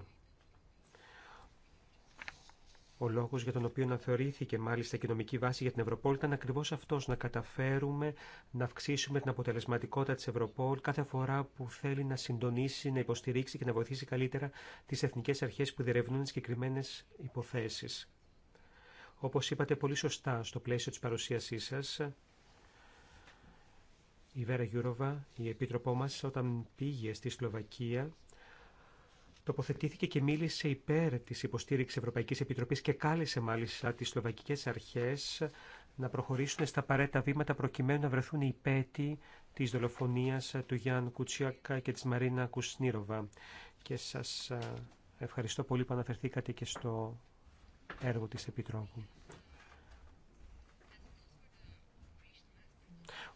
Ο λόγο για τον οποίο θεωρήθηκε μάλιστα η κοινωνική βάση για την Ευρωπόλ ήταν ακριβώ αυτό, να καταφέρουμε να αυξήσουμε την αποτελεσματικότητα τη Ευρωπόλ κάθε φορά που θέλει να συντονίσει, να υποστηρίξει και να βοηθήσει καλύτερα τι εθνικέ αρχέ που διερευνούν συγκεκριμένε υποθέσει. Όπω είπατε πολύ σωστά στο πλαίσιο τη παρουσίασή σα, η Βέρα Γιούροβα, η επίτροπό μα, όταν πήγε στη Σλοβακία, τοποθετήθηκε και μίλησε υπέρ της υποστήριξη Ευρωπαϊκής Επιτροπής και κάλεσε μάλιστα τις σλοβακικέ Αρχές να προχωρήσουν στα παρέτα βήματα προκειμένου να βρεθούν οι πέτοι της δολοφονίας του Γιάνν Κουτσιάκα και της Μαρίνα Κουσνίροβα. Και σας ευχαριστώ πολύ που αναφερθήκατε και στο έργο της Επιτρόπου.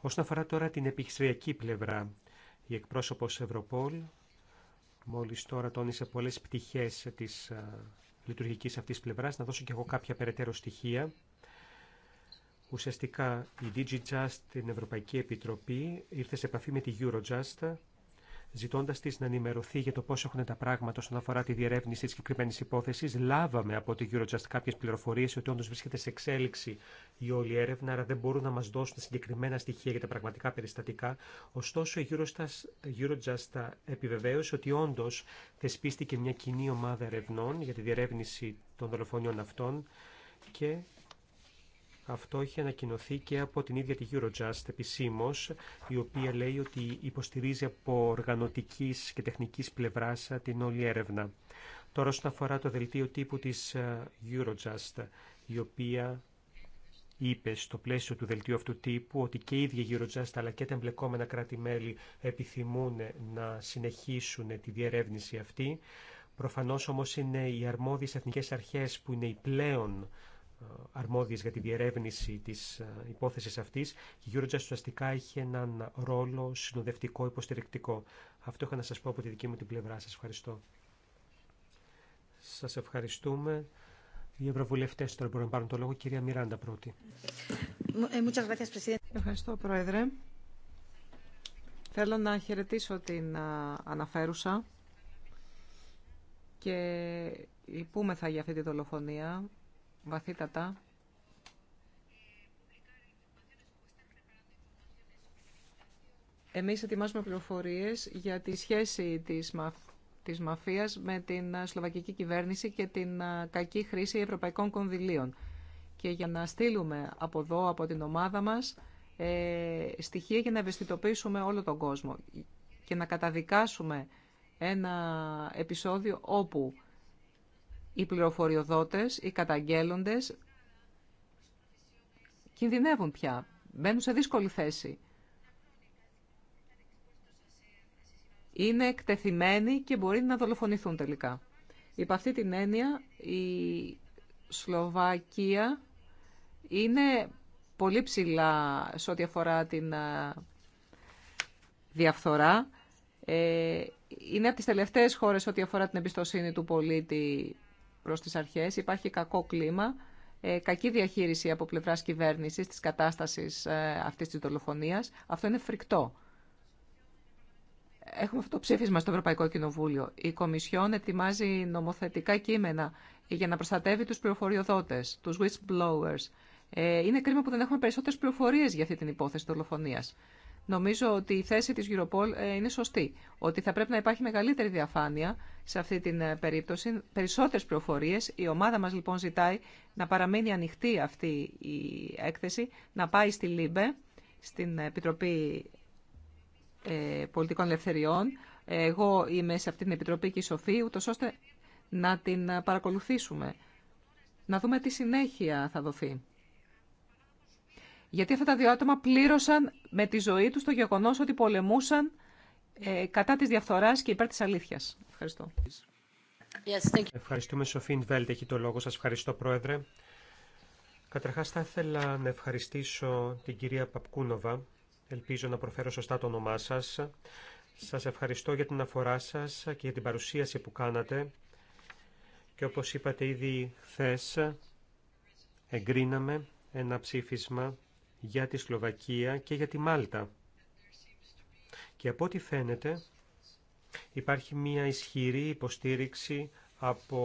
Όσον αφορά τώρα την επιχειρησιακή πλευρά, η εκπρόσωπος Ευρωπόλ Μόλις τώρα τόνισε πολλές πτυχές της ε, λειτουργικής αυτής πλευράς. Να δώσω και εγώ κάποια περαιτέρω στοιχεία. Ουσιαστικά η DigiJust, την Ευρωπαϊκή Επιτροπή, ήρθε σε επαφή με τη Eurojust ζητώντα τη να ενημερωθεί για το πώ έχουν τα πράγματα όσον αφορά τη διερεύνηση τη συγκεκριμένη υπόθεση. Λάβαμε από τη Eurojust κάποιε πληροφορίε ότι όντω βρίσκεται σε εξέλιξη η όλη έρευνα, άρα δεν μπορούν να μα δώσουν συγκεκριμένα στοιχεία για τα πραγματικά περιστατικά. Ωστόσο, η Eurojust επιβεβαίωσε ότι όντω θεσπίστηκε μια κοινή ομάδα ερευνών για τη διερεύνηση των δολοφονιών αυτών και αυτό έχει ανακοινωθεί και από την ίδια τη Eurojust επισήμω, η οποία λέει ότι υποστηρίζει από οργανωτική και τεχνική πλευρά την όλη έρευνα. Τώρα, όσον αφορά το δελτίο τύπου τη ε, Eurojust, η οποία είπε στο πλαίσιο του δελτίου αυτού τύπου ότι και η ίδια Eurojust αλλά και τα εμπλεκόμενα κράτη-μέλη επιθυμούν να συνεχίσουν τη διερεύνηση αυτή. Προφανώς όμως είναι οι αρμόδιες εθνικές αρχές που είναι οι πλέον ε, αρμόδιες για τη διερεύνηση της ε, υπόθεσης αυτής και η Eurojust ουσιαστικά είχε έναν ρόλο συνοδευτικό, υποστηρικτικό. Αυτό είχα να σας πω από τη δική μου την πλευρά. Σας ευχαριστώ. Σας ευχαριστούμε. Οι ευρωβουλευτές τώρα μπορούν να πάρουν το λόγο. Κυρία Μιράντα πρώτη. Ε, ευχαριστώ, Πρόεδρε. Θέλω να χαιρετήσω την αναφέρουσα και λυπούμεθα για αυτή τη δολοφονία βαθύτατα Εμείς ετοιμάζουμε πληροφορίες για τη σχέση της, μα... μαφίας με την ε, σλοβακική κυβέρνηση και την ε, κακή χρήση ευρωπαϊκών κονδυλίων. Και για να στείλουμε από εδώ, από την ομάδα μας, ε, στοιχεία για να ευαισθητοποιήσουμε όλο τον κόσμο και να καταδικάσουμε ένα επεισόδιο όπου οι πληροφοριοδότες, οι καταγγέλλοντες κινδυνεύουν πια, μπαίνουν σε δύσκολη θέση. Είναι εκτεθειμένοι και μπορεί να δολοφονηθούν τελικά. Υπ' αυτή την έννοια η Σλοβακία είναι πολύ ψηλά σε ό,τι αφορά την διαφθορά. Ε, είναι από τις τελευταίες χώρες ό,τι αφορά την εμπιστοσύνη του πολίτη προς τις αρχές, υπάρχει κακό κλίμα, ε, κακή διαχείριση από πλευράς κυβέρνησης της κατάστασης ε, αυτής της δολοφονίας. Αυτό είναι φρικτό. Έχουμε αυτό το ψήφισμα στο Ευρωπαϊκό Κοινοβούλιο. Η Κομισιόν ετοιμάζει νομοθετικά κείμενα για να προστατεύει τους πληροφοριοδότες, τους whistleblowers. Ε, είναι κρίμα που δεν έχουμε περισσότερες πληροφορίες για αυτή την υπόθεση δολοφονίας. Νομίζω ότι η θέση της Europol ε, είναι σωστή, ότι θα πρέπει να υπάρχει μεγαλύτερη διαφάνεια σε αυτή την ε, περίπτωση, περισσότερες προφορίες. Η ομάδα μας λοιπόν ζητάει να παραμείνει ανοιχτή αυτή η έκθεση, να πάει στη ΛΥΜΠΕ, στην Επιτροπή ε, Πολιτικών Ελευθεριών. Εγώ είμαι σε αυτή την Επιτροπή και η Σοφή, ούτως ώστε να την παρακολουθήσουμε, να δούμε τι συνέχεια θα δοθεί. Γιατί αυτά τα δύο άτομα πλήρωσαν με τη ζωή τους το γεγονός ότι πολεμούσαν ε, κατά της διαφθοράς και υπέρ της αλήθειας. Ευχαριστώ. Yes, thank you. Ευχαριστούμε Σοφίν Βέλτ, έχει το λόγο. Σας ευχαριστώ Πρόεδρε. Καταρχάς θα ήθελα να ευχαριστήσω την κυρία Παπκούνοβα. Ελπίζω να προφέρω σωστά το όνομά σας. Σας ευχαριστώ για την αφορά σας και για την παρουσίαση που κάνατε. Και όπως είπατε ήδη χθε εγκρίναμε ένα ψήφισμα για τη Σλοβακία και για τη Μάλτα. Και από ό,τι φαίνεται υπάρχει μια ισχυρή υποστήριξη από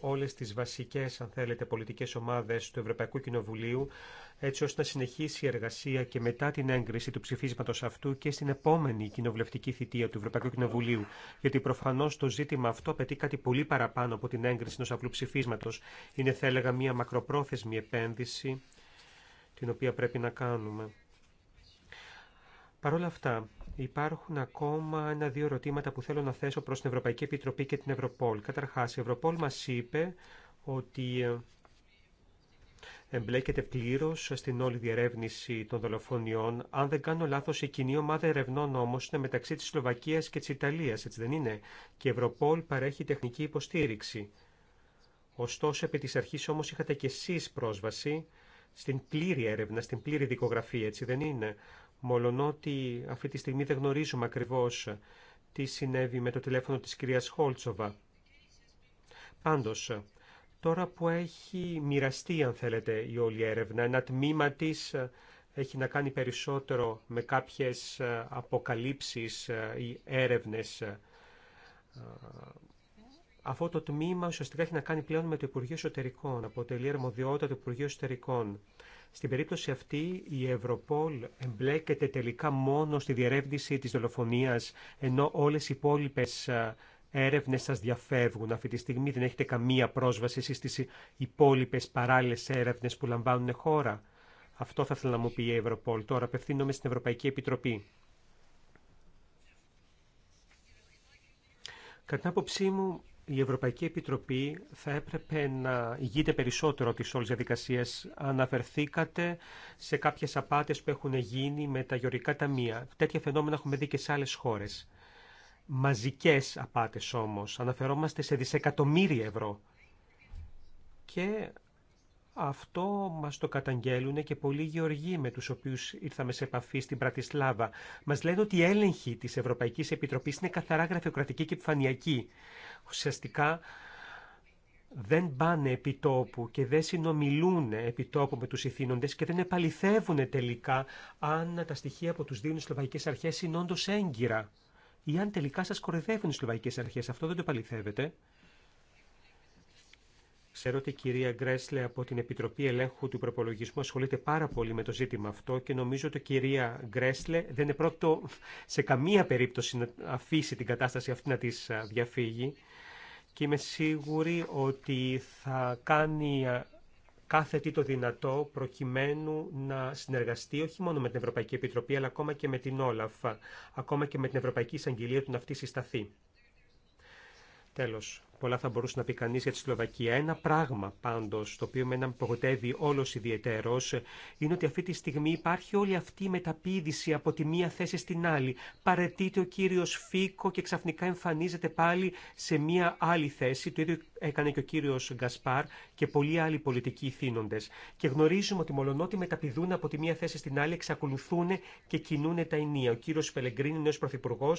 όλες τις βασικές, αν θέλετε, πολιτικές ομάδες του Ευρωπαϊκού Κοινοβουλίου, έτσι ώστε να συνεχίσει η εργασία και μετά την έγκριση του ψηφίσματος αυτού και στην επόμενη κοινοβουλευτική θητεία του Ευρωπαϊκού Κοινοβουλίου. Γιατί προφανώς το ζήτημα αυτό απαιτεί κάτι πολύ παραπάνω από την έγκριση ενός απλού ψηφίσματος. Είναι, θα έλεγα, μια μακροπρόθεσμη επένδυση την οποία πρέπει να κάνουμε. Παρ' όλα αυτά, υπάρχουν ακόμα ένα-δύο ερωτήματα που θέλω να θέσω προς την Ευρωπαϊκή Επιτροπή και την Ευρωπόλ. Καταρχάς, η Ευρωπόλ μας είπε ότι ε, εμπλέκεται πλήρω στην όλη διερεύνηση των δολοφονιών. Αν δεν κάνω λάθο, η κοινή ομάδα ερευνών όμω είναι μεταξύ τη Σλοβακία και τη Ιταλία, έτσι δεν είναι. Και η Ευρωπόλ παρέχει τεχνική υποστήριξη. Ωστόσο, επί τη αρχή όμω είχατε και εσεί πρόσβαση στην πλήρη έρευνα, στην πλήρη δικογραφία, έτσι δεν είναι. ότι αυτή τη στιγμή δεν γνωρίζουμε ακριβώ τι συνέβη με το τηλέφωνο της Κυρία Χόλτσοβα. Πάντω, τώρα που έχει μοιραστεί, αν θέλετε, η όλη έρευνα, ένα τμήμα τη έχει να κάνει περισσότερο με κάποιες αποκαλύψεις ή έρευνες αυτό το τμήμα ουσιαστικά έχει να κάνει πλέον με το Υπουργείο Εσωτερικών, αποτελεί αρμοδιότητα του Υπουργείου Εσωτερικών. Στην περίπτωση αυτή η Ευρωπόλ εμπλέκεται τελικά μόνο στη διερεύνηση της δολοφονίας, ενώ όλες οι υπόλοιπε ε, έρευνε σα διαφεύγουν. Αυτή τη στιγμή δεν έχετε καμία πρόσβαση εσεί στι υπόλοιπε παράλληλε έρευνε που λαμβάνουν χώρα. Αυτό θα ήθελα να μου πει η Ευρωπόλ. Τώρα απευθύνομαι στην Ευρωπαϊκή Επιτροπή. Κατά την άποψή μου, η Ευρωπαϊκή Επιτροπή θα έπρεπε να ηγείται περισσότερο τη όλη διαδικασίες. Αναφερθήκατε σε κάποιες απάτες που έχουν γίνει με τα γεωρικά ταμεία. Τέτοια φαινόμενα έχουμε δει και σε άλλες χώρες. Μαζικές απάτες όμως. Αναφερόμαστε σε δισεκατομμύρια ευρώ. Και αυτό μας το καταγγέλουν και πολλοί γεωργοί με τους οποίους ήρθαμε σε επαφή στην Πρατισλάβα. Μας λένε ότι οι έλεγχοι της Ευρωπαϊκής Επιτροπής είναι καθαρά γραφειοκρατικοί και επιφανειακοί. Ουσιαστικά δεν πάνε επί τόπου και δεν συνομιλούν επί τόπου με τους ηθήνοντες και δεν επαληθεύουν τελικά αν τα στοιχεία που τους δίνουν οι Σλοβαϊκές Αρχές είναι όντω έγκυρα ή αν τελικά σας κορυδεύουν οι Σλοβαϊκές Αρχές. Αυτό δεν το επαληθεύεται. Ξέρω ότι η κυρία Γκρέσλε από την Επιτροπή Ελέγχου του Προπολογισμού ασχολείται πάρα πολύ με το ζήτημα αυτό και νομίζω ότι η κυρία Γκρέσλε δεν είναι πρώτο σε καμία περίπτωση να αφήσει την κατάσταση αυτή να της διαφύγει και είμαι σίγουρη ότι θα κάνει κάθε τι το δυνατό προκειμένου να συνεργαστεί όχι μόνο με την Ευρωπαϊκή Επιτροπή αλλά ακόμα και με την Όλαφ, ακόμα και με την Ευρωπαϊκή Εισαγγελία του να αυτή συσταθεί. Τέλος, πολλά θα μπορούσε να πει κανεί για τη Σλοβακία. Ένα πράγμα πάντω, το οποίο με έναν πογοτεύει όλο ιδιαιτέρω, είναι ότι αυτή τη στιγμή υπάρχει όλη αυτή η μεταπίδηση από τη μία θέση στην άλλη. Παρετείται ο κύριο Φίκο και ξαφνικά εμφανίζεται πάλι σε μία άλλη θέση. Το ίδιο έκανε και ο κύριο Γκασπάρ και πολλοί άλλοι πολιτικοί θύνοντε. Και γνωρίζουμε ότι μολονότι μεταπηδούν από τη μία θέση στην άλλη, εξακολουθούν και κινούν τα ενία. Ο κύριο Πελεγκρίνη, νέο πρωθυπουργό,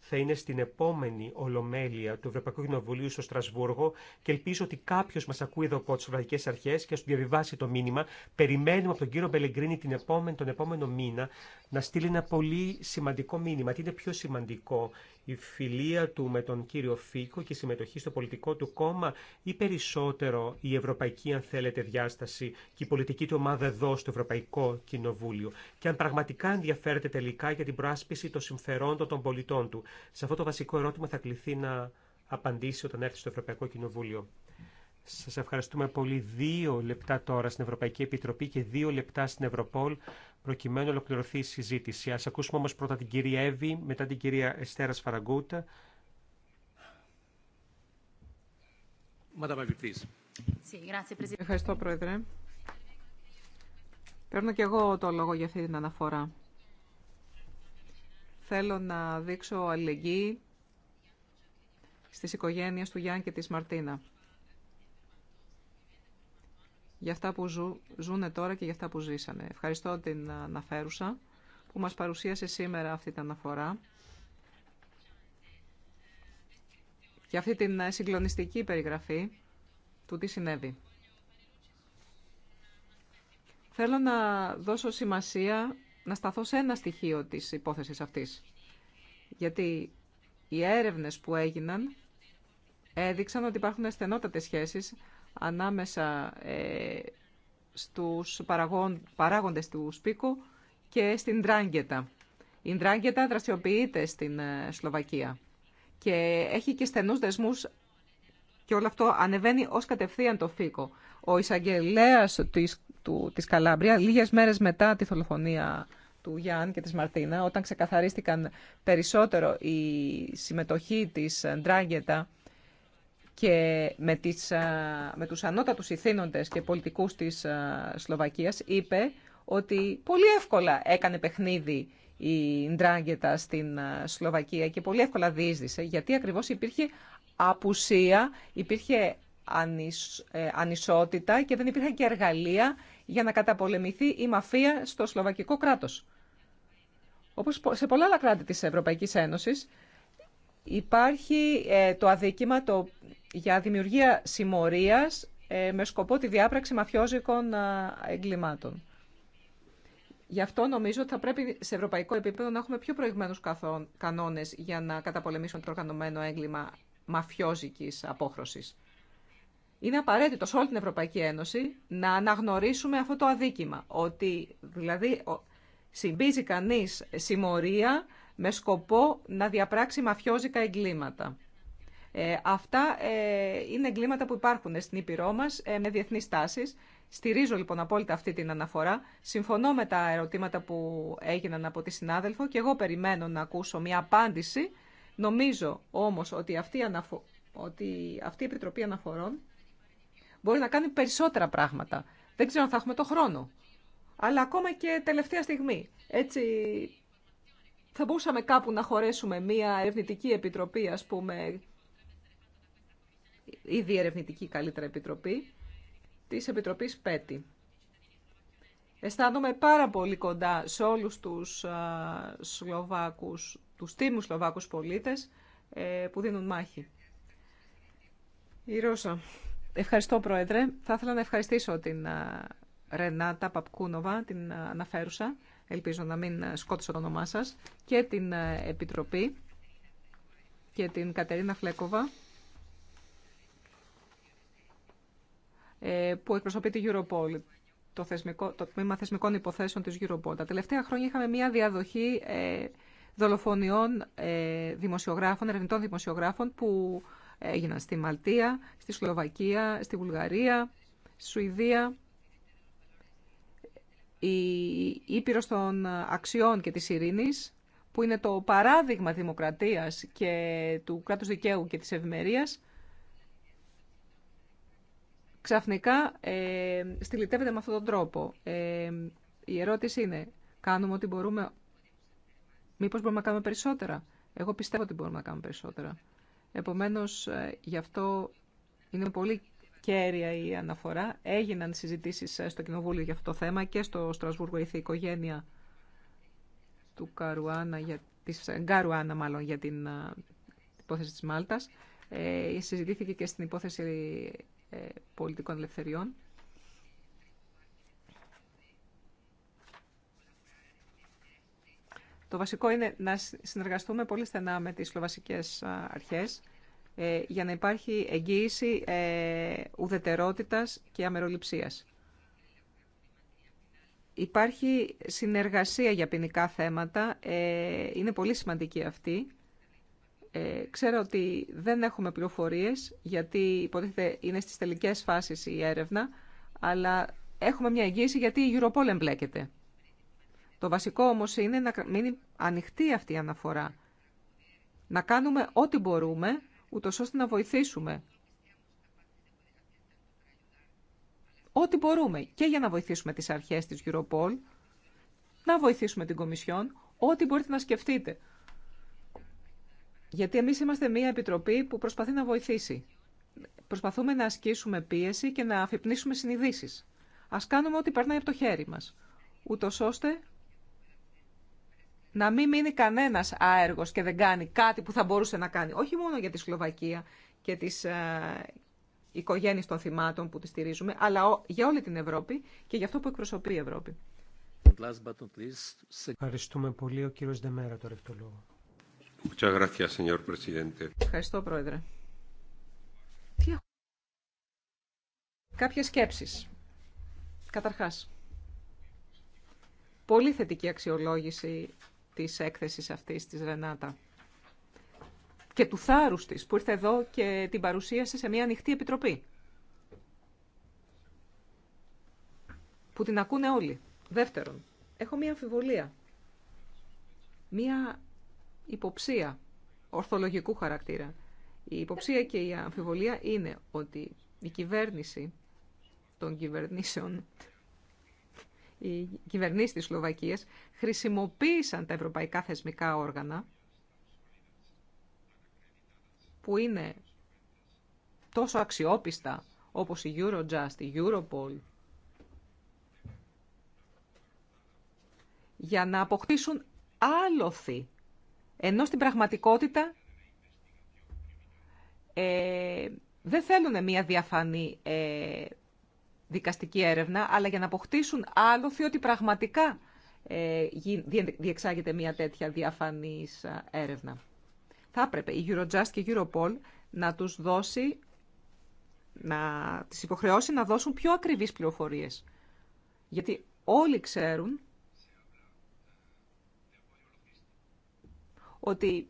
θα είναι στην επόμενη ολομέλεια του Ευρωπαϊκού Κοινοβουλίου στο Στρασβούργο και ελπίζω ότι κάποιο μα ακούει εδώ από τι Ευρωπαϊκέ Αρχέ και α του διαβιβάσει το μήνυμα. Περιμένουμε από τον κύριο Πελεγκρίνη την επόμενη, τον επόμενο μήνα να στείλει ένα πολύ σημαντικό μήνυμα. Τι είναι πιο σημαντικό η φιλία του με τον κύριο Φίκο και η συμμετοχή στο πολιτικό του κόμμα ή περισσότερο η ευρωπαϊκή, αν θέλετε, διάσταση και η πολιτική του ομάδα εδώ στο Ευρωπαϊκό Κοινοβούλιο και αν πραγματικά ενδιαφέρεται τελικά για την προάσπιση των συμφερόντων των πολιτών του. Σε αυτό το βασικό ερώτημα θα κληθεί να απαντήσει όταν έρθει στο Ευρωπαϊκό Κοινοβούλιο. Σας ευχαριστούμε πολύ. Δύο λεπτά τώρα στην Ευρωπαϊκή Επιτροπή και δύο λεπτά στην Ευρωπόλ προκειμένου να ολοκληρωθεί η συζήτηση. Ας ακούσουμε όμως πρώτα την κυρία Εύη, μετά την κυρία Εστέρα Φαραγκούτα. Ευχαριστώ, Πρόεδρε. Παίρνω και εγώ το λόγο για αυτή την αναφορά. Θέλω να δείξω αλληλεγγύη στις οικογένειες του Γιάννη και της Μαρτίνα για αυτά που ζου, ζουν τώρα και για αυτά που ζήσανε. Ευχαριστώ την αναφέρουσα που μας παρουσίασε σήμερα αυτή την αναφορά και αυτή την συγκλονιστική περιγραφή του τι συνέβη. Θέλω να δώσω σημασία να σταθώ σε ένα στοιχείο της υπόθεσης αυτής. Γιατί οι έρευνες που έγιναν έδειξαν ότι υπάρχουν στενότατες σχέσεις ανάμεσα ε, στους παράγοντες του Σπίκου και στην Ντράγκετα. Η Ντράγκετα δραστηριοποιείται στην ε, Σλοβακία και έχει και στενούς δεσμούς και όλο αυτό ανεβαίνει ως κατευθείαν το Φίκο. Ο εισαγγελέα της, της Καλάμπρια, λίγες μέρες μετά τη θολοφονία του Γιάννη και της Μαρτίνα, όταν ξεκαθαρίστηκαν περισσότερο η συμμετοχή της Ντράγκετα και με, τις, με τους ανώτατους ηθήνοντες και πολιτικούς της Σλοβακίας είπε ότι πολύ εύκολα έκανε παιχνίδι η Ντράγκετα στην Σλοβακία και πολύ εύκολα διείσδησε γιατί ακριβώς υπήρχε απουσία, υπήρχε ε, ανισότητα και δεν υπήρχαν και εργαλεία για να καταπολεμηθεί η μαφία στο Σλοβακικό κράτος. Όπως σε πολλά άλλα κράτη της Ευρωπαϊκής Ένωσης, Υπάρχει ε, το αδίκημα το, για δημιουργία συμμορίας ε, με σκοπό τη διάπραξη μαφιόζικων ε, εγκλημάτων. Γι' αυτό νομίζω ότι θα πρέπει σε ευρωπαϊκό επίπεδο να έχουμε πιο προηγμένους κανόνες για να καταπολεμήσουμε το οργανωμένο έγκλημα μαφιόζικης απόχρωσης. Είναι απαραίτητο σε όλη την Ευρωπαϊκή Ένωση να αναγνωρίσουμε αυτό το αδίκημα, ότι δηλαδή συμπίζει κανείς συμμορία με σκοπό να διαπράξει μαφιόζικα εγκλήματα. Ε, αυτά ε, είναι εγκλήματα που υπάρχουν στην Ήπειρό μα ε, με διεθνεί τάσει. Στηρίζω λοιπόν απόλυτα αυτή την αναφορά. Συμφωνώ με τα ερωτήματα που έγιναν από τη συνάδελφο και εγώ περιμένω να ακούσω μια απάντηση. Νομίζω όμως ότι αυτή, αναφο... ότι αυτή η Επιτροπή Αναφορών μπορεί να κάνει περισσότερα πράγματα. Δεν ξέρω αν θα έχουμε το χρόνο. Αλλά ακόμα και τελευταία στιγμή. Έτσι θα μπορούσαμε κάπου να χωρέσουμε μία ερευνητική επιτροπή, ας πούμε, ή διερευνητική καλύτερα επιτροπή, της Επιτροπής ΠΕΤΗ. Αισθάνομαι πάρα πολύ κοντά σε όλους τους α, Σλοβάκους, τους τίμους Σλοβάκους πολίτες ε, που δίνουν μάχη. Η Ευχαριστώ, Πρόεδρε. Θα ήθελα να ευχαριστήσω την Ρενάτα Παπκούνοβα, την α, αναφέρουσα ελπίζω να μην σκότωσα το όνομά σας, και την ε, Επιτροπή και την Κατερίνα Φλέκοβα, ε, που εκπροσωπεί τη Europol, το, θεσμικό, το τμήμα θεσμικών υποθέσεων της Europol. Τα τελευταία χρόνια είχαμε μια διαδοχή ε, δολοφονιών δημοσιογράφων, ερευνητών δημοσιογράφων, που έγιναν στη Μαλτία, στη Σλοβακία, στη Βουλγαρία, στη Σουηδία η ήπειρο των Αξιών και της Ειρήνης, που είναι το παράδειγμα δημοκρατίας και του κράτους δικαίου και της ευημερίας, ξαφνικά ε, στυλιτεύεται με αυτόν τον τρόπο. Ε, η ερώτηση είναι, κάνουμε ό,τι μπορούμε, μήπως μπορούμε να κάνουμε περισσότερα. Εγώ πιστεύω ότι μπορούμε να κάνουμε περισσότερα. Επομένως, ε, γι' αυτό είναι πολύ κέρια η αναφορά. Έγιναν συζητήσει ε, στο Κοινοβούλιο για αυτό το θέμα και στο Στρασβούργο ήρθε η οικογένεια του Καρουάνα, για, της ε, Γκαρουάνα μάλλον για την ε, υπόθεση της Μάλτας. Ε, συζητήθηκε και στην υπόθεση ε, πολιτικών ελευθεριών. Το βασικό είναι να συνεργαστούμε πολύ στενά με τις σλοβασικές αρχές ε, για να υπάρχει εγγύηση ε, ουδετερότητας και αμεροληψίας. Υπάρχει συνεργασία για ποινικά θέματα, ε, είναι πολύ σημαντική αυτή. Ξέρω ότι δεν έχουμε πληροφορίες, γιατί υποτίθεται είναι στις τελικές φάσεις η έρευνα, αλλά έχουμε μια εγγύηση γιατί η Europol εμπλέκεται. Το βασικό όμως είναι να μείνει ανοιχτή αυτή η αναφορά. Να κάνουμε ό,τι μπορούμε ούτως ώστε να βοηθήσουμε ό,τι μπορούμε και για να βοηθήσουμε τις αρχές της Europol, να βοηθήσουμε την Κομισιόν, ό,τι μπορείτε να σκεφτείτε. Γιατί εμείς είμαστε μια επιτροπή που προσπαθεί να βοηθήσει. Προσπαθούμε να ασκήσουμε πίεση και να αφυπνίσουμε συνειδήσεις. Ας κάνουμε ό,τι περνάει από το χέρι μας, ούτω να μην μείνει κανένας άεργο και δεν κάνει κάτι που θα μπορούσε να κάνει. Όχι μόνο για τη Σλοβακία και τις ε, οικογένειες των θυμάτων που τη στηρίζουμε, αλλά για όλη την Ευρώπη και για αυτό που εκπροσωπεί η Ευρώπη. Ευχαριστούμε πολύ. Ο κύριος Δεμέρα τώρα το λόγο. Ευχαριστώ, Πρόεδρε. Κάποιες σκέψεις. Καταρχάς, πολύ θετική αξιολόγηση της έκθεσης αυτής της Ρενάτα και του θάρρους της που ήρθε εδώ και την παρουσίασε σε μια ανοιχτή επιτροπή. Που την ακούνε όλοι. Δεύτερον, έχω μια αμφιβολία. Μια υποψία ορθολογικού χαρακτήρα. Η υποψία και η αμφιβολία είναι ότι η κυβέρνηση των κυβερνήσεων οι κυβερνήσει της Σλοβακία χρησιμοποίησαν τα ευρωπαϊκά θεσμικά όργανα που είναι τόσο αξιόπιστα όπως η Eurojust, η Europol, για να αποκτήσουν άλοθη, ενώ στην πραγματικότητα ε, δεν θέλουν μια διαφανή ε, δικαστική έρευνα, αλλά για να αποκτήσουν άλοθη ότι πραγματικά ε, διεξάγεται μια τέτοια διαφανής έρευνα. Θα έπρεπε η Eurojust και η Europol να τους δώσει, να τις υποχρεώσει να δώσουν πιο ακριβείς πληροφορίες. Γιατί όλοι ξέρουν ότι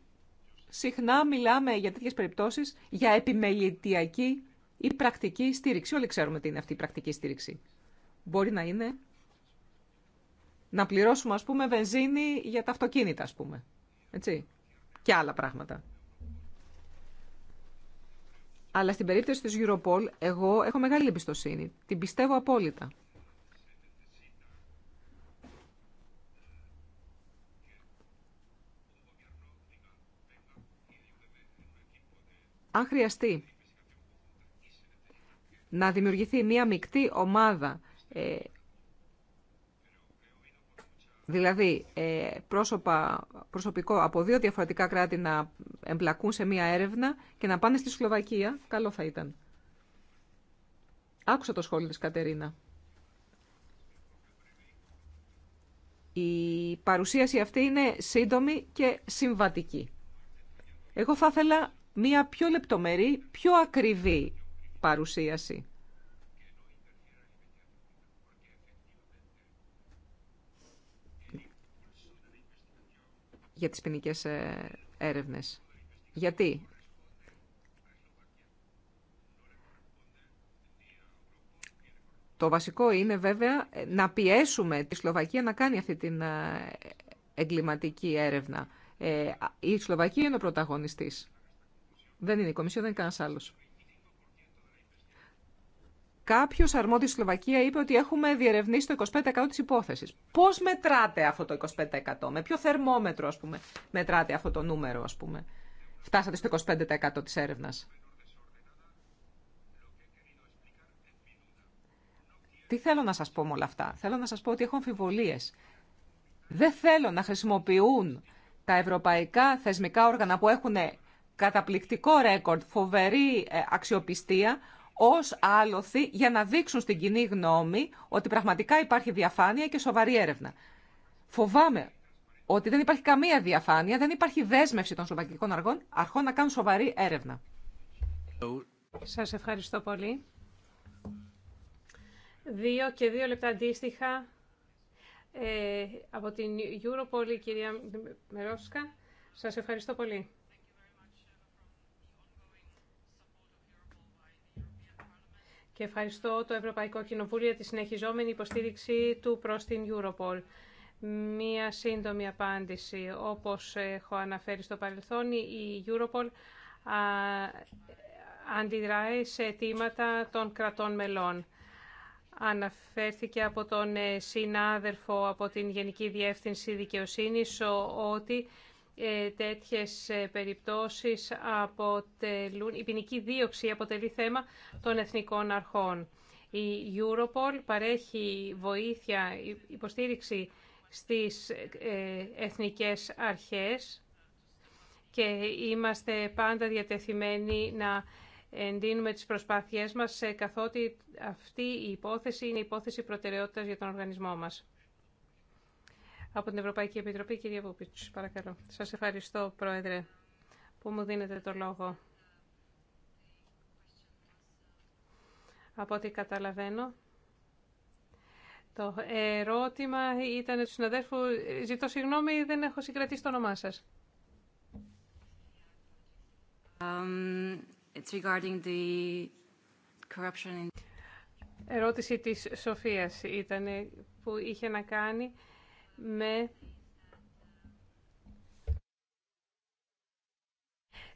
συχνά μιλάμε για τέτοιες περιπτώσεις για επιμελητιακή ή πρακτική στήριξη. Όλοι ξέρουμε τι είναι αυτή η πρακτική στήριξη. Μπορεί να είναι να πληρώσουμε, ας πούμε, βενζίνη για τα αυτοκίνητα, ας πούμε. Έτσι. Και άλλα πράγματα. Αλλά στην περίπτωση της Europol, εγώ έχω μεγάλη εμπιστοσύνη. Την πιστεύω απόλυτα. Αν χρειαστεί να δημιουργηθεί μία μεικτή ομάδα, ε, δηλαδή ε, πρόσωπα, προσωπικό από δύο διαφορετικά κράτη να εμπλακούν σε μία έρευνα και να πάνε στη Σλοβακία, καλό θα ήταν. Άκουσα το σχόλιο της Κατερίνα. Η παρουσίαση αυτή είναι σύντομη και συμβατική. Εγώ θα ήθελα μία πιο λεπτομερή, πιο ακριβή παρουσίαση. για τις ποινικέ ε, έρευνες. Γιατί. Το βασικό είναι βέβαια να πιέσουμε τη Σλοβακία να κάνει αυτή την ε, εγκληματική έρευνα. Ε, η Σλοβακία είναι ο πρωταγωνιστής. Δεν είναι η Κομισιόν, δεν είναι κανένας άλλος. Κάποιο αρμόδιο στη Σλοβακία είπε ότι έχουμε διερευνήσει το 25% τη υπόθεση. Πώ μετράτε αυτό το 25%, με ποιο θερμόμετρο, α πούμε, μετράτε αυτό το νούμερο, α πούμε. Φτάσατε στο 25% τη έρευνα. Τι θέλω να σας πω με όλα αυτά. Θέλω να σας πω ότι έχω αμφιβολίες. Δεν θέλω να χρησιμοποιούν τα ευρωπαϊκά θεσμικά όργανα που έχουν καταπληκτικό ρέκορντ, φοβερή ε, αξιοπιστία, ως άλοθη για να δείξουν στην κοινή γνώμη ότι πραγματικά υπάρχει διαφάνεια και σοβαρή έρευνα. Φοβάμαι ότι δεν υπάρχει καμία διαφάνεια, δεν υπάρχει δέσμευση των σοβακικών αργών, αρχών να κάνουν σοβαρή έρευνα. Σας ευχαριστώ πολύ. Δύο και δύο λεπτά αντίστοιχα ε, από την Europol, κυρία Μερόσκα. Σας ευχαριστώ πολύ. και ευχαριστώ το Ευρωπαϊκό Κοινοβούλιο για τη συνεχιζόμενη υποστήριξη του προς την Europol. Μία σύντομη απάντηση. Όπως έχω αναφέρει στο παρελθόν, η Europol αντιδράει σε αιτήματα των κρατών μελών. Αναφέρθηκε από τον συνάδελφο από την Γενική Διεύθυνση Δικαιοσύνης ότι ε, τέτοιες ε, περιπτώσεις αποτελούν, η ποινική δίωξη αποτελεί θέμα των εθνικών αρχών. Η Europol παρέχει βοήθεια, υποστήριξη στις ε, εθνικές αρχές και είμαστε πάντα διατεθειμένοι να εντείνουμε τις προσπάθειές μας καθότι αυτή η υπόθεση είναι υπόθεση προτεραιότητας για τον οργανισμό μας. Από την Ευρωπαϊκή Επιτροπή, κυρία Βούπιτς, παρακαλώ. Σας ευχαριστώ, Πρόεδρε, που μου δίνετε το λόγο. Από ό,τι καταλαβαίνω, το ερώτημα ήταν του συναδέλφου. Ζητώ συγγνώμη, δεν έχω συγκρατήσει το όνομά σας. Um, it's regarding the corruption in... Ερώτηση της Σοφίας ήταν που είχε να κάνει με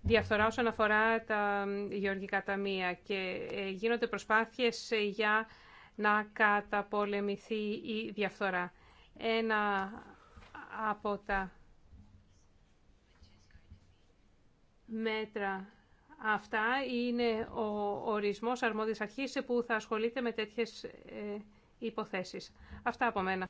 διαφθορά όσον αφορά τα γεωργικά ταμεία και ε, γίνονται προσπάθειες για να καταπολεμηθεί η διαφθορά. Ένα από τα μέτρα αυτά είναι ο ορισμός αρμόδιας αρχής που θα ασχολείται με τέτοιες ε, υποθέσεις. Αυτά από μένα.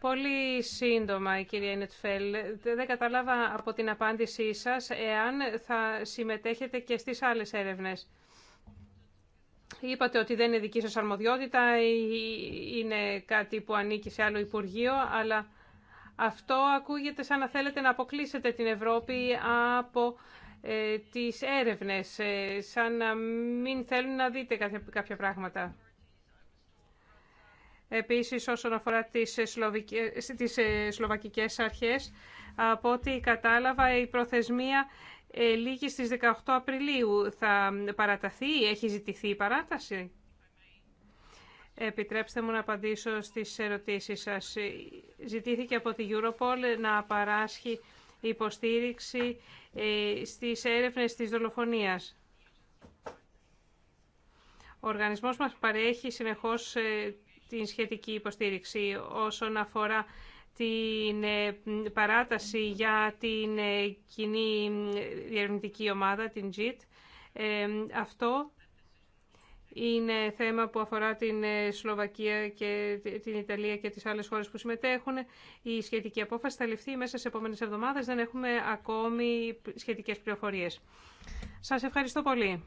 Πολύ σύντομα, κυρία Νετφέλ. Δεν καταλάβα από την απάντησή σας εάν θα συμμετέχετε και στις άλλες έρευνες. Είπατε ότι δεν είναι δική σας αρμοδιότητα ή είναι κάτι που ανήκει σε άλλο Υπουργείο, αλλά αυτό ακούγεται σαν να θέλετε να αποκλείσετε την Ευρώπη από ε, τις έρευνες, ε, σαν να μην θέλουν να δείτε κάποια πράγματα. Επίσης, όσον αφορά τις, ε, ε, τις ε, σλοβακικές αρχές, από ό,τι κατάλαβα, η προθεσμία λήγει στις 18 Απριλίου. Θα παραταθεί, έχει ζητηθεί η παράταση. Επιτρέψτε μου να απαντήσω στις ερωτήσεις σας. Ζητήθηκε από τη Europol να παράσχει υποστήριξη στις έρευνες της δολοφονίας. Ο οργανισμός μας παρέχει συνεχώς την σχετική υποστήριξη όσον αφορά την ε, παράταση για την ε, κοινή ε, διερευνητική ομάδα, την JIT. Αυτό είναι θέμα που αφορά την Σλοβακία και την Ιταλία και τις άλλες χώρες που συμμετέχουν. Η σχετική απόφαση θα ληφθεί μέσα σε επόμενες εβδομάδες. Δεν έχουμε ακόμη σχετικές πληροφορίες. Σας ευχαριστώ πολύ.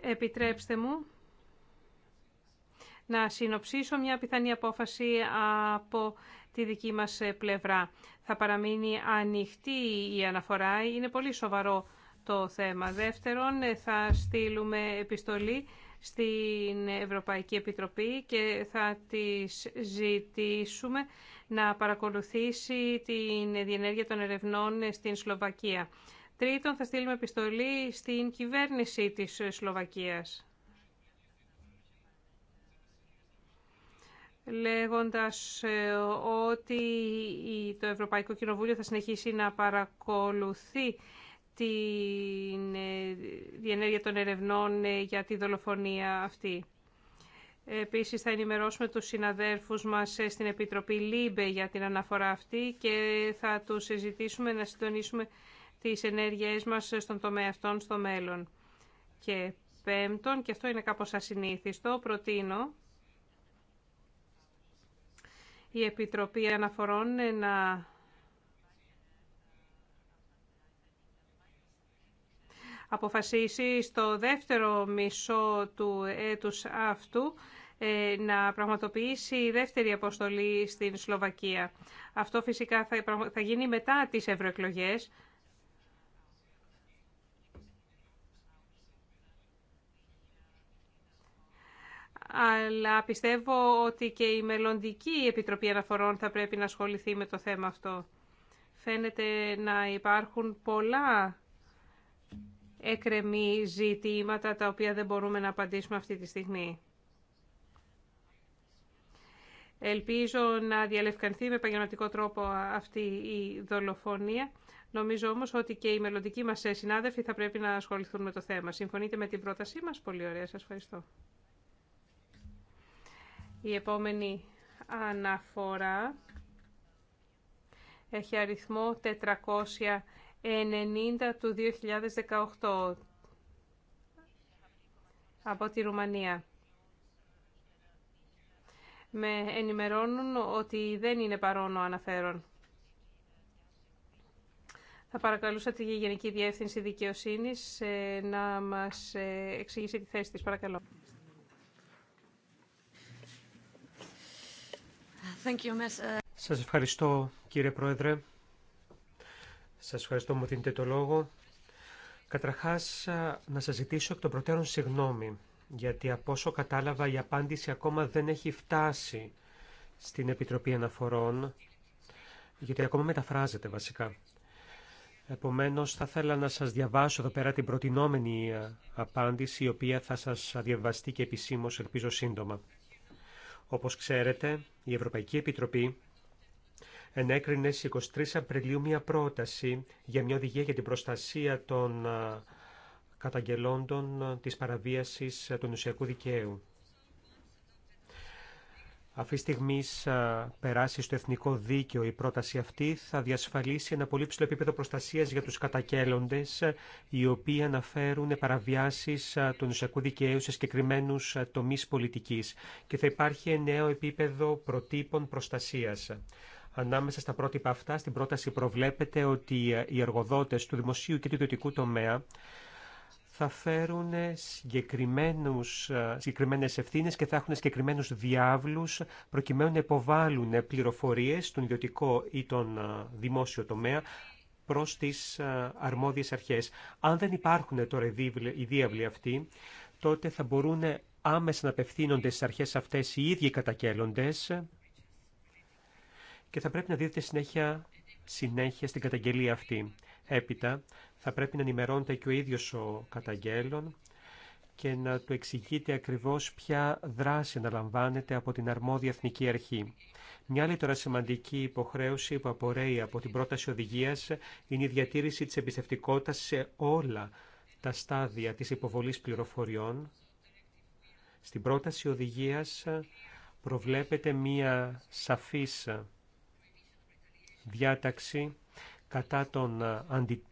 Επιτρέψτε μου να συνοψίσω μια πιθανή απόφαση από τη δική μας πλευρά. Θα παραμείνει ανοιχτή η αναφορά. Είναι πολύ σοβαρό το θέμα. Δεύτερον, θα στείλουμε επιστολή στην Ευρωπαϊκή Επιτροπή και θα της ζητήσουμε να παρακολουθήσει την διενέργεια των ερευνών στην Σλοβακία. Τρίτον, θα στείλουμε επιστολή στην κυβέρνηση της Σλοβακίας. λέγοντας ε, ότι το Ευρωπαϊκό Κοινοβούλιο θα συνεχίσει να παρακολουθεί τη διενέργεια ε, των ερευνών ε, για τη δολοφονία αυτή. Επίσης θα ενημερώσουμε τους συναδέρφους μας στην Επιτροπή ΛΥΜΠΕ για την αναφορά αυτή και θα τους συζητήσουμε να συντονίσουμε τις ενέργειές μας στον τομέα αυτών στο μέλλον. Και πέμπτον, και αυτό είναι κάπως ασυνήθιστο, προτείνω η Επιτροπή Αναφορών να αποφασίσει στο δεύτερο μισό του έτους αυτού ε, να πραγματοποιήσει η δεύτερη αποστολή στην Σλοβακία. Αυτό φυσικά θα γίνει μετά τις ευρωεκλογές, αλλά πιστεύω ότι και η μελλοντική Επιτροπή Αναφορών θα πρέπει να ασχοληθεί με το θέμα αυτό. Φαίνεται να υπάρχουν πολλά εκρεμή ζητήματα τα οποία δεν μπορούμε να απαντήσουμε αυτή τη στιγμή. Ελπίζω να διαλευκανθεί με επαγγελματικό τρόπο αυτή η δολοφονία. Νομίζω όμως ότι και οι μελλοντικοί μας συνάδελφοι θα πρέπει να ασχοληθούν με το θέμα. Συμφωνείτε με την πρότασή μας. Πολύ ωραία. Σας ευχαριστώ. Η επόμενη αναφορά έχει αριθμό 490 του 2018 από τη Ρουμανία. Με ενημερώνουν ότι δεν είναι παρόν ο αναφέρον. Θα παρακαλούσα τη Γενική Διεύθυνση Δικαιοσύνης ε, να μας ε, εξηγήσει τη θέση της. Παρακαλώ. Ε, σας ευχαριστώ κύριε Πρόεδρε. Σας ευχαριστώ που μου δίνετε το λόγο. Καταρχάς, να σας ζητήσω εκ των προτέρων συγγνώμη, γιατί από όσο κατάλαβα η απάντηση ακόμα δεν έχει φτάσει στην Επιτροπή Αναφορών, γιατί ακόμα μεταφράζεται βασικά. Επομένως, θα ήθελα να σας διαβάσω εδώ πέρα την προτινόμενη απάντηση, η οποία θα σας διαβαστεί και επισήμως, ελπίζω σύντομα. Όπως ξέρετε, η Ευρωπαϊκή Επιτροπή ενέκρινε στις 23 Απριλίου μια πρόταση για μια οδηγία για την προστασία των ε, καταγγελόντων ε, της παραβίασης ε, του νοσιακού δικαίου. Αυτή τη στιγμή ε, περάσει στο εθνικό δίκαιο η πρόταση αυτή θα διασφαλίσει ένα πολύ ψηλό επίπεδο προστασία για του κατακέλλοντε, ε, οι οποίοι αναφέρουν παραβιάσει ε, του νοσιακού δικαίου σε συγκεκριμένου τομεί πολιτική και θα υπάρχει νέο επίπεδο προτύπων προστασία. Ανάμεσα στα πρότυπα αυτά, στην πρόταση προβλέπεται ότι οι εργοδότε του δημοσίου και του ιδιωτικού τομέα θα φέρουν συγκεκριμένους, ε, συγκεκριμένες ευθύνες και θα έχουν συγκεκριμένους διάβλους προκειμένου να υποβάλουν πληροφορίες στον ιδιωτικό ή τον ε, δημόσιο τομέα προς τις ε, αρμόδιες αρχές. Αν δεν υπάρχουν τώρα οι διάβλοι αυτοί, τότε θα μπορούν άμεσα να απευθύνονται στις αρχές αυτές οι ίδιοι κατακέλλοντες και θα πρέπει να δείτε συνέχεια, συνέχεια στην καταγγελία αυτή. Έπειτα, θα πρέπει να ενημερώνεται και ο ίδιος ο καταγγέλων και να του εξηγείται ακριβώς ποια δράση αναλαμβάνεται από την αρμόδια εθνική αρχή. Μια άλλη τώρα σημαντική υποχρέωση που απορρέει από την πρόταση οδηγίας είναι η διατήρηση της εμπιστευτικότητας σε όλα τα στάδια της υποβολής πληροφοριών. Στην πρόταση οδηγίας προβλέπεται μία σαφής διάταξη κατά τον αντι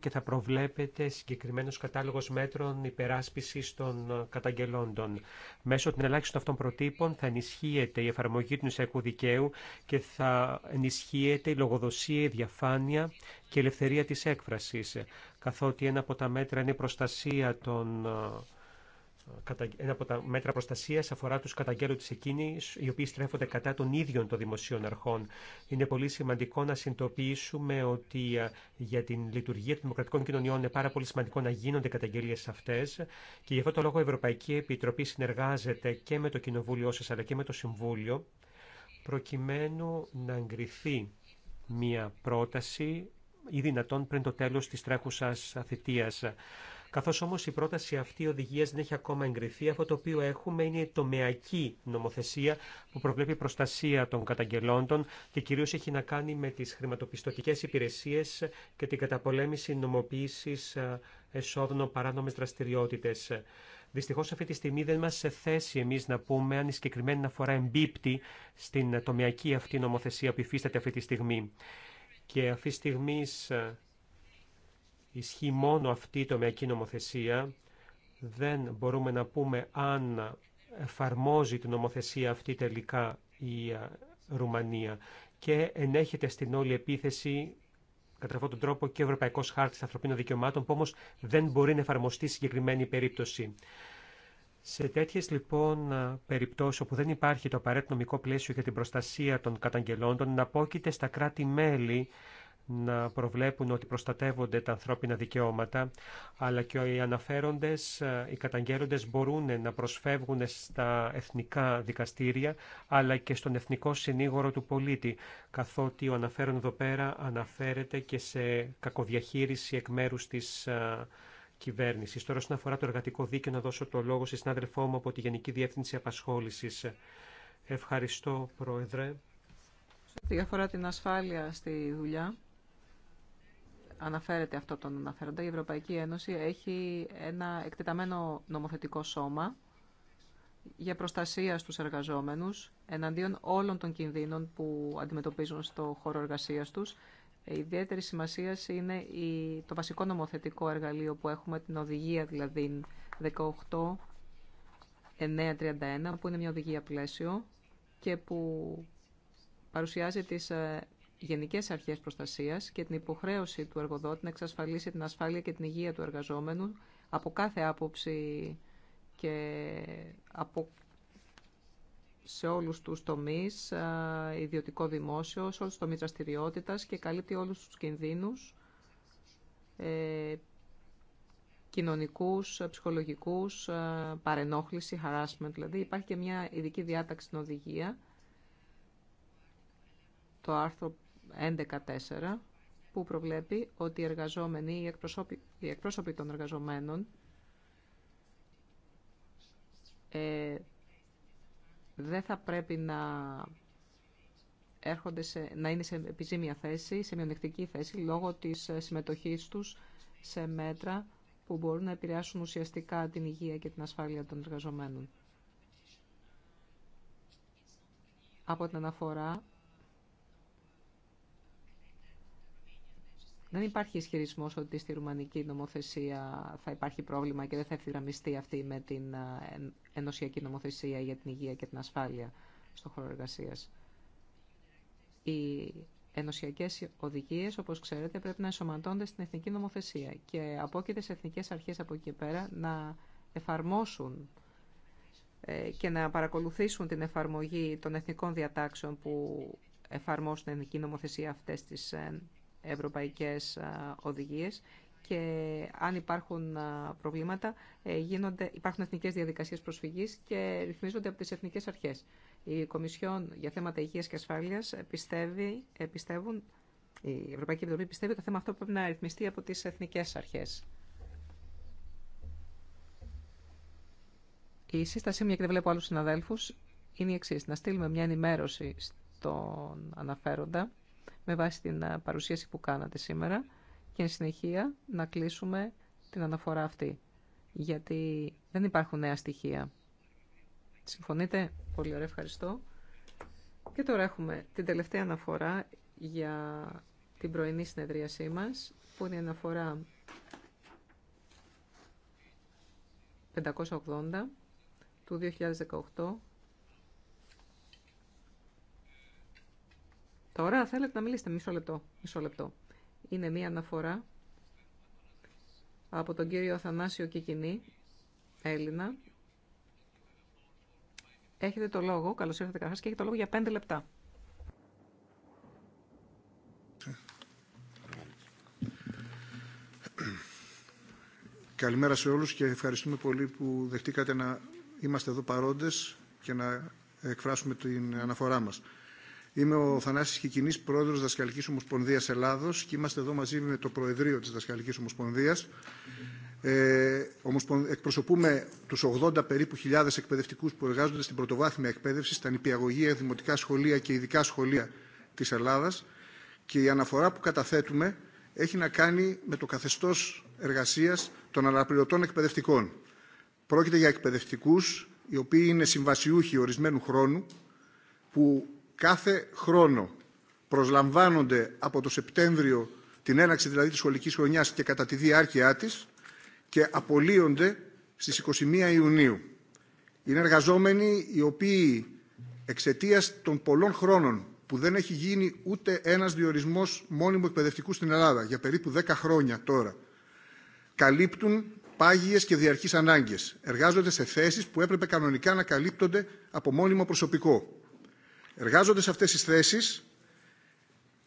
και θα προβλέπεται συγκεκριμένο κατάλογο μέτρων υπεράσπιση των ε, καταγγελόντων. Μέσω των ελάχιστων αυτών προτύπων θα ενισχύεται η εφαρμογή του νησιακού δικαίου και θα ενισχύεται η λογοδοσία, η διαφάνεια και η ελευθερία τη έκφραση. Καθότι ένα από τα μέτρα είναι η προστασία των ε, ένα από τα μέτρα προστασία αφορά του καταγγέλου τη εκείνη, οι οποίοι στρέφονται κατά των ίδιων των δημοσίων αρχών. Είναι πολύ σημαντικό να συνειδητοποιήσουμε ότι για την λειτουργία των δημοκρατικών κοινωνιών είναι πάρα πολύ σημαντικό να γίνονται καταγγελίε αυτέ και γι' αυτό το λόγο η Ευρωπαϊκή Επιτροπή συνεργάζεται και με το Κοινοβούλιο σα αλλά και με το Συμβούλιο προκειμένου να εγκριθεί μία πρόταση ή δυνατόν πριν το τέλος της τρέχουσας θητείας. Καθώ όμω η πρόταση αυτή οδηγία δεν έχει ακόμα εγκριθεί, αυτό το οποίο έχουμε είναι η τομεακή νομοθεσία που προβλέπει προστασία των καταγγελόντων και κυρίω έχει να κάνει με τι χρηματοπιστωτικέ υπηρεσίε και την καταπολέμηση νομοποίηση ε, εσόδων παράνομε δραστηριότητε. Δυστυχώ αυτή τη στιγμή δεν μα σε θέση εμεί να πούμε αν η συγκεκριμένη αφορά εμπίπτει στην τομεακή αυτή νομοθεσία που υφίσταται αυτή τη στιγμή. Και αυτή τη στιγμή ε, ισχύει μόνο αυτή η τομεακή νομοθεσία. Δεν μπορούμε να πούμε αν εφαρμόζει την νομοθεσία αυτή τελικά η Ρουμανία και ενέχεται στην όλη επίθεση κατά αυτόν τον τρόπο και ο Ευρωπαϊκό Χάρτη Ανθρωπίνων Δικαιωμάτων, που όμω δεν μπορεί να εφαρμοστεί συγκεκριμένη περίπτωση. Σε τέτοιε λοιπόν περιπτώσει όπου δεν υπάρχει το απαραίτητο νομικό πλαίσιο για την προστασία των καταγγελόντων, να στα κράτη-μέλη να προβλέπουν ότι προστατεύονται τα ανθρώπινα δικαιώματα, αλλά και οι αναφέροντες, ε, οι καταγγέλλοντες μπορούν να προσφεύγουν στα εθνικά δικαστήρια, αλλά και στον εθνικό συνήγορο του πολίτη, καθότι ο αναφέρον εδώ πέρα αναφέρεται και σε κακοδιαχείριση εκ μέρους της ε, κυβέρνησης. Τώρα, όσον αφορά το εργατικό δίκαιο, να δώσω το λόγο στη συνάδελφό μου από τη Γενική Διεύθυνση Απασχόλησης. Ευχαριστώ, Πρόεδρε. Σε αφορά την ασφάλεια στη δουλειά, αναφέρεται αυτό τον αναφέροντα. Η Ευρωπαϊκή Ένωση έχει ένα εκτεταμένο νομοθετικό σώμα για προστασία στους εργαζόμενους εναντίον όλων των κινδύνων που αντιμετωπίζουν στο χώρο εργασίας τους. Η ιδιαίτερη σημασία είναι η, το βασικό νομοθετικό εργαλείο που έχουμε, την οδηγία δηλαδή 18 931 που είναι μια οδηγία πλαίσιο και που παρουσιάζει τις ε, γενικέ αρχέ προστασία και την υποχρέωση του εργοδότη να εξασφαλίσει την ασφάλεια και την υγεία του εργαζόμενου από κάθε άποψη και από σε όλους τους τομείς, ιδιωτικό δημόσιο, σε όλους τους τομείς δραστηριότητα και καλύπτει όλους τους κινδύνους ε, κοινωνικούς, ψυχολογικούς, παρενόχληση, harassment. Δηλαδή υπάρχει και μια ειδική διάταξη στην οδηγία, το άρθρο 11.4 που προβλέπει ότι οι εργαζόμενοι, οι εκπρόσωποι, οι εκπρόσωποι των εργαζομένων ε, δεν θα πρέπει να έρχονται σε, να είναι σε επιζήμια θέση, σε μειονεκτική θέση, λόγω της ε, συμμετοχής τους σε μέτρα που μπορούν να επηρεάσουν ουσιαστικά την υγεία και την ασφάλεια των εργαζομένων. Από την αναφορά Δεν υπάρχει ισχυρισμό ότι στη ρουμανική νομοθεσία θα υπάρχει πρόβλημα και δεν θα ευθυγραμμιστεί αυτή με την ε, ενωσιακή νομοθεσία για την υγεία και την ασφάλεια στον χώρο εργασία. Οι ενωσιακέ οδηγίε, όπω ξέρετε, πρέπει να ενσωματώνται στην εθνική νομοθεσία και απόκειται σε εθνικέ αρχέ από εκεί πέρα να εφαρμόσουν ε, και να παρακολουθήσουν την εφαρμογή των εθνικών διατάξεων που εφαρμόσουν εθνική νομοθεσία αυτές τις ε, ευρωπαϊκές οδηγίες και αν υπάρχουν προβλήματα ε, γίνονται, υπάρχουν εθνικές διαδικασίες προσφυγής και ρυθμίζονται από τις εθνικές αρχές. Η Κομισιόν για θέματα υγείας και ασφάλειας πιστεύει, ε, πιστεύουν, η Ευρωπαϊκή Επιτροπή πιστεύει ότι το θέμα αυτό πρέπει να ρυθμιστεί από τις εθνικές αρχές. Η σύστασή μου, γιατί δεν βλέπω άλλους συναδέλφους, είναι η εξή. Να στείλουμε μια ενημέρωση στον αναφέροντα με βάση την παρουσίαση που κάνατε σήμερα και εν συνεχεία να κλείσουμε την αναφορά αυτή. Γιατί δεν υπάρχουν νέα στοιχεία. Συμφωνείτε? Πολύ ωραία, ευχαριστώ. Και τώρα έχουμε την τελευταία αναφορά για την πρωινή συνεδρίασή μας, που είναι η αναφορά 580 του 2018 Τώρα, θέλετε να μιλήσετε μισό λεπτό, μισό λεπτό. Είναι μία αναφορά από τον κύριο Αθανάσιο Κικινή, Έλληνα. Έχετε το λόγο, Καλώ ήρθατε καθώς, και έχετε το λόγο για πέντε λεπτά. Καλημέρα σε όλους και ευχαριστούμε πολύ που δεχτήκατε να είμαστε εδώ παρόντες και να εκφράσουμε την αναφορά μας. Είμαι ο Θανάσης Χικινής, πρόεδρος Δασκαλικής Ομοσπονδίας Ελλάδος και είμαστε εδώ μαζί με το Προεδρείο της Δασκαλικής Ομοσπονδίας. Ε, εκπροσωπούμε τους 80 περίπου χιλιάδες εκπαιδευτικούς που εργάζονται στην πρωτοβάθμια εκπαίδευση, στα νηπιαγωγεία, δημοτικά σχολεία και ειδικά σχολεία της Ελλάδας και η αναφορά που καταθέτουμε έχει να κάνει με το καθεστώς εργασίας των αναπληρωτών εκπαιδευτικών. Πρόκειται για εκπαιδευτικούς οι οποίοι είναι συμβασιούχοι ορισμένου χρόνου που κάθε χρόνο προσλαμβάνονται από το Σεπτέμβριο την έναξη δηλαδή της σχολικής χρονιάς και κατά τη διάρκεια της και απολύονται στις 21 Ιουνίου. Είναι εργαζόμενοι οι οποίοι εξαιτία των πολλών χρόνων που δεν έχει γίνει ούτε ένας διορισμός μόνιμου εκπαιδευτικού στην Ελλάδα για περίπου 10 χρόνια τώρα καλύπτουν πάγιες και διαρκείς ανάγκες. Εργάζονται σε θέσεις που έπρεπε κανονικά να καλύπτονται από μόνιμο προσωπικό εργάζονται σε αυτές τις θέσεις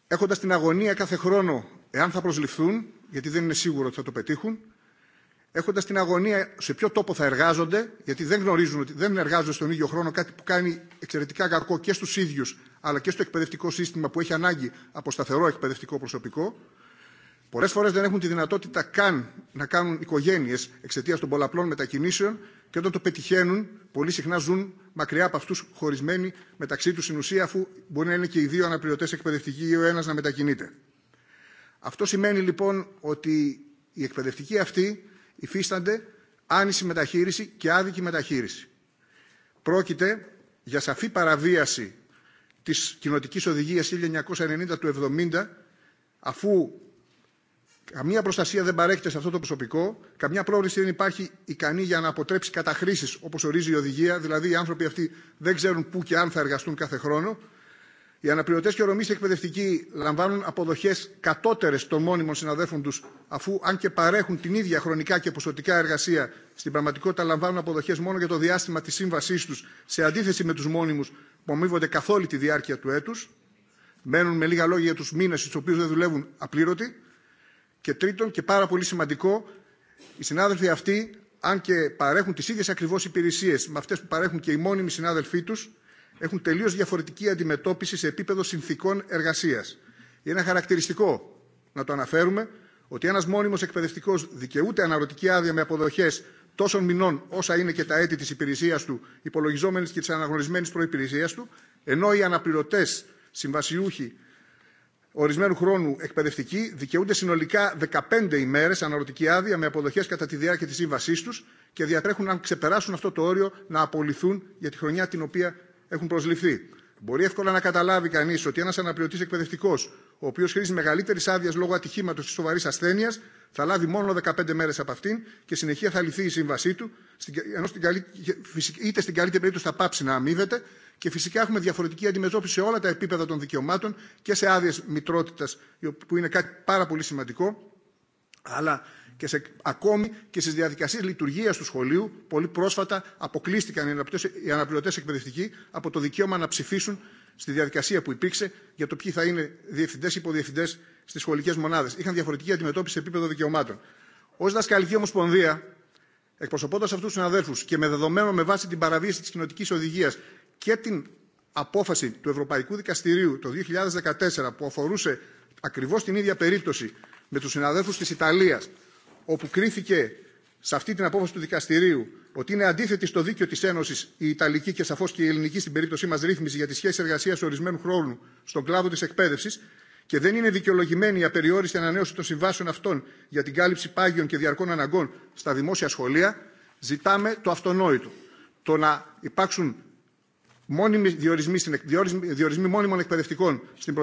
έχοντας την αγωνία κάθε χρόνο εάν θα προσληφθούν, γιατί δεν είναι σίγουρο ότι θα το πετύχουν, έχοντας την αγωνία σε ποιο τόπο θα εργάζονται, γιατί δεν γνωρίζουν ότι δεν εργάζονται στον ίδιο χρόνο, κάτι που κάνει εξαιρετικά κακό και στους ίδιους, αλλά και στο εκπαιδευτικό σύστημα που έχει ανάγκη από σταθερό εκπαιδευτικό προσωπικό, Πολλέ φορέ δεν έχουν τη δυνατότητα καν να κάνουν οικογένειε εξαιτία των πολλαπλών μετακινήσεων και όταν το πετυχαίνουν, πολύ συχνά ζουν μακριά από αυτού χωρισμένοι μεταξύ του στην ουσία, αφού μπορεί να είναι και οι δύο αναπληρωτέ εκπαιδευτικοί ή ο ένα να μετακινείται. Αυτό σημαίνει λοιπόν ότι οι εκπαιδευτικοί αυτοί υφίστανται άνηση μεταχείριση και άδικη μεταχείριση. Πρόκειται για σαφή παραβίαση της κοινοτικής οδηγίας 1990 του 70 αφού Καμία προστασία δεν παρέχεται σε αυτό το προσωπικό, καμιά πρόβληση δεν υπάρχει ικανή για να αποτρέψει καταχρήσει όπω ορίζει η οδηγία, δηλαδή οι άνθρωποι αυτοί δεν ξέρουν πού και αν θα εργαστούν κάθε χρόνο. Οι αναπληρωτέ και ορομοί εκπαιδευτικοί λαμβάνουν αποδοχέ κατώτερε των μόνιμων συναδέλφων του, αφού αν και παρέχουν την ίδια χρονικά και ποσοτικά εργασία, στην πραγματικότητα λαμβάνουν αποδοχέ μόνο για το διάστημα τη σύμβασή του, σε αντίθεση με του μόνιμου που αμείβονται καθ' τη διάρκεια του έτου. Μένουν με λίγα λόγια για του μήνε στου οποίου δεν δουλεύουν απλήρωτοι και τρίτον, και πάρα πολύ σημαντικό, οι συνάδελφοι αυτοί, αν και παρέχουν τι ίδιε ακριβώ υπηρεσίε με αυτέ που παρέχουν και οι μόνιμοι συνάδελφοί του, έχουν τελείω διαφορετική αντιμετώπιση σε επίπεδο συνθήκων εργασία. Είναι χαρακτηριστικό να το αναφέρουμε ότι ένα μόνιμο εκπαιδευτικό δικαιούται αναρωτική άδεια με αποδοχέ τόσων μηνών όσα είναι και τα έτη τη υπηρεσία του, υπολογιζόμενη και τη αναγνωρισμένη προπηρεσία του, ενώ οι αναπληρωτέ συμβασιούχοι ορισμένου χρόνου εκπαιδευτικοί δικαιούνται συνολικά 15 ημέρε αναρωτική άδεια με αποδοχέ κατά τη διάρκεια τη σύμβασή του και διατρέχουν, αν ξεπεράσουν αυτό το όριο, να απολυθούν για τη χρονιά την οποία έχουν προσληφθεί. Μπορεί εύκολα να καταλάβει κανεί ότι ένα αναπληρωτή εκπαιδευτικό, ο οποίο χρήζει μεγαλύτερη άδεια λόγω ατυχήματο ή σοβαρή ασθένεια, θα λάβει μόνο 15 μέρε από αυτήν και συνεχεία θα λυθεί η σύμβασή του, ενώ είτε στην καλύτερη περίπτωση θα πάψει να αμείβεται και φυσικά έχουμε διαφορετική αντιμετώπιση σε όλα τα επίπεδα των δικαιωμάτων και σε άδειε μητρότητα, που είναι κάτι πάρα πολύ σημαντικό, αλλά και σε, ακόμη και στι διαδικασίε λειτουργία του σχολείου, πολύ πρόσφατα αποκλείστηκαν οι αναπληρωτέ εκπαιδευτικοί από το δικαίωμα να ψηφίσουν στη διαδικασία που υπήρξε για το ποιοι θα είναι διευθυντέ ή υποδιευθυντέ στι σχολικέ μονάδε. Είχαν διαφορετική αντιμετώπιση σε επίπεδο δικαιωμάτων. Ω δασκαλική ομοσπονδία, εκπροσωπώντα αυτού του συναδέλφου και με δεδομένο με βάση την παραβίαση τη κοινοτική οδηγία και την απόφαση του Ευρωπαϊκού Δικαστηρίου το 2014 που αφορούσε ακριβώ την ίδια περίπτωση με του συναδέλφου τη Ιταλία, όπου κρίθηκε σε αυτή την απόφαση του δικαστηρίου ότι είναι αντίθετη στο δίκαιο τη Ένωση η Ιταλική και σαφώ και η Ελληνική στην περίπτωσή μα ρύθμιση για τη σχέση εργασία ορισμένου χρόνου στον κλάδο τη εκπαίδευση, και δεν είναι δικαιολογημένη η απεριόριστη ανανέωση των συμβάσεων αυτών για την κάλυψη πάγιων και διαρκών αναγκών στα δημόσια σχολεία, ζητάμε το αυτονόητο. Το να υπάρξουν μόνιμοι διορισμοί, διορισμοί μόνιμων εκπαιδευτικών στην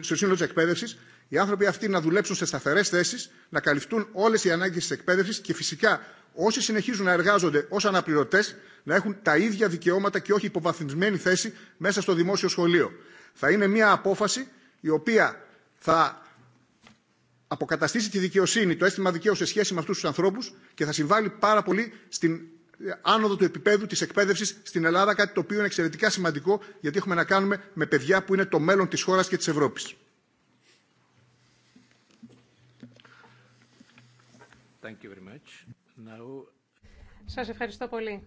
στο σύνολο τη εκπαίδευση, οι άνθρωποι αυτοί να δουλέψουν σε σταθερέ θέσει, να καλυφθούν όλε οι ανάγκε τη εκπαίδευση και φυσικά όσοι συνεχίζουν να εργάζονται ω αναπληρωτέ να έχουν τα ίδια δικαιώματα και όχι υποβαθμισμένη θέση μέσα στο δημόσιο σχολείο. Θα είναι μια απόφαση η οποία θα αποκαταστήσει τη δικαιοσύνη, το αίσθημα δικαίου σε σχέση με αυτού του ανθρώπου και θα συμβάλλει πάρα πολύ στην ε, άνοδο του επίπεδου τη εκπαίδευση στην Ελλάδα, κάτι το οποίο είναι εξαιρετικά σημαντικό, γιατί έχουμε να κάνουμε με παιδιά που είναι το μέλλον τη χώρα και τη Ευρώπη. Σα ευχαριστώ πολύ.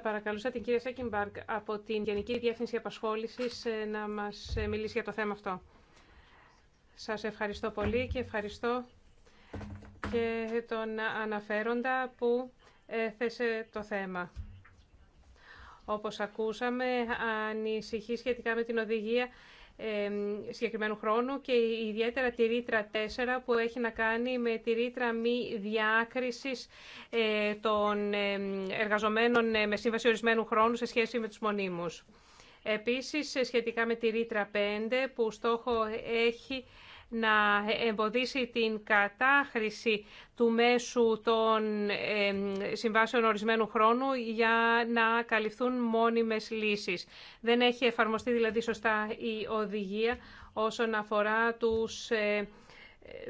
Θα παρακαλούσα την κυρία Σέκιμπαρκ από την Γενική Διεύθυνση Απασχόληση ε, να μας ε, μιλήσει για το θέμα αυτό. Σας ευχαριστώ πολύ και ευχαριστώ και τον αναφέροντα που έθεσε το θέμα. Όπως ακούσαμε, ανησυχεί σχετικά με την οδηγία συγκεκριμένου χρόνου και ιδιαίτερα τη ρήτρα 4 που έχει να κάνει με τη ρήτρα μη διάκρισης ε, των εργαζομένων ε, με σύμβαση ορισμένου χρόνου σε σχέση με τους μονίμους. Επίσης, ε, σχετικά με τη ρήτρα 5 που στόχο έχει να εμποδίσει την κατάχρηση του μέσου των συμβάσεων ορισμένου χρόνου για να καλυφθούν μόνιμες λύσεις. Δεν έχει εφαρμοστεί δηλαδή σωστά η οδηγία όσον αφορά τους ε,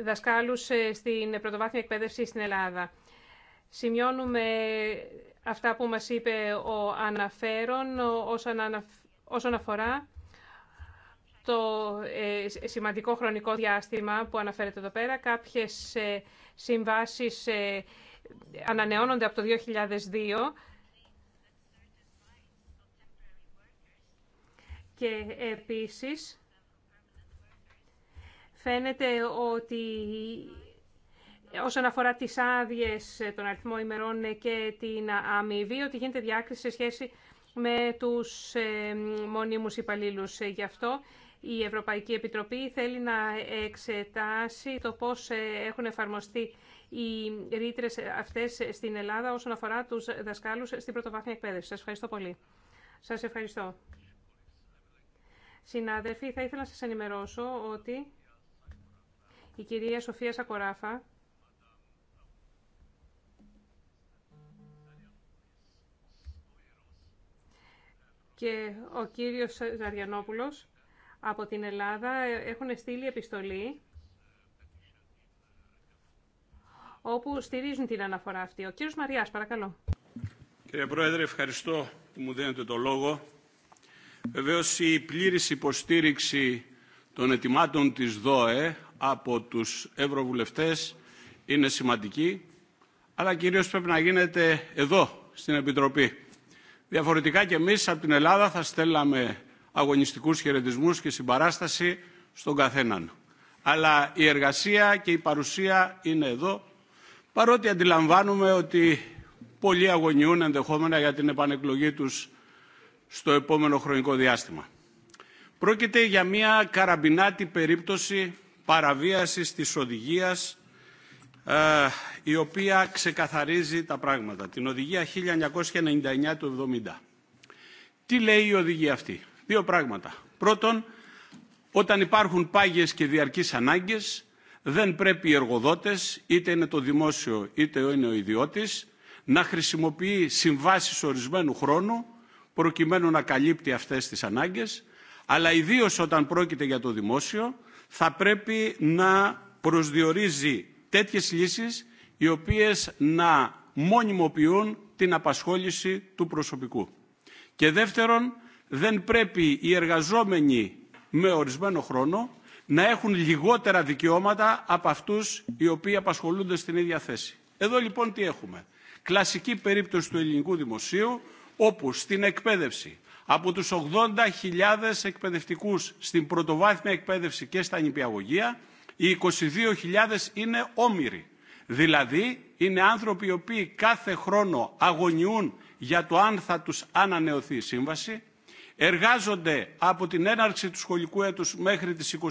δασκάλους ε, στην πρωτοβάθμια εκπαίδευση στην Ελλάδα. Σημειώνουμε αυτά που μας είπε ο αναφέρον όσον αφορά το ε, σημαντικό χρονικό διάστημα που αναφέρεται εδώ πέρα. Κάποιες ε, συμβάσεις ε, ανανεώνονται από το 2002 και επίσης φαίνεται ότι όσον αφορά τις άδειες, τον αριθμό ημερών και την αμοιβή, ότι γίνεται διάκριση σε σχέση με τους μονίμους υπαλλήλους. Γι' αυτό η Ευρωπαϊκή Επιτροπή θέλει να εξετάσει το πώς ε, έχουν εφαρμοστεί οι ρήτρες αυτές στην Ελλάδα όσον αφορά τους δασκάλους στην πρωτοβάθμια εκπαίδευση. Σας ευχαριστώ πολύ. Σας ευχαριστώ. Συνάδελφοι, θα ήθελα να σας ενημερώσω ότι η κυρία Σοφία Σακοράφα και ο κύριος Ζαριανόπουλος από την Ελλάδα ε, έχουν στείλει επιστολή όπου στηρίζουν την αναφορά αυτή. Ο κύριος Μαριάς, παρακαλώ. Κύριε Πρόεδρε, ευχαριστώ που μου δίνετε το λόγο. Βεβαίως η πλήρης υποστήριξη των ετοιμάτων της ΔΟΕ από τους ευρωβουλευτές είναι σημαντική, αλλά κυρίως πρέπει να γίνεται εδώ, στην Επιτροπή. Διαφορετικά και εμείς από την Ελλάδα θα στέλναμε αγωνιστικούς χαιρετισμού και συμπαράσταση στον καθέναν. Αλλά η εργασία και η παρουσία είναι εδώ, παρότι αντιλαμβάνουμε ότι πολλοί αγωνιούν ενδεχόμενα για την επανεκλογή τους στο επόμενο χρονικό διάστημα. Πρόκειται για μια καραμπινάτη περίπτωση παραβίασης της οδηγίας ε, η οποία ξεκαθαρίζει τα πράγματα. Την οδηγία 1999 του 70. Τι λέει η οδηγία αυτή δύο πράγματα. Πρώτον, όταν υπάρχουν πάγιες και διαρκείς ανάγκες, δεν πρέπει οι εργοδότες, είτε είναι το δημόσιο είτε είναι ο ιδιώτης, να χρησιμοποιεί συμβάσεις ορισμένου χρόνου, προκειμένου να καλύπτει αυτές τις ανάγκες, αλλά ιδίως όταν πρόκειται για το δημόσιο, θα πρέπει να προσδιορίζει τέτοιες λύσεις οι οποίες να μόνιμοποιούν την απασχόληση του προσωπικού. Και δεύτερον, δεν πρέπει οι εργαζόμενοι με ορισμένο χρόνο να έχουν λιγότερα δικαιώματα από αυτούς οι οποίοι απασχολούνται στην ίδια θέση. Εδώ λοιπόν τι έχουμε. Κλασική περίπτωση του ελληνικού δημοσίου όπου στην εκπαίδευση από τους 80.000 εκπαιδευτικούς στην πρωτοβάθμια εκπαίδευση και στα νηπιαγωγεία οι 22.000 είναι όμοιροι. Δηλαδή είναι άνθρωποι οι οποίοι κάθε χρόνο αγωνιούν για το αν θα τους ανανεωθεί η σύμβαση, εργάζονται από την έναρξη του σχολικού έτους μέχρι τις 21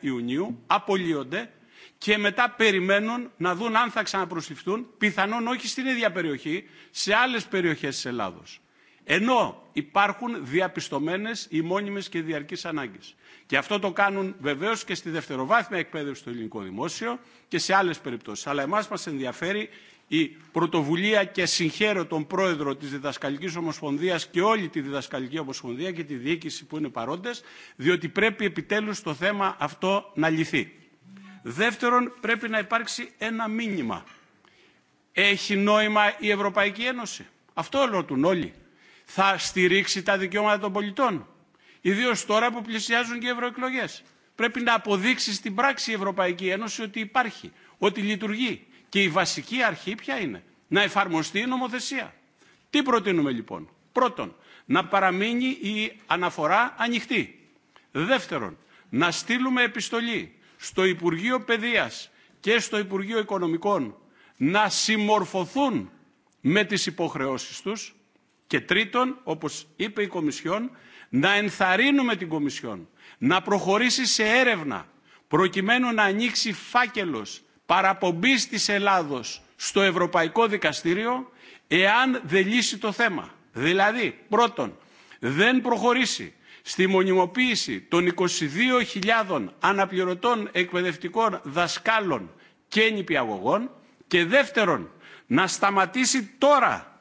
Ιουνίου, απολύονται και μετά περιμένουν να δουν αν θα ξαναπροσληφθούν, πιθανόν όχι στην ίδια περιοχή, σε άλλες περιοχές της Ελλάδος. Ενώ υπάρχουν διαπιστωμένες οι και διαρκείς ανάγκες. Και αυτό το κάνουν βεβαίως και στη δευτεροβάθμια εκπαίδευση στο ελληνικό δημόσιο και σε άλλες περιπτώσεις. Αλλά εμάς μας ενδιαφέρει η πρωτοβουλία και συγχαίρω τον πρόεδρο της Διδασκαλικής Ομοσπονδίας και όλη τη Διδασκαλική Ομοσπονδία και τη διοίκηση που είναι παρόντες, διότι πρέπει επιτέλους το θέμα αυτό να λυθεί. Δεύτερον, πρέπει να υπάρξει ένα μήνυμα. Έχει νόημα η Ευρωπαϊκή Ένωση. Αυτό ρωτούν όλοι. Θα στηρίξει τα δικαιώματα των πολιτών. Ιδίω τώρα που πλησιάζουν και οι ευρωεκλογέ. Πρέπει να αποδείξει στην πράξη η Ευρωπαϊκή Ένωση ότι υπάρχει, ότι λειτουργεί, και η βασική αρχή ποια είναι. Να εφαρμοστεί η νομοθεσία. Τι προτείνουμε λοιπόν. Πρώτον, να παραμείνει η αναφορά ανοιχτή. Δεύτερον, να στείλουμε επιστολή στο Υπουργείο Παιδείας και στο Υπουργείο Οικονομικών να συμμορφωθούν με τις υποχρεώσεις τους και τρίτον, όπως είπε η Κομισιόν, να ενθαρρύνουμε την Κομισιόν να προχωρήσει σε έρευνα προκειμένου να ανοίξει φάκελος παραπομπής της Ελλάδος στο Ευρωπαϊκό Δικαστήριο εάν δεν λύσει το θέμα. Δηλαδή, πρώτον, δεν προχωρήσει στη μονιμοποίηση των 22.000 αναπληρωτών εκπαιδευτικών δασκάλων και νηπιαγωγών και δεύτερον, να σταματήσει τώρα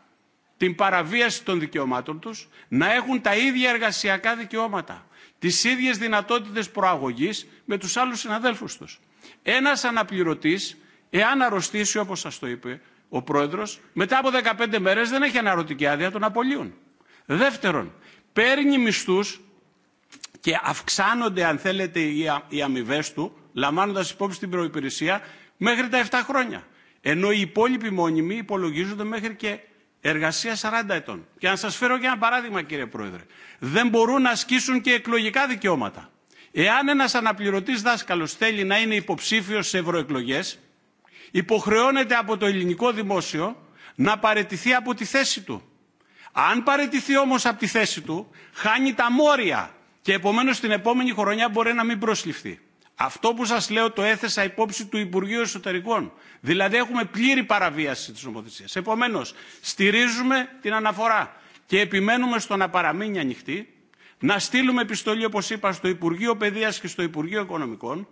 την παραβίαση των δικαιωμάτων τους, να έχουν τα ίδια εργασιακά δικαιώματα, τις ίδιες δυνατότητες προαγωγής με τους άλλους συναδέλφους τους. Ένας αναπληρωτής, εάν αρρωστήσει όπως σας το είπε ο πρόεδρος, μετά από 15 μέρες δεν έχει αναρωτική άδεια, τον απολύουν. Δεύτερον, παίρνει μισθούς και αυξάνονται αν θέλετε οι αμοιβέ του, λαμβάνοντα υπόψη την προϋπηρεσία, μέχρι τα 7 χρόνια. Ενώ οι υπόλοιποι μόνιμοι υπολογίζονται μέχρι και εργασία 40 ετών. Και αν σας φέρω και ένα παράδειγμα κύριε Πρόεδρε, δεν μπορούν να ασκήσουν και εκλογικά δικαιώματα. Εάν ένας αναπληρωτής δάσκαλο θέλει να είναι υποψήφιος σε ευρωεκλογέ, υποχρεώνεται από το ελληνικό δημόσιο να παρετηθεί από τη θέση του. Αν παρετηθεί όμω από τη θέση του, χάνει τα μόρια και επομένως την επόμενη χρονιά μπορεί να μην προσληφθεί. Αυτό που σας λέω το έθεσα υπόψη του Υπουργείου Εσωτερικών. Δηλαδή έχουμε πλήρη παραβίαση τη νομοθεσία. Επομένω, στηρίζουμε την αναφορά και επιμένουμε στο να παραμείνει ανοιχτή να στείλουμε επιστολή, όπως είπα, στο Υπουργείο Παιδείας και στο Υπουργείο Οικονομικών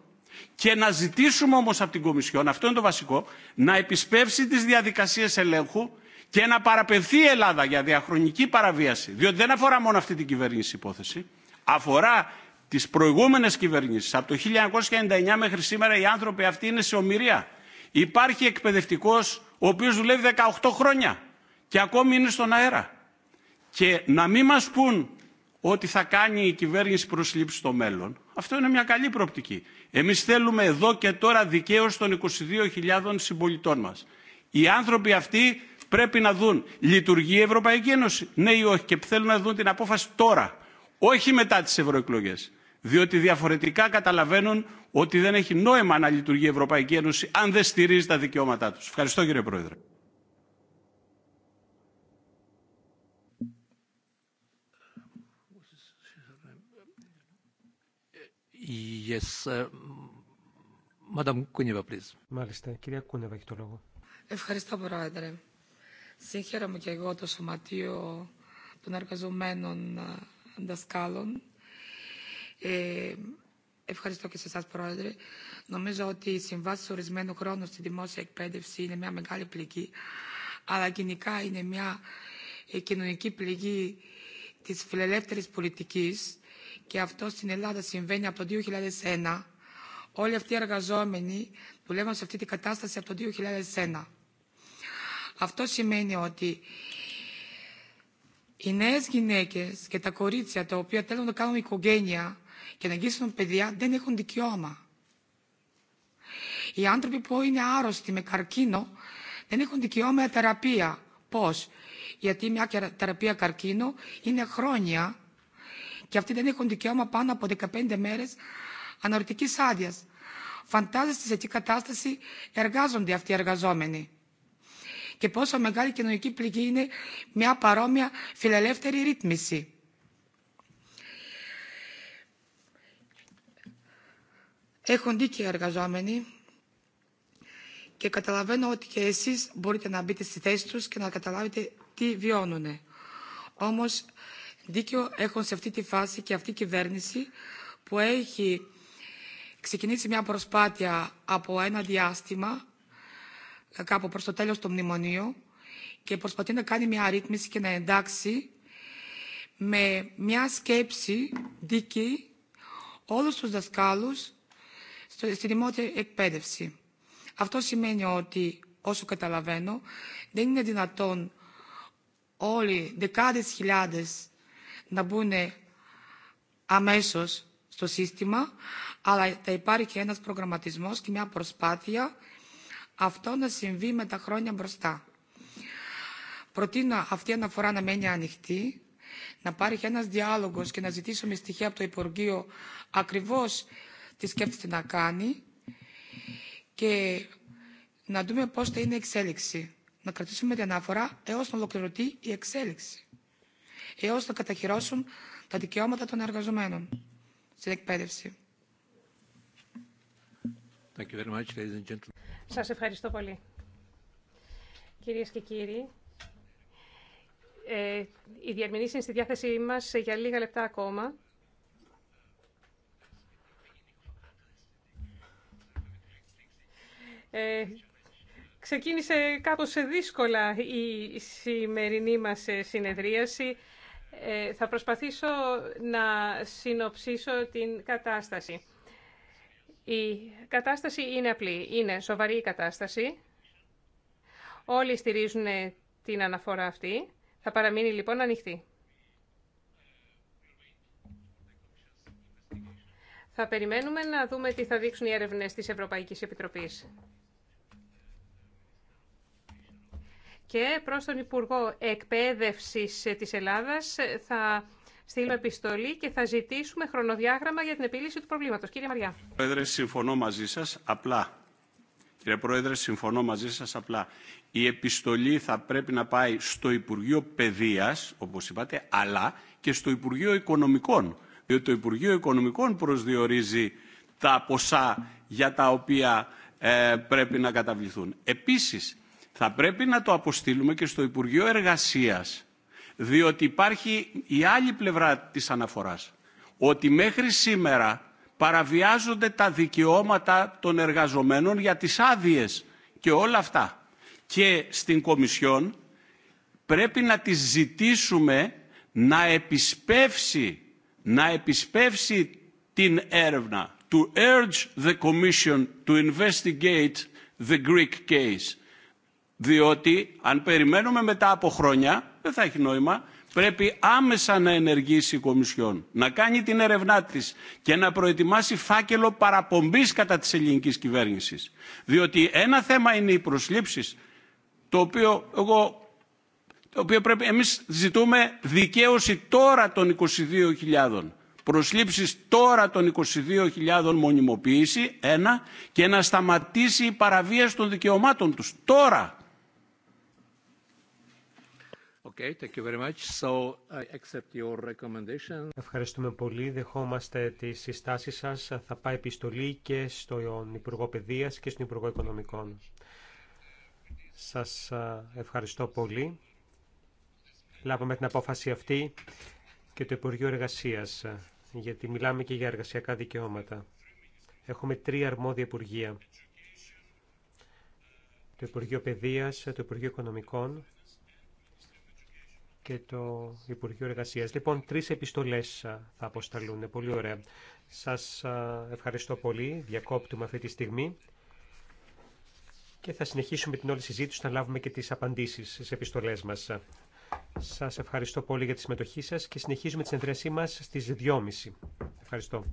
και να ζητήσουμε όμως από την Κομισιόν, αυτό είναι το βασικό, να επισπεύσει τις διαδικασίες ελέγχου και να παραπευθεί η Ελλάδα για διαχρονική παραβίαση. Διότι δεν αφορά μόνο αυτή την κυβέρνηση υπόθεση, αφορά τις προηγούμενες κυβερνήσεις. Από το 1999 μέχρι σήμερα οι άνθρωποι αυτοί είναι σε ομοιρία. Υπάρχει εκπαιδευτικός ο οποίος δουλεύει 18 χρόνια και ακόμη είναι στον αέρα. Και να μην μας πούν ότι θα κάνει η κυβέρνηση προσλήψη στο μέλλον. Αυτό είναι μια καλή προοπτική. Εμείς θέλουμε εδώ και τώρα δικαίως των 22.000 συμπολιτών μας. Οι άνθρωποι αυτοί πρέπει να δουν λειτουργεί η Ευρωπαϊκή Ένωση, ναι ή όχι, και θέλουν να δουν την απόφαση τώρα, όχι μετά τις ευρωεκλογέ. Διότι διαφορετικά καταλαβαίνουν ότι δεν έχει νόημα να λειτουργεί η Ευρωπαϊκή Ένωση αν δεν στηρίζει τα δικαιώματά τους. Ευχαριστώ κύριε Πρόεδρε. Ευχαριστώ, Πρόεδρε. Συγχαίρομαι και εγώ το Σωματείο των Εργαζομένων ε, Δασκάλων. Ε, ευχαριστώ και σε εσά, Πρόεδρε. Νομίζω ότι οι συμβάσει ορισμένου χρόνου στη δημόσια εκπαίδευση είναι μια μεγάλη πληγή, αλλά γενικά είναι μια ε, κοινωνική πληγή της φιλελεύθερης πολιτικής και αυτό στην Ελλάδα συμβαίνει από το 2001, όλοι αυτοί οι εργαζόμενοι δουλεύουν σε αυτή την κατάσταση από το 2001. Αυτό σημαίνει ότι οι νέες γυναίκες και τα κορίτσια τα οποία θέλουν να κάνουν οικογένεια και να αγγίσουν παιδιά δεν έχουν δικαιώμα. Οι άνθρωποι που είναι άρρωστοι με καρκίνο δεν έχουν δικαιώμα για θεραπεία. Πώς? Γιατί μια θεραπεία καρκίνο είναι χρόνια και αυτοί δεν έχουν δικαίωμα πάνω από 15 μέρες αναρωτική άδεια. Φαντάζεστε σε τι κατάσταση εργάζονται αυτοί οι εργαζόμενοι και πόσο μεγάλη κοινωνική πληγή είναι μια παρόμοια φιλελεύθερη ρύθμιση. Έχουν δίκιο οι εργαζόμενοι και καταλαβαίνω ότι και εσείς μπορείτε να μπείτε στη θέση τους και να καταλάβετε τι βιώνουν. Όμως δίκιο έχουν σε αυτή τη φάση και αυτή η κυβέρνηση που έχει ξεκινήσει μια προσπάθεια από ένα διάστημα κάπου προς το τέλος του μνημονίου και προσπαθεί να κάνει μια αρρύθμιση και να εντάξει με μια σκέψη δίκη όλους τους δασκάλους στην δημόσια εκπαίδευση. Αυτό σημαίνει ότι, όσο καταλαβαίνω, δεν είναι δυνατόν όλοι δεκάδες χιλιάδες να μπουν αμέσως στο σύστημα, αλλά θα υπάρχει ένας προγραμματισμός και μια προσπάθεια αυτό να συμβεί με τα χρόνια μπροστά. Προτείνω αυτή η αναφορά να μένει ανοιχτή, να υπάρχει ένας διάλογος και να ζητήσουμε στοιχεία από το Υπουργείο ακριβώς τι σκέφτεται να κάνει και να δούμε πώς θα είναι η εξέλιξη. Να κρατήσουμε την αναφορά έως να ολοκληρωθεί η εξέλιξη έως να καταχυρώσουν τα δικαιώματα των εργαζομένων στην εκπαίδευση. Thank much, Σας ευχαριστώ πολύ. Κυρίε και κύριοι, ε, η είναι στη διάθεσή μας για λίγα λεπτά ακόμα. Ε, ξεκίνησε κάπως δύσκολα η σημερινή μας συνεδρίαση. Ε, θα προσπαθήσω να συνοψίσω την κατάσταση. Η κατάσταση είναι απλή. Είναι σοβαρή η κατάσταση. Όλοι στηρίζουν την αναφορά αυτή. Θα παραμείνει λοιπόν ανοιχτή. Θα περιμένουμε να δούμε τι θα δείξουν οι έρευνες της Ευρωπαϊκής Επιτροπής. Και προς τον Υπουργό Εκπαίδευσης της Ελλάδας θα στείλουμε επιστολή και θα ζητήσουμε χρονοδιάγραμμα για την επίλυση του προβλήματος. Κύριε Μαριά. Πρόεδρε, συμφωνώ μαζί σας απλά. Κύριε Πρόεδρε, συμφωνώ μαζί σας απλά. Η επιστολή θα πρέπει να πάει στο Υπουργείο Παιδείας, όπως είπατε, αλλά και στο Υπουργείο Οικονομικών. Διότι το Υπουργείο Οικονομικών προσδιορίζει τα ποσά για τα οποία ε, πρέπει να καταβληθούν. Επίσης, θα πρέπει να το αποστείλουμε και στο Υπουργείο Εργασίας, διότι υπάρχει η άλλη πλευρά της αναφοράς, ότι μέχρι σήμερα παραβιάζονται τα δικαιώματα των εργαζομένων για τις άδειες και όλα αυτά. Και στην Κομισιόν πρέπει να τη ζητήσουμε να επισπεύσει, να επισπεύσει την έρευνα to urge the Commission to investigate the Greek case διότι αν περιμένουμε μετά από χρόνια δεν θα έχει νόημα πρέπει άμεσα να ενεργήσει η Κομισιόν, να κάνει την ερευνά τη και να προετοιμάσει φάκελο παραπομπής κατά τη ελληνική κυβέρνηση. Διότι ένα θέμα είναι οι προσλήψει το οποίο, εγώ, το οποίο πρέπει, εμείς ζητούμε δικαίωση τώρα των 22.000. Προσλήψεις τώρα των 22.000 μονιμοποίηση, ένα, και να σταματήσει η παραβίαση των δικαιωμάτων τους. Τώρα, Ευχαριστούμε πολύ. Δεχόμαστε τις συστάσεις σας. Θα πάει επιστολή και στον Υπουργό Παιδείας και στον Υπουργό Οικονομικών. Σας ευχαριστώ πολύ. Λάβαμε την απόφαση αυτή και το Υπουργείο εργασία, γιατί μιλάμε και για εργασιακά δικαιώματα. Έχουμε τρία αρμόδια Υπουργεία. Το Υπουργείο Παιδείας, το Υπουργείο Οικονομικών και το Υπουργείο Εργασία. Λοιπόν, τρεις επιστολές θα αποσταλούν. Πολύ ωραία. Σας ευχαριστώ πολύ. Διακόπτουμε αυτή τη στιγμή και θα συνεχίσουμε την όλη συζήτηση να λάβουμε και τις απαντήσεις στις επιστολές μας. Σας ευχαριστώ πολύ για τη συμμετοχή σας και συνεχίζουμε τη συνεδρίασή μας στις 2.30. Ευχαριστώ.